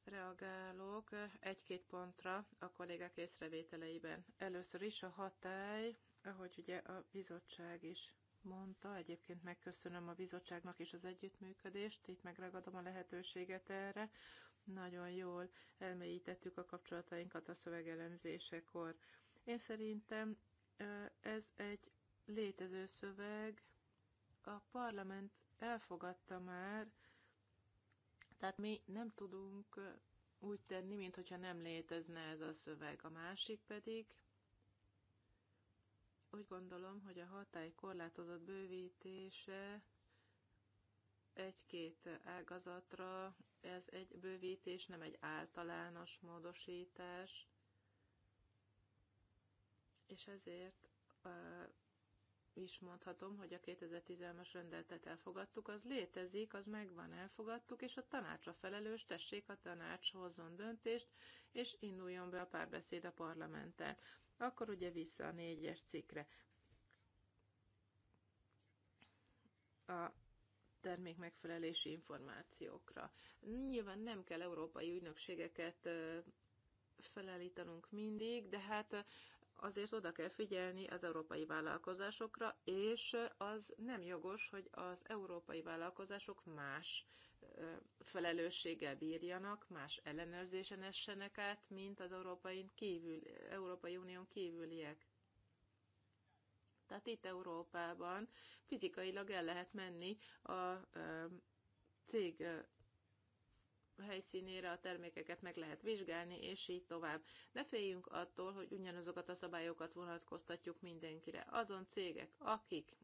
S2: Reagálok egy-két pontra a kollégák észrevételeiben. Először is a hatály, ahogy ugye a bizottság is mondta, egyébként megköszönöm a bizottságnak is az együttműködést, itt megragadom a lehetőséget erre. Nagyon jól elmélyítettük a kapcsolatainkat a szövegelemzésekor. Én szerintem ez egy létező szöveg, a parlament elfogadta már, tehát mi nem tudunk úgy tenni, mintha nem létezne ez a szöveg. A másik pedig, úgy gondolom, hogy a hatály korlátozott bővítése egy-két ágazatra, ez egy bővítés, nem egy általános módosítás, és ezért uh, is mondhatom, hogy a 2010-es rendeltet elfogadtuk, az létezik, az megvan, elfogadtuk, és a tanács a felelős, tessék a tanács hozzon döntést, és induljon be a párbeszéd a parlamenttel akkor ugye vissza a négyes cikkre. A termék megfelelési információkra. Nyilván nem kell európai ügynökségeket felállítanunk mindig, de hát azért oda kell figyelni az európai vállalkozásokra, és az nem jogos, hogy az európai vállalkozások más felelősséggel bírjanak, más ellenőrzésen essenek át, mint az Európai, kívül, Európai Unión kívüliek. Tehát itt Európában fizikailag el lehet menni a cég helyszínére a termékeket meg lehet vizsgálni, és így tovább. Ne féljünk attól, hogy ugyanazokat a szabályokat vonatkoztatjuk mindenkire. Azon cégek, akik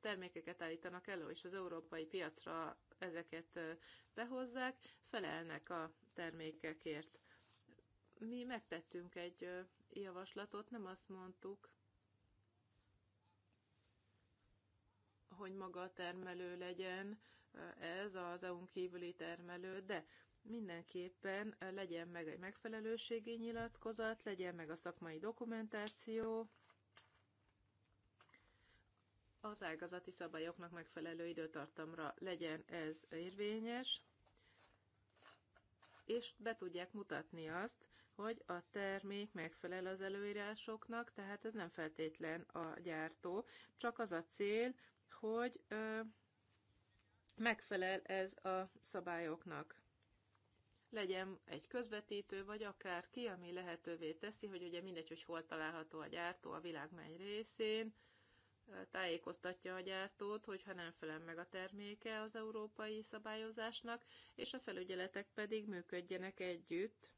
S2: termékeket állítanak elő, és az európai piacra ezeket behozzák, felelnek a termékekért. Mi megtettünk egy javaslatot, nem azt mondtuk, hogy maga a termelő legyen ez az EU-n kívüli termelő, de mindenképpen legyen meg egy megfelelőségi nyilatkozat, legyen meg a szakmai dokumentáció, az ágazati szabályoknak megfelelő időtartamra legyen ez érvényes, és be tudják mutatni azt, hogy a termék megfelel az előírásoknak, tehát ez nem feltétlen a gyártó, csak az a cél, hogy ö, megfelel ez a szabályoknak. Legyen egy közvetítő, vagy akár ki, ami lehetővé teszi, hogy ugye mindegy, hogy hol található a gyártó a világ mely részén, tájékoztatja a gyártót, hogyha nem felel meg a terméke az európai szabályozásnak, és a felügyeletek pedig működjenek együtt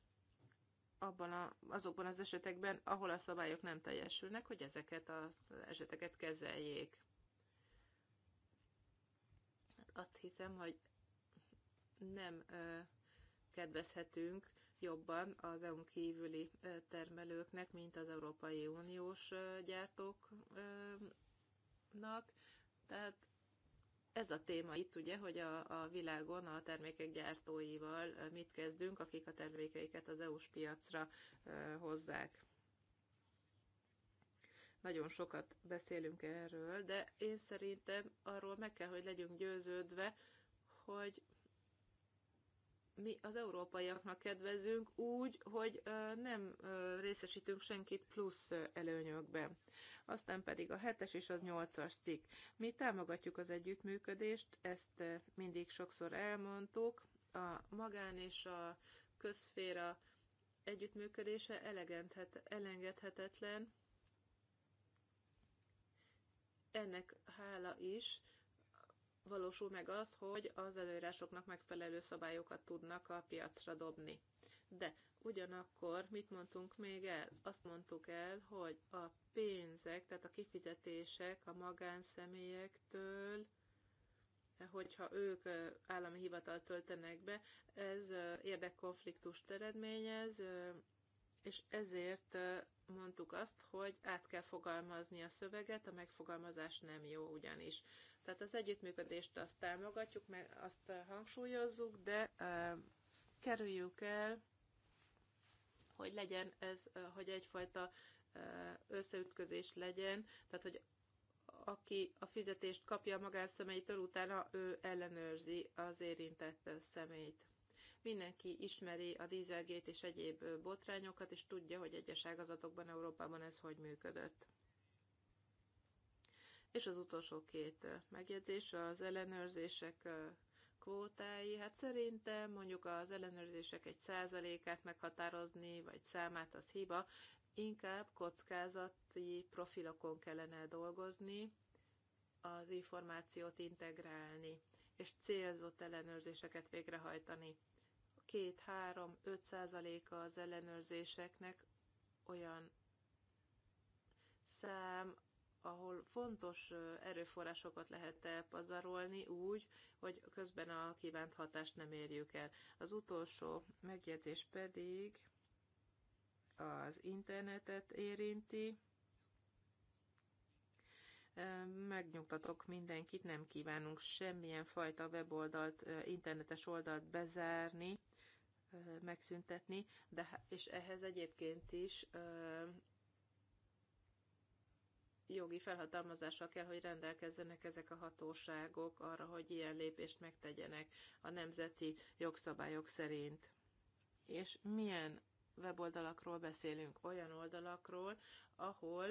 S2: abban a, azokban az esetekben, ahol a szabályok nem teljesülnek, hogy ezeket az eseteket kezeljék. Azt hiszem, hogy nem ö, kedvezhetünk jobban az EU-n kívüli termelőknek, mint az Európai Uniós gyártók gyártanak, tehát ez a téma itt ugye, hogy a, a világon a termékek gyártóival mit kezdünk, akik a termékeiket az EU-s piacra hozzák. Nagyon sokat beszélünk erről, de én szerintem arról meg kell, hogy legyünk győződve, hogy mi az európaiaknak kedvezünk úgy, hogy nem részesítünk senkit plusz előnyökben. Aztán pedig a 7-es és az 8-as cikk. Mi támogatjuk az együttműködést, ezt mindig sokszor elmondtuk. A magán és a közféra együttműködése elengedhetetlen. Ennek hála is valósul meg az, hogy az előírásoknak megfelelő szabályokat tudnak a piacra dobni. De ugyanakkor mit mondtunk még el? Azt mondtuk el, hogy a pénzek, tehát a kifizetések a magánszemélyektől, hogyha ők állami hivatalt töltenek be, ez érdekkonfliktust eredményez, és ezért mondtuk azt, hogy át kell fogalmazni a szöveget, a megfogalmazás nem jó ugyanis. Tehát az együttműködést azt támogatjuk, meg azt eh, hangsúlyozzuk, de eh, kerüljük el, hogy legyen ez, eh, hogy egyfajta uh, összeütközés legyen, tehát hogy aki a fizetést kapja a magánszemélytől, utána ő ellenőrzi az érintett személyt. Mindenki ismeri a dízelgét és egyéb botrányokat, és tudja, hogy egyes ágazatokban Európában ez hogy működött. És az utolsó két megjegyzés, az ellenőrzések kvótái, hát szerintem mondjuk az ellenőrzések egy százalékát meghatározni, vagy számát, az hiba, inkább kockázati profilokon kellene dolgozni, az információt integrálni, és célzott ellenőrzéseket végrehajtani. 2-3-5 százaléka az ellenőrzéseknek olyan szám, ahol fontos erőforrásokat lehet elpazarolni úgy, hogy közben a kívánt hatást nem érjük el. Az utolsó megjegyzés pedig az internetet érinti. Megnyugtatok mindenkit, nem kívánunk semmilyen fajta weboldalt, internetes oldalt bezárni, megszüntetni, de és ehhez egyébként is jogi felhatalmazással kell, hogy rendelkezzenek ezek a hatóságok arra, hogy ilyen lépést megtegyenek a nemzeti jogszabályok szerint. És milyen weboldalakról beszélünk? Olyan oldalakról, ahol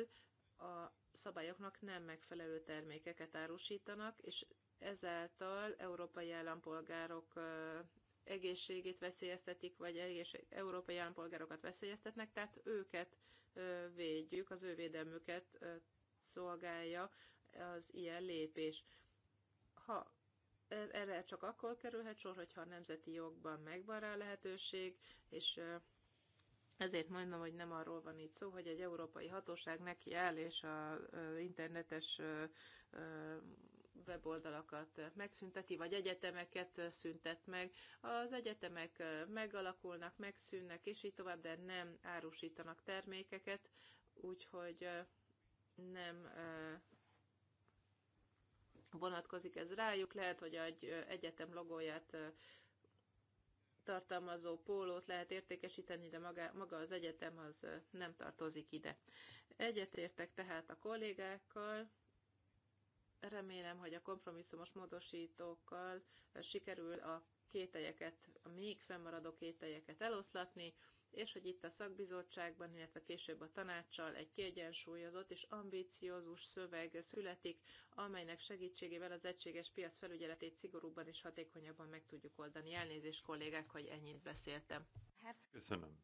S2: a szabályoknak nem megfelelő termékeket árusítanak, és ezáltal európai állampolgárok egészségét veszélyeztetik, vagy egészség, európai állampolgárokat veszélyeztetnek, tehát őket védjük, az ő védelmüket szolgálja az ilyen lépés. Ha erre csak akkor kerülhet sor, hogyha a nemzeti jogban megvan rá lehetőség, és ezért mondom, hogy nem arról van itt szó, hogy egy európai hatóság neki áll, és az internetes weboldalakat megszünteti, vagy egyetemeket szüntet meg. Az egyetemek megalakulnak, megszűnnek, és így tovább, de nem árusítanak termékeket, úgyhogy nem vonatkozik ez rájuk, lehet, hogy egy egyetem logóját tartalmazó pólót lehet értékesíteni, de maga, maga az egyetem az nem tartozik ide. Egyetértek tehát a kollégákkal, remélem, hogy a kompromisszumos módosítókkal sikerül a kételyeket, a még fennmaradó kételyeket eloszlatni, és hogy itt a szakbizottságban, illetve később a tanácssal egy kiegyensúlyozott és ambíciózus szöveg születik, amelynek segítségével az egységes piac felügyeletét szigorúbban és hatékonyabban meg tudjuk oldani. Elnézést kollégák, hogy ennyit beszéltem.
S3: Köszönöm.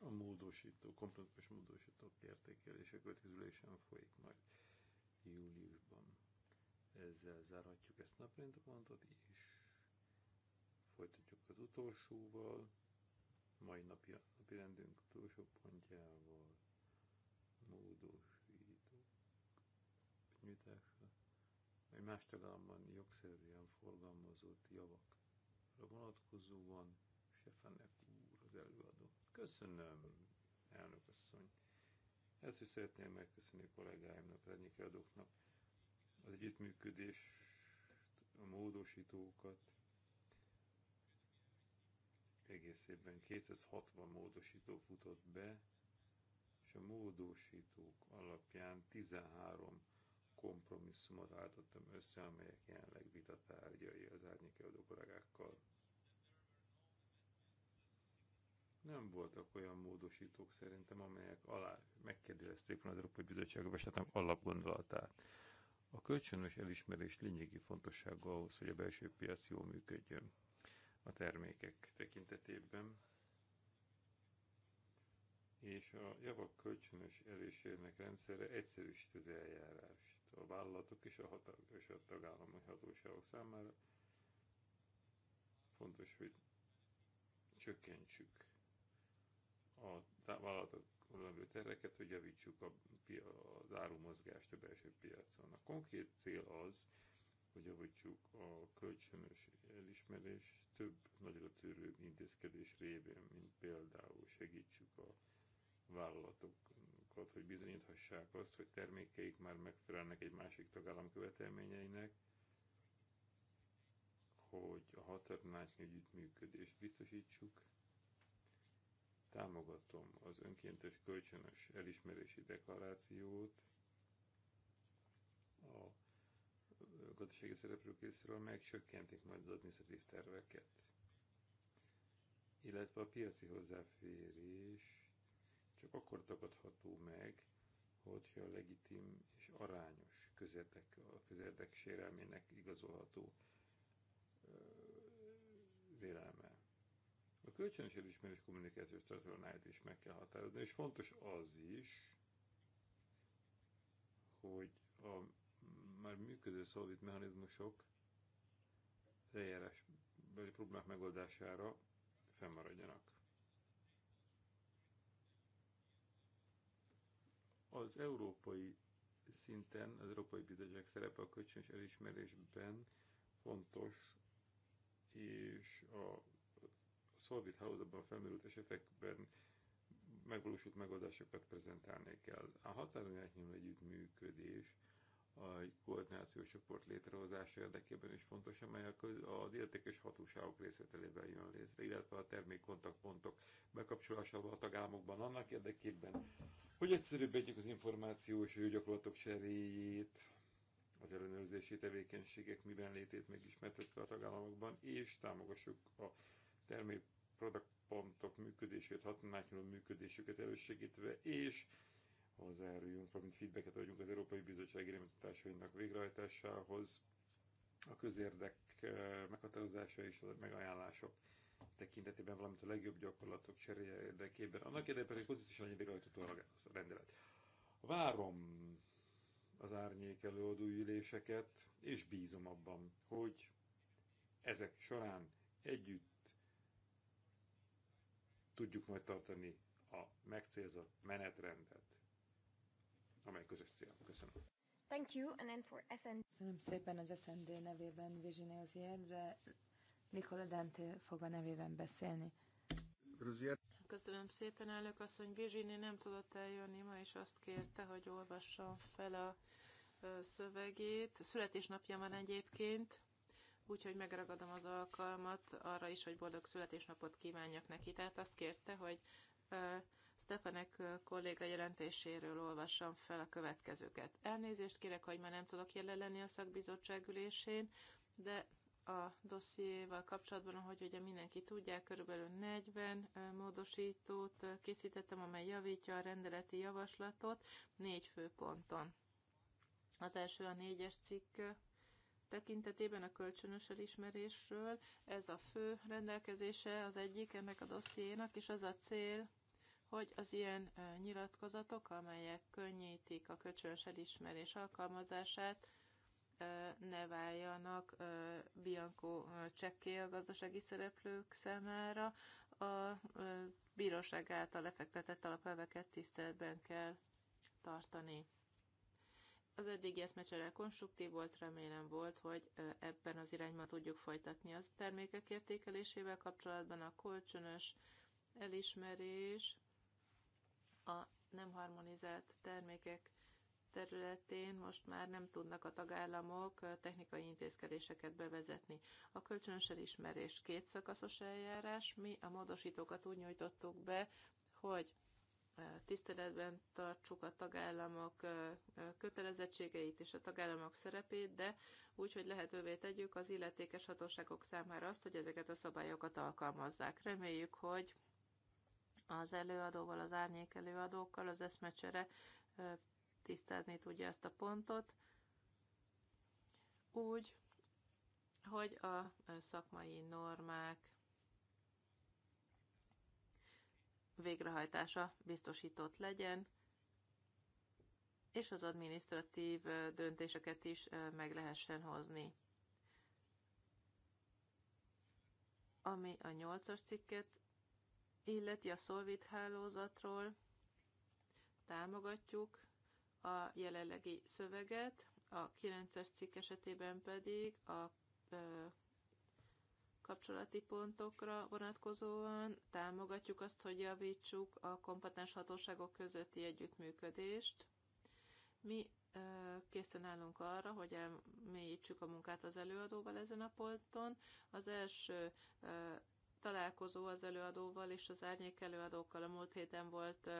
S3: A módosító, kompromisszumos módosítók értékelése következülésen folyik majd júliusban. Ezzel zárhatjuk ezt naprendepontot, és az utolsóval, mai napi, napi rendünk utolsó pontjával, módosítók nyújtása, egy más tagállamban jogszerűen forgalmazott javakra vonatkozóan, Stefanek úr az előadó. Köszönöm, elnök asszony. Ezt is szeretném megköszönni kollégáimnak, az adóknak az együttműködést, a módosítókat, egészében 260 módosító futott be, és a módosítók alapján 13 kompromisszumot álltottam össze, amelyek jelenleg vitatárgyai az árnyékeadó kollégákkal. Nem voltak olyan módosítók szerintem, amelyek alá megkérdezték volna az Európai Bizottság javaslatának alapgondolatát. A kölcsönös elismerés lényegi fontossága ahhoz, hogy a belső piac jól működjön a termékek tekintetében, és a javak kölcsönös elésérnek rendszere egyszerűsíti az eljárást a vállalatok és a, hatal- és a tagállami hatóságok számára. Fontos, hogy csökkentsük a vállalatok levő terreket, hogy javítsuk a, az árumozgást a belső piacon. A konkrét cél az, hogy javítsuk a kölcsönös elismerést, több nagyra törő intézkedés révén, mint például segítsük a vállalatokat, hogy bizonyíthassák azt, hogy termékeik már megfelelnek egy másik tagállam követelményeinek, hogy a határnátnyi együttműködést biztosítsuk. Támogatom az önkéntes kölcsönös elismerési deklarációt, a gazdasági szereplők részéről, amelyek csökkentik majd az adminisztratív terveket. Illetve a piaci hozzáférés csak akkor tagadható meg, hogyha legitim és arányos közérdek, a közérdek sérelmének igazolható vélelme. A kölcsönös elismerés kommunikációs stratégiáját is meg kell határozni, és fontos az is, hogy a már működő szolvit mechanizmusok vagy problémák megoldására fennmaradjanak. Az európai szinten, az Európai Bizottság szerepe a kölcsönös elismerésben fontos, és a Solvit hálózatban felmerült esetekben megvalósult megoldásokat prezentálni kell. A határon átnyúló együttműködés a koordinációs csoport létrehozása érdekében is fontos, amely a értékes hatóságok részvételével jön létre, illetve a termékkontaktpontok bekapcsolásával a tagállamokban annak érdekében, hogy egyszerűbb egyik az információs gyakorlatok cseréjét, az ellenőrzési tevékenységek miben létét megismertetve a tagállamokban, és támogassuk a termék pontok működését, hatonátnyúló működésüket elősegítve, és hozzájáruljunk, valamint feedbacket adjunk az Európai Bizottság irányítatásainak végrehajtásához, a közérdek eh, meghatározása és a megajánlások tekintetében, valamint a legjobb gyakorlatok cseréje érdekében. Annak érdekében, hogy pozitívan végrehajtható a rendelet. Várom az árnyék előadó üléseket, és bízom abban, hogy ezek során együtt tudjuk majd tartani a megcélzott menetrendet amely közös cél. Köszönöm.
S1: Thank you, and then for SND. Köszönöm szépen az SND nevében Virginia Ozier, de Nicola Dante fog a nevében beszélni. Rozier.
S2: Köszönöm szépen, elnök asszony. Virginia nem tudott eljönni ma, és azt kérte, hogy olvassam fel a szövegét. Születésnapja van egyébként, úgyhogy megragadom az alkalmat arra is, hogy boldog születésnapot kívánjak neki. Tehát azt kérte, hogy Stefanek kolléga jelentéséről olvassam fel a következőket. Elnézést kérek, hogy már nem tudok jelen lenni a szakbizottság ülésén, de a dossziéval kapcsolatban, ahogy ugye mindenki tudja körülbelül 40 módosítót készítettem, amely javítja a rendeleti javaslatot négy fő ponton. Az első a négyes cikk tekintetében a kölcsönös elismerésről. Ez a fő rendelkezése az egyik ennek a dossziénak, és az a cél, hogy az ilyen nyilatkozatok, amelyek könnyítik a kölcsönös elismerés alkalmazását, ne váljanak Bianco csekké a gazdasági szereplők számára, a bíróság által lefektetett alapelveket tiszteletben kell tartani. Az eddigi eszmecsere konstruktív volt, remélem volt, hogy ebben az irányban tudjuk folytatni az termékek értékelésével kapcsolatban a kölcsönös elismerés a nem harmonizált termékek területén most már nem tudnak a tagállamok technikai intézkedéseket bevezetni. A kölcsönös elismerés két szakaszos eljárás, mi a módosítókat úgy nyújtottuk be, hogy tiszteletben tartsuk a tagállamok kötelezettségeit és a tagállamok szerepét, de úgy, hogy lehetővé tegyük az illetékes hatóságok számára azt, hogy ezeket a szabályokat alkalmazzák. Reméljük, hogy az előadóval, az árnyék előadókkal, az eszmecsere tisztázni tudja ezt a pontot, úgy, hogy a szakmai normák végrehajtása biztosított legyen, és az adminisztratív döntéseket is meg lehessen hozni. Ami a nyolcas cikket illeti a Solvit hálózatról. Támogatjuk a jelenlegi szöveget, a 9-es cikk esetében pedig a kapcsolati pontokra vonatkozóan támogatjuk azt, hogy javítsuk a kompetens hatóságok közötti együttműködést. Mi készen állunk arra, hogy elmélyítsük a munkát az előadóval ezen a ponton. Az első találkozó az előadóval és az árnyék előadókkal. A múlt héten volt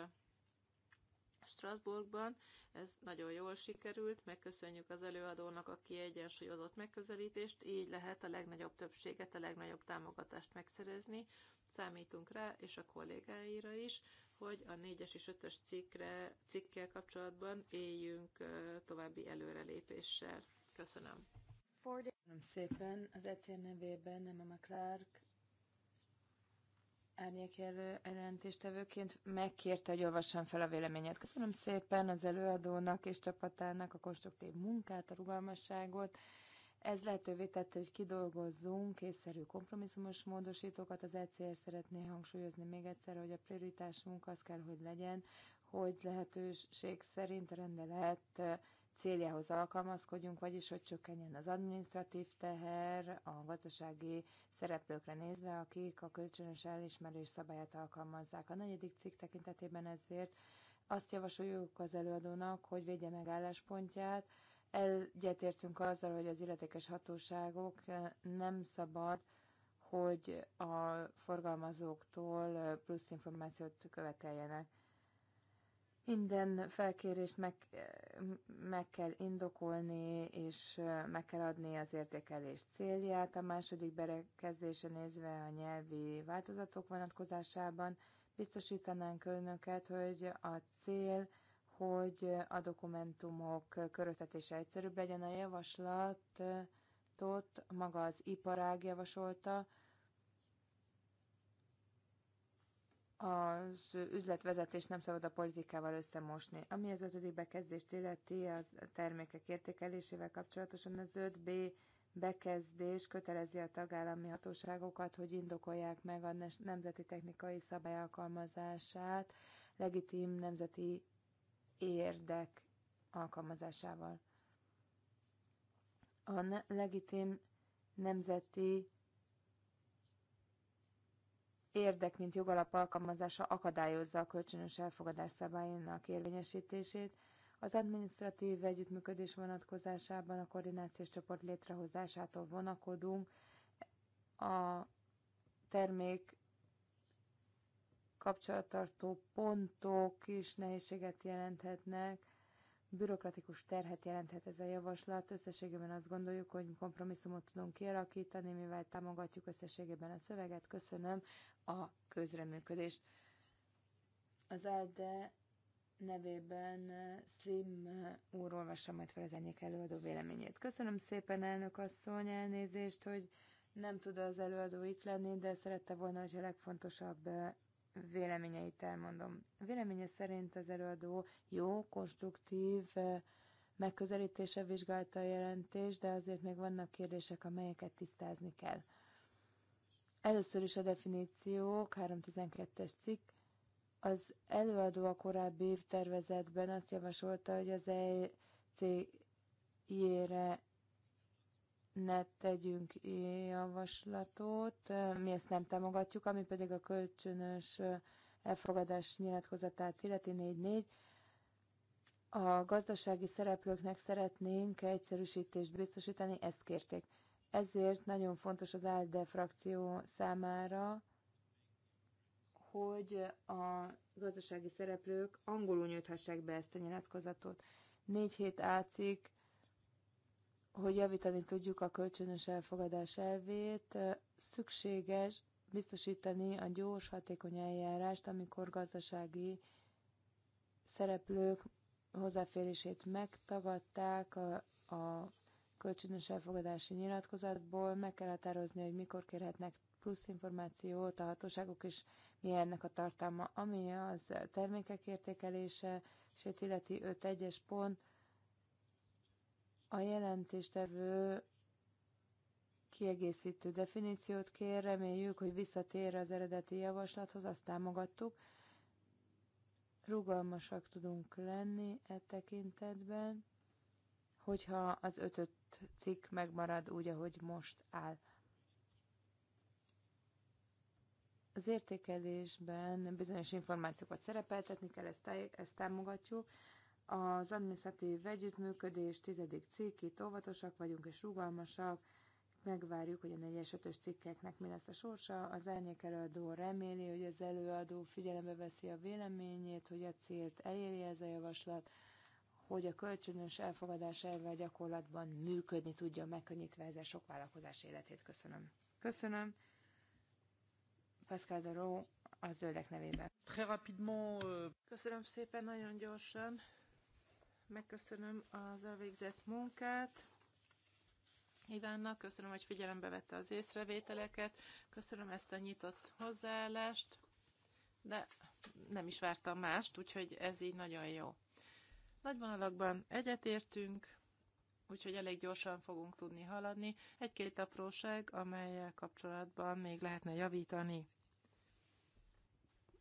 S2: Strasbourgban, ez nagyon jól sikerült, megköszönjük az előadónak a kiegyensúlyozott megközelítést, így lehet a legnagyobb többséget, a legnagyobb támogatást megszerezni. Számítunk rá, és a kollégáira is, hogy a 4-es és 5-ös cikkre, cikkkel kapcsolatban éljünk további előrelépéssel. Köszönöm.
S1: Köszönöm szépen. Az ECR nevében nem a McClark árnyékjelő jelentéstevőként megkérte, hogy olvassam fel a véleményet. Köszönöm szépen az előadónak és csapatának a konstruktív munkát, a rugalmasságot. Ez lehetővé tette, hogy kidolgozzunk észszerű kompromisszumos módosítókat. Az ECR szeretné hangsúlyozni még egyszer, hogy a prioritásunk az kell, hogy legyen, hogy lehetőség szerint rendelet céljához alkalmazkodjunk, vagyis hogy csökkenjen az administratív teher a gazdasági szereplőkre nézve, akik a kölcsönös elismerés szabályát alkalmazzák. A negyedik cikk tekintetében ezért azt javasoljuk az előadónak, hogy védje meg álláspontját, egyetértünk azzal, hogy az illetékes hatóságok eh, nem szabad, hogy a forgalmazóktól eh, plusz információt követeljenek. Minden felkérést meg, meg kell indokolni, és meg kell adni az értékelés célját. A második berekezése nézve a nyelvi változatok vonatkozásában biztosítanánk önöket, hogy a cél, hogy a dokumentumok köröztetése egyszerűbb legyen a javaslatot maga az iparág javasolta, az üzletvezetés nem szabad a politikával összemosni. Ami az ötödik bekezdést illeti, az a termékek értékelésével kapcsolatosan az 5B bekezdés kötelezi a tagállami hatóságokat, hogy indokolják meg a nemzeti technikai szabály alkalmazását legitim nemzeti érdek alkalmazásával. A ne- legitim nemzeti érdek, mint jogalap alkalmazása akadályozza a kölcsönös elfogadás szabályának érvényesítését, az adminisztratív együttműködés vonatkozásában a koordinációs csoport létrehozásától vonakodunk, a termék kapcsolattartó pontok is nehézséget jelenthetnek, bürokratikus terhet jelenthet ez a javaslat. Összességében azt gondoljuk, hogy kompromisszumot tudunk kialakítani, mivel támogatjuk összességében a szöveget. Köszönöm a közreműködést. Az ELDE nevében eh, Slim eh, úr olvassa majd fel az enyék előadó véleményét. Köszönöm szépen, elnök asszony, elnézést, hogy nem tud az előadó itt lenni, de szerette volna, hogy a legfontosabb eh, véleményeit elmondom. A véleménye szerint az előadó jó, konstruktív megközelítése vizsgálta a jelentést, de azért még vannak kérdések, amelyeket tisztázni kell. Először is a definíciók, 312-es cikk. Az előadó a korábbi tervezetben azt javasolta, hogy az ECJ-re ne tegyünk javaslatot, mi ezt nem támogatjuk, ami pedig a kölcsönös elfogadás nyilatkozatát illeti 4.4. A gazdasági szereplőknek szeretnénk egyszerűsítést biztosítani, ezt kérték. Ezért nagyon fontos az ALDE frakció számára, hogy a gazdasági szereplők angolul nyújthassák be ezt a nyilatkozatot. Négy hét átszik, hogy javítani tudjuk a kölcsönös elfogadás elvét, szükséges biztosítani a gyors, hatékony eljárást, amikor gazdasági szereplők hozzáférését megtagadták a, a kölcsönös elfogadási nyilatkozatból meg kell határozni, hogy mikor kérhetnek plusz információt a hatóságok, és mi ennek a tartalma, ami az termékek értékelése, és itt illeti 5.1-es pont, a jelentéstevő kiegészítő definíciót kér, reméljük, hogy visszatér az eredeti javaslathoz, azt támogattuk. Rugalmasak tudunk lenni e tekintetben, hogyha az ötöt cikk megmarad úgy, ahogy most áll. Az értékelésben bizonyos információkat szerepeltetni kell, ezt, ezt támogatjuk. Az administratív együttműködés tizedik cikk, itt óvatosak vagyunk és rugalmasak, megvárjuk, hogy a 4 ötös cikkeknek mi lesz a sorsa. Az árnyék előadó reméli, hogy az előadó figyelembe veszi a véleményét, hogy a célt eléri ez a javaslat, hogy a kölcsönös elfogadás elve a gyakorlatban működni tudjon, megkönnyítve ezzel sok vállalkozás életét. Köszönöm. Köszönöm. Pascal Doró a zöldek nevében. Très rapidement. Euh,
S2: köszönöm szépen, nagyon gyorsan. Megköszönöm az elvégzett munkát. Ivánnak, köszönöm, hogy figyelembe vette az észrevételeket, köszönöm ezt a nyitott hozzáállást, de nem is vártam mást, úgyhogy ez így nagyon jó. Nagy vonalakban egyetértünk, úgyhogy elég gyorsan fogunk tudni haladni. Egy-két apróság, amelyel kapcsolatban még lehetne javítani.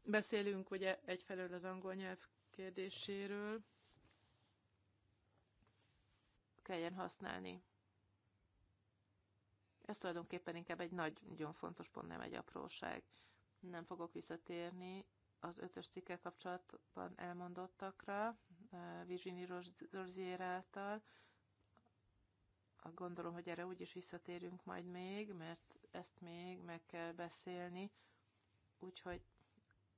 S2: Beszélünk ugye egyfelől az angol nyelv kérdéséről, kelljen használni. Ez tulajdonképpen inkább egy nagy, nagyon fontos pont, nem egy apróság. Nem fogok visszatérni az ötös cikkel kapcsolatban elmondottakra, Virginie Rozier által. Gondolom, hogy erre úgyis visszatérünk majd még, mert ezt még meg kell beszélni, úgyhogy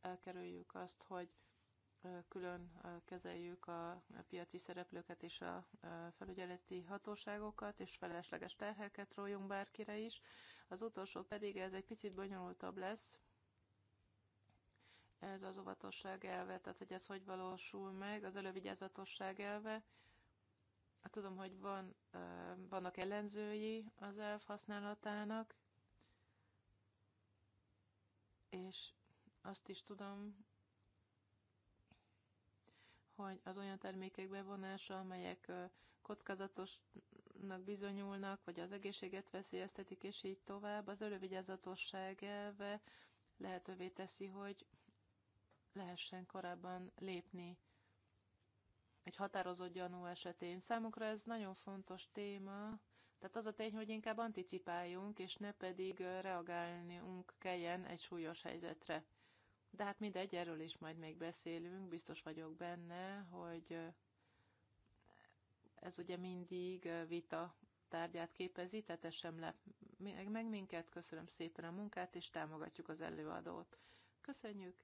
S2: elkerüljük azt, hogy külön kezeljük a piaci szereplőket és a felügyeleti hatóságokat, és felesleges terheket rójunk bárkire is. Az utolsó pedig, ez egy picit bonyolultabb lesz, ez az óvatosság elve, tehát hogy ez hogy valósul meg, az elővigyázatosság elve. Hát tudom, hogy van, vannak ellenzői az elv használatának, és azt is tudom, hogy az olyan termékek bevonása, amelyek kockázatosnak bizonyulnak, vagy az egészséget veszélyeztetik, és így tovább, az elővigyázatosság elve lehetővé teszi, hogy lehessen korábban lépni egy határozott gyanú esetén. Számukra ez nagyon fontos téma, tehát az a tény, hogy inkább anticipáljunk, és ne pedig reagálnunk kelljen egy súlyos helyzetre. De hát mindegy, erről is majd még beszélünk, biztos vagyok benne, hogy ez ugye mindig vita tárgyát képezi, tehát ez sem lep meg minket. Köszönöm szépen a munkát, és támogatjuk az előadót. Köszönjük!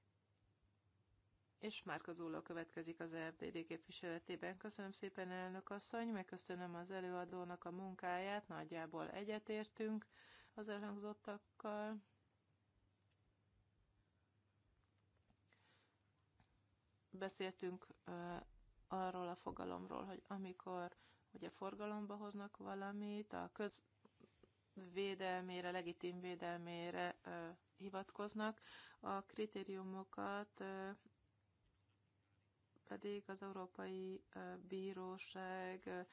S2: és Márka Zula következik az FDD képviseletében. Köszönöm szépen, elnök asszony, megköszönöm az előadónak a munkáját, nagyjából egyetértünk az elhangzottakkal. Beszéltünk arról a fogalomról, hogy amikor ugye forgalomba hoznak valamit, a köz, védelmére, legitim védelmére uh, hivatkoznak. A kritériumokat uh, pedig az Európai Bíróság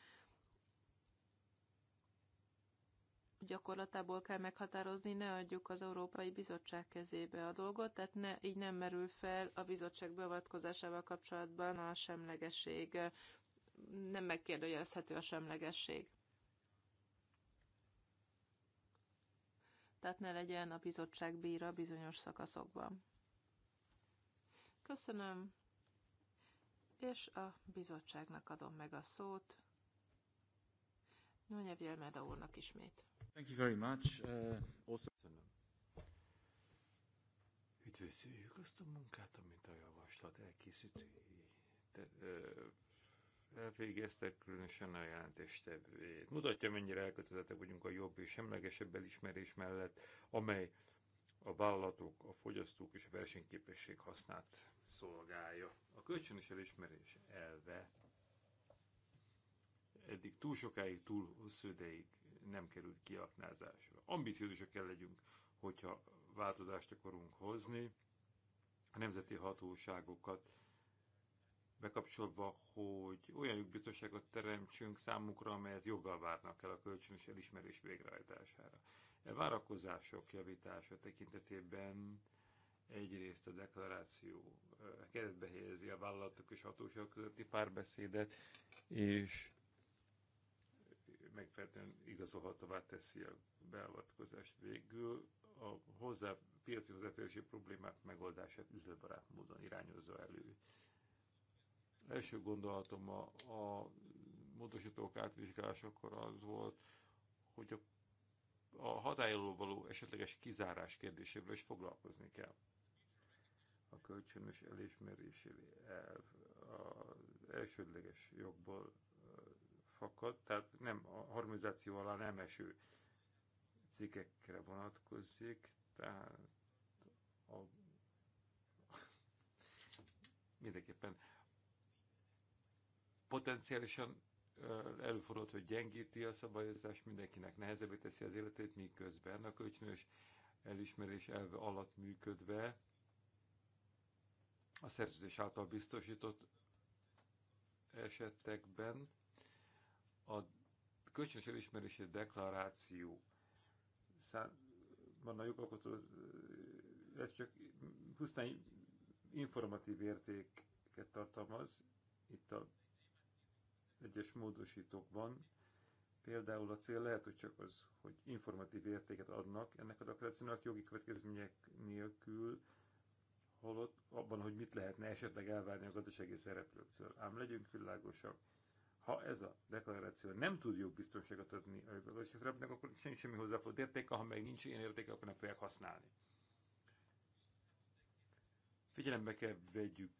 S2: gyakorlatából kell meghatározni, ne adjuk az Európai Bizottság kezébe a dolgot, tehát ne, így nem merül fel a bizottság beavatkozásával kapcsolatban a semlegesség, nem megkérdőjelezhető a semlegesség. Tehát ne legyen a bizottság bíra bizonyos szakaszokban. Köszönöm és a bizottságnak adom meg a szót. Nonyev Jelmeda úrnak ismét.
S3: Thank you very much. Uh, also... azt a munkát, amit a javaslat elkészítői te, ö, elvégeztek, különösen a jelentéstevőjét. Mutatja, mennyire elkötelezettek vagyunk a jobb és semlegesebb elismerés mellett, amely a vállalatok, a fogyasztók és a versenyképesség hasznát szolgálja. A kölcsönös elismerés elve eddig túl sokáig, túl hosszú ideig nem került kiaknázásra. Ambiciózusak kell legyünk, hogyha változást akarunk hozni, a nemzeti hatóságokat bekapcsolva, hogy olyan jogbiztonságot teremtsünk számukra, amelyet joggal várnak el a kölcsönös elismerés végrehajtására. E várakozások javítása tekintetében Egyrészt a deklaráció keretbe helyezi a vállalatok és hatóságok közötti párbeszédet, és megfelelően igazolhatóvá teszi a beavatkozást végül, a hozzá, piaci hozzáférési problémák megoldását üzletbarát módon irányozza elő. Első gondolatom a, a módosítók átvizsgálásakor az volt, hogy a, a hatályoló való esetleges kizárás kérdésével is foglalkozni kell a kölcsönös elismerési elv az elsődleges jogból fakad, tehát nem a harmonizáció alá nem eső cikkekre vonatkozik, tehát a, [laughs] mindenképpen potenciálisan előfordult, hogy gyengíti a szabályozást, mindenkinek nehezebbé teszi az életét, miközben a kölcsönös elismerés elve alatt működve a szerződés által biztosított esetekben a kölcsönös elismerési deklaráció van a jogalkotó, ez csak pusztán informatív értéket tartalmaz, itt a egyes módosítókban, például a cél lehet, hogy csak az, hogy informatív értéket adnak ennek a deklarációnak jogi következmények nélkül, holott abban, hogy mit lehetne esetleg elvárni a gazdasági szereplőktől. Ám legyünk világosak, ha ez a deklaráció nem tud jobb biztonságot adni a gazdasági szereplőknek, akkor nincs semmi hozzáfogott értéke, ha meg nincs ilyen értéke, akkor nem fogják használni. Figyelembe kell vegyük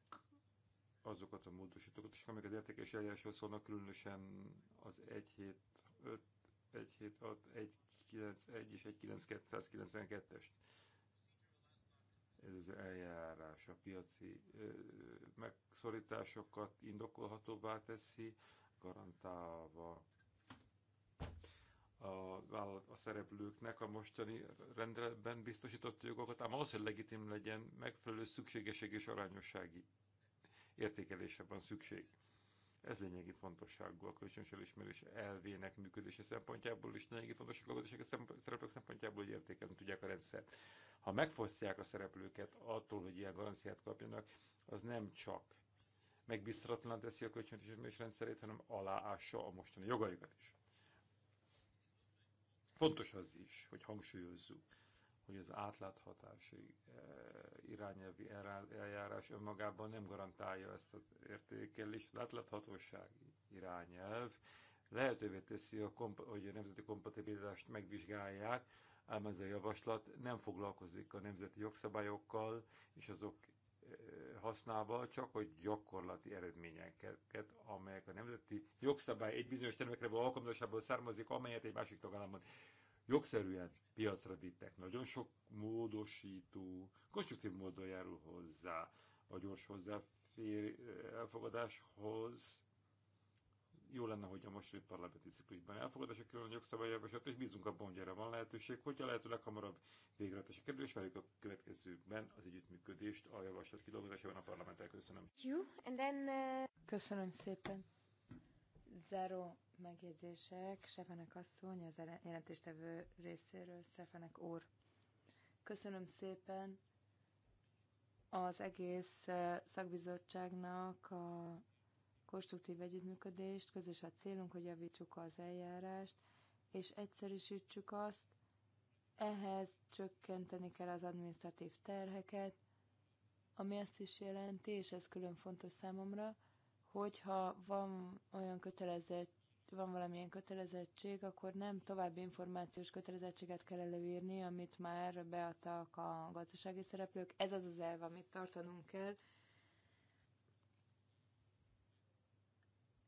S3: azokat a módosítókat is, amelyek az értékes eljárásról szólnak, különösen az 175, 176, 191 és 19292-est ez az eljárás a piaci megszorításokat indokolhatóvá teszi, garantálva a, a szereplőknek a mostani rendeletben biztosított jogokat, ám ahhoz, hogy legitim legyen, megfelelő szükségeség és arányossági értékelése van szükség. Ez lényegi fontosságú a kölcsönös elismerés elvének működése szempontjából, és lényegi fontosságú a gazdasági szereplők szempontjából, hogy értékelni tudják a rendszert. Ha megfosztják a szereplőket attól, hogy ilyen garanciát kapjanak, az nem csak megbízhatatlan teszi a kölcsönös elismerés rendszerét, hanem aláássa a mostani jogaikat is. Fontos az is, hogy hangsúlyozzuk, hogy az átláthatási eh, irányelvi eljárás önmagában nem garantálja ezt az értékelést. Az átláthatósági irányelv lehetővé teszi, a hogy a nemzeti kompatibilitást megvizsgálják, ám ez a javaslat nem foglalkozik a nemzeti jogszabályokkal és azok eh, használva, csak hogy gyakorlati eredményeket, amelyek a nemzeti jogszabály egy bizonyos termékre való alkalmazásából származik, amelyet egy másik tagállamban jogszerűen piacra vittek. Nagyon sok módosító, konstruktív módon járul hozzá a gyors hozzáfér eh, elfogadáshoz. Jó lenne, hogy a mostani parlamenti ciklusban elfogadásra kerül a jogszabályjavaslat, és bízunk abban, hogy erre van lehetőség, hogyha lehető leghamarabb a kerül, és várjuk a következőkben az együttműködést a javaslat kidolgozásában a parlamenttel. Köszönöm.
S1: Uh, Köszönöm szépen. Zero megjegyzések. Sevenek asszony, az jelentéstevő részéről Szefanek úr. Köszönöm szépen az egész szakbizottságnak a konstruktív együttműködést, közös a célunk, hogy javítsuk az eljárást, és egyszerűsítsük azt, ehhez csökkenteni kell az administratív terheket, ami azt is jelenti, és ez külön fontos számomra, hogyha van olyan kötelezett van valamilyen kötelezettség, akkor nem további információs kötelezettséget kell előírni, amit már beadtak a gazdasági szereplők. Ez az az elv, amit tartanunk kell.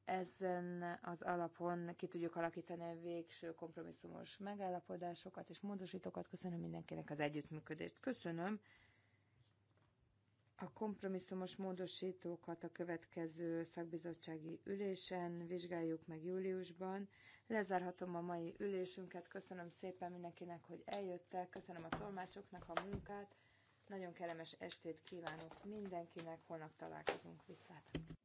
S1: Ezen az alapon ki tudjuk alakítani a végső kompromisszumos megállapodásokat és módosítókat. Köszönöm mindenkinek az együttműködést. Köszönöm a kompromisszumos módosítókat a következő szakbizottsági ülésen vizsgáljuk meg júliusban. Lezárhatom a mai ülésünket. Köszönöm szépen mindenkinek, hogy eljöttek. Köszönöm a tolmácsoknak a munkát. Nagyon kellemes estét kívánok mindenkinek. Holnap találkozunk. Viszlát!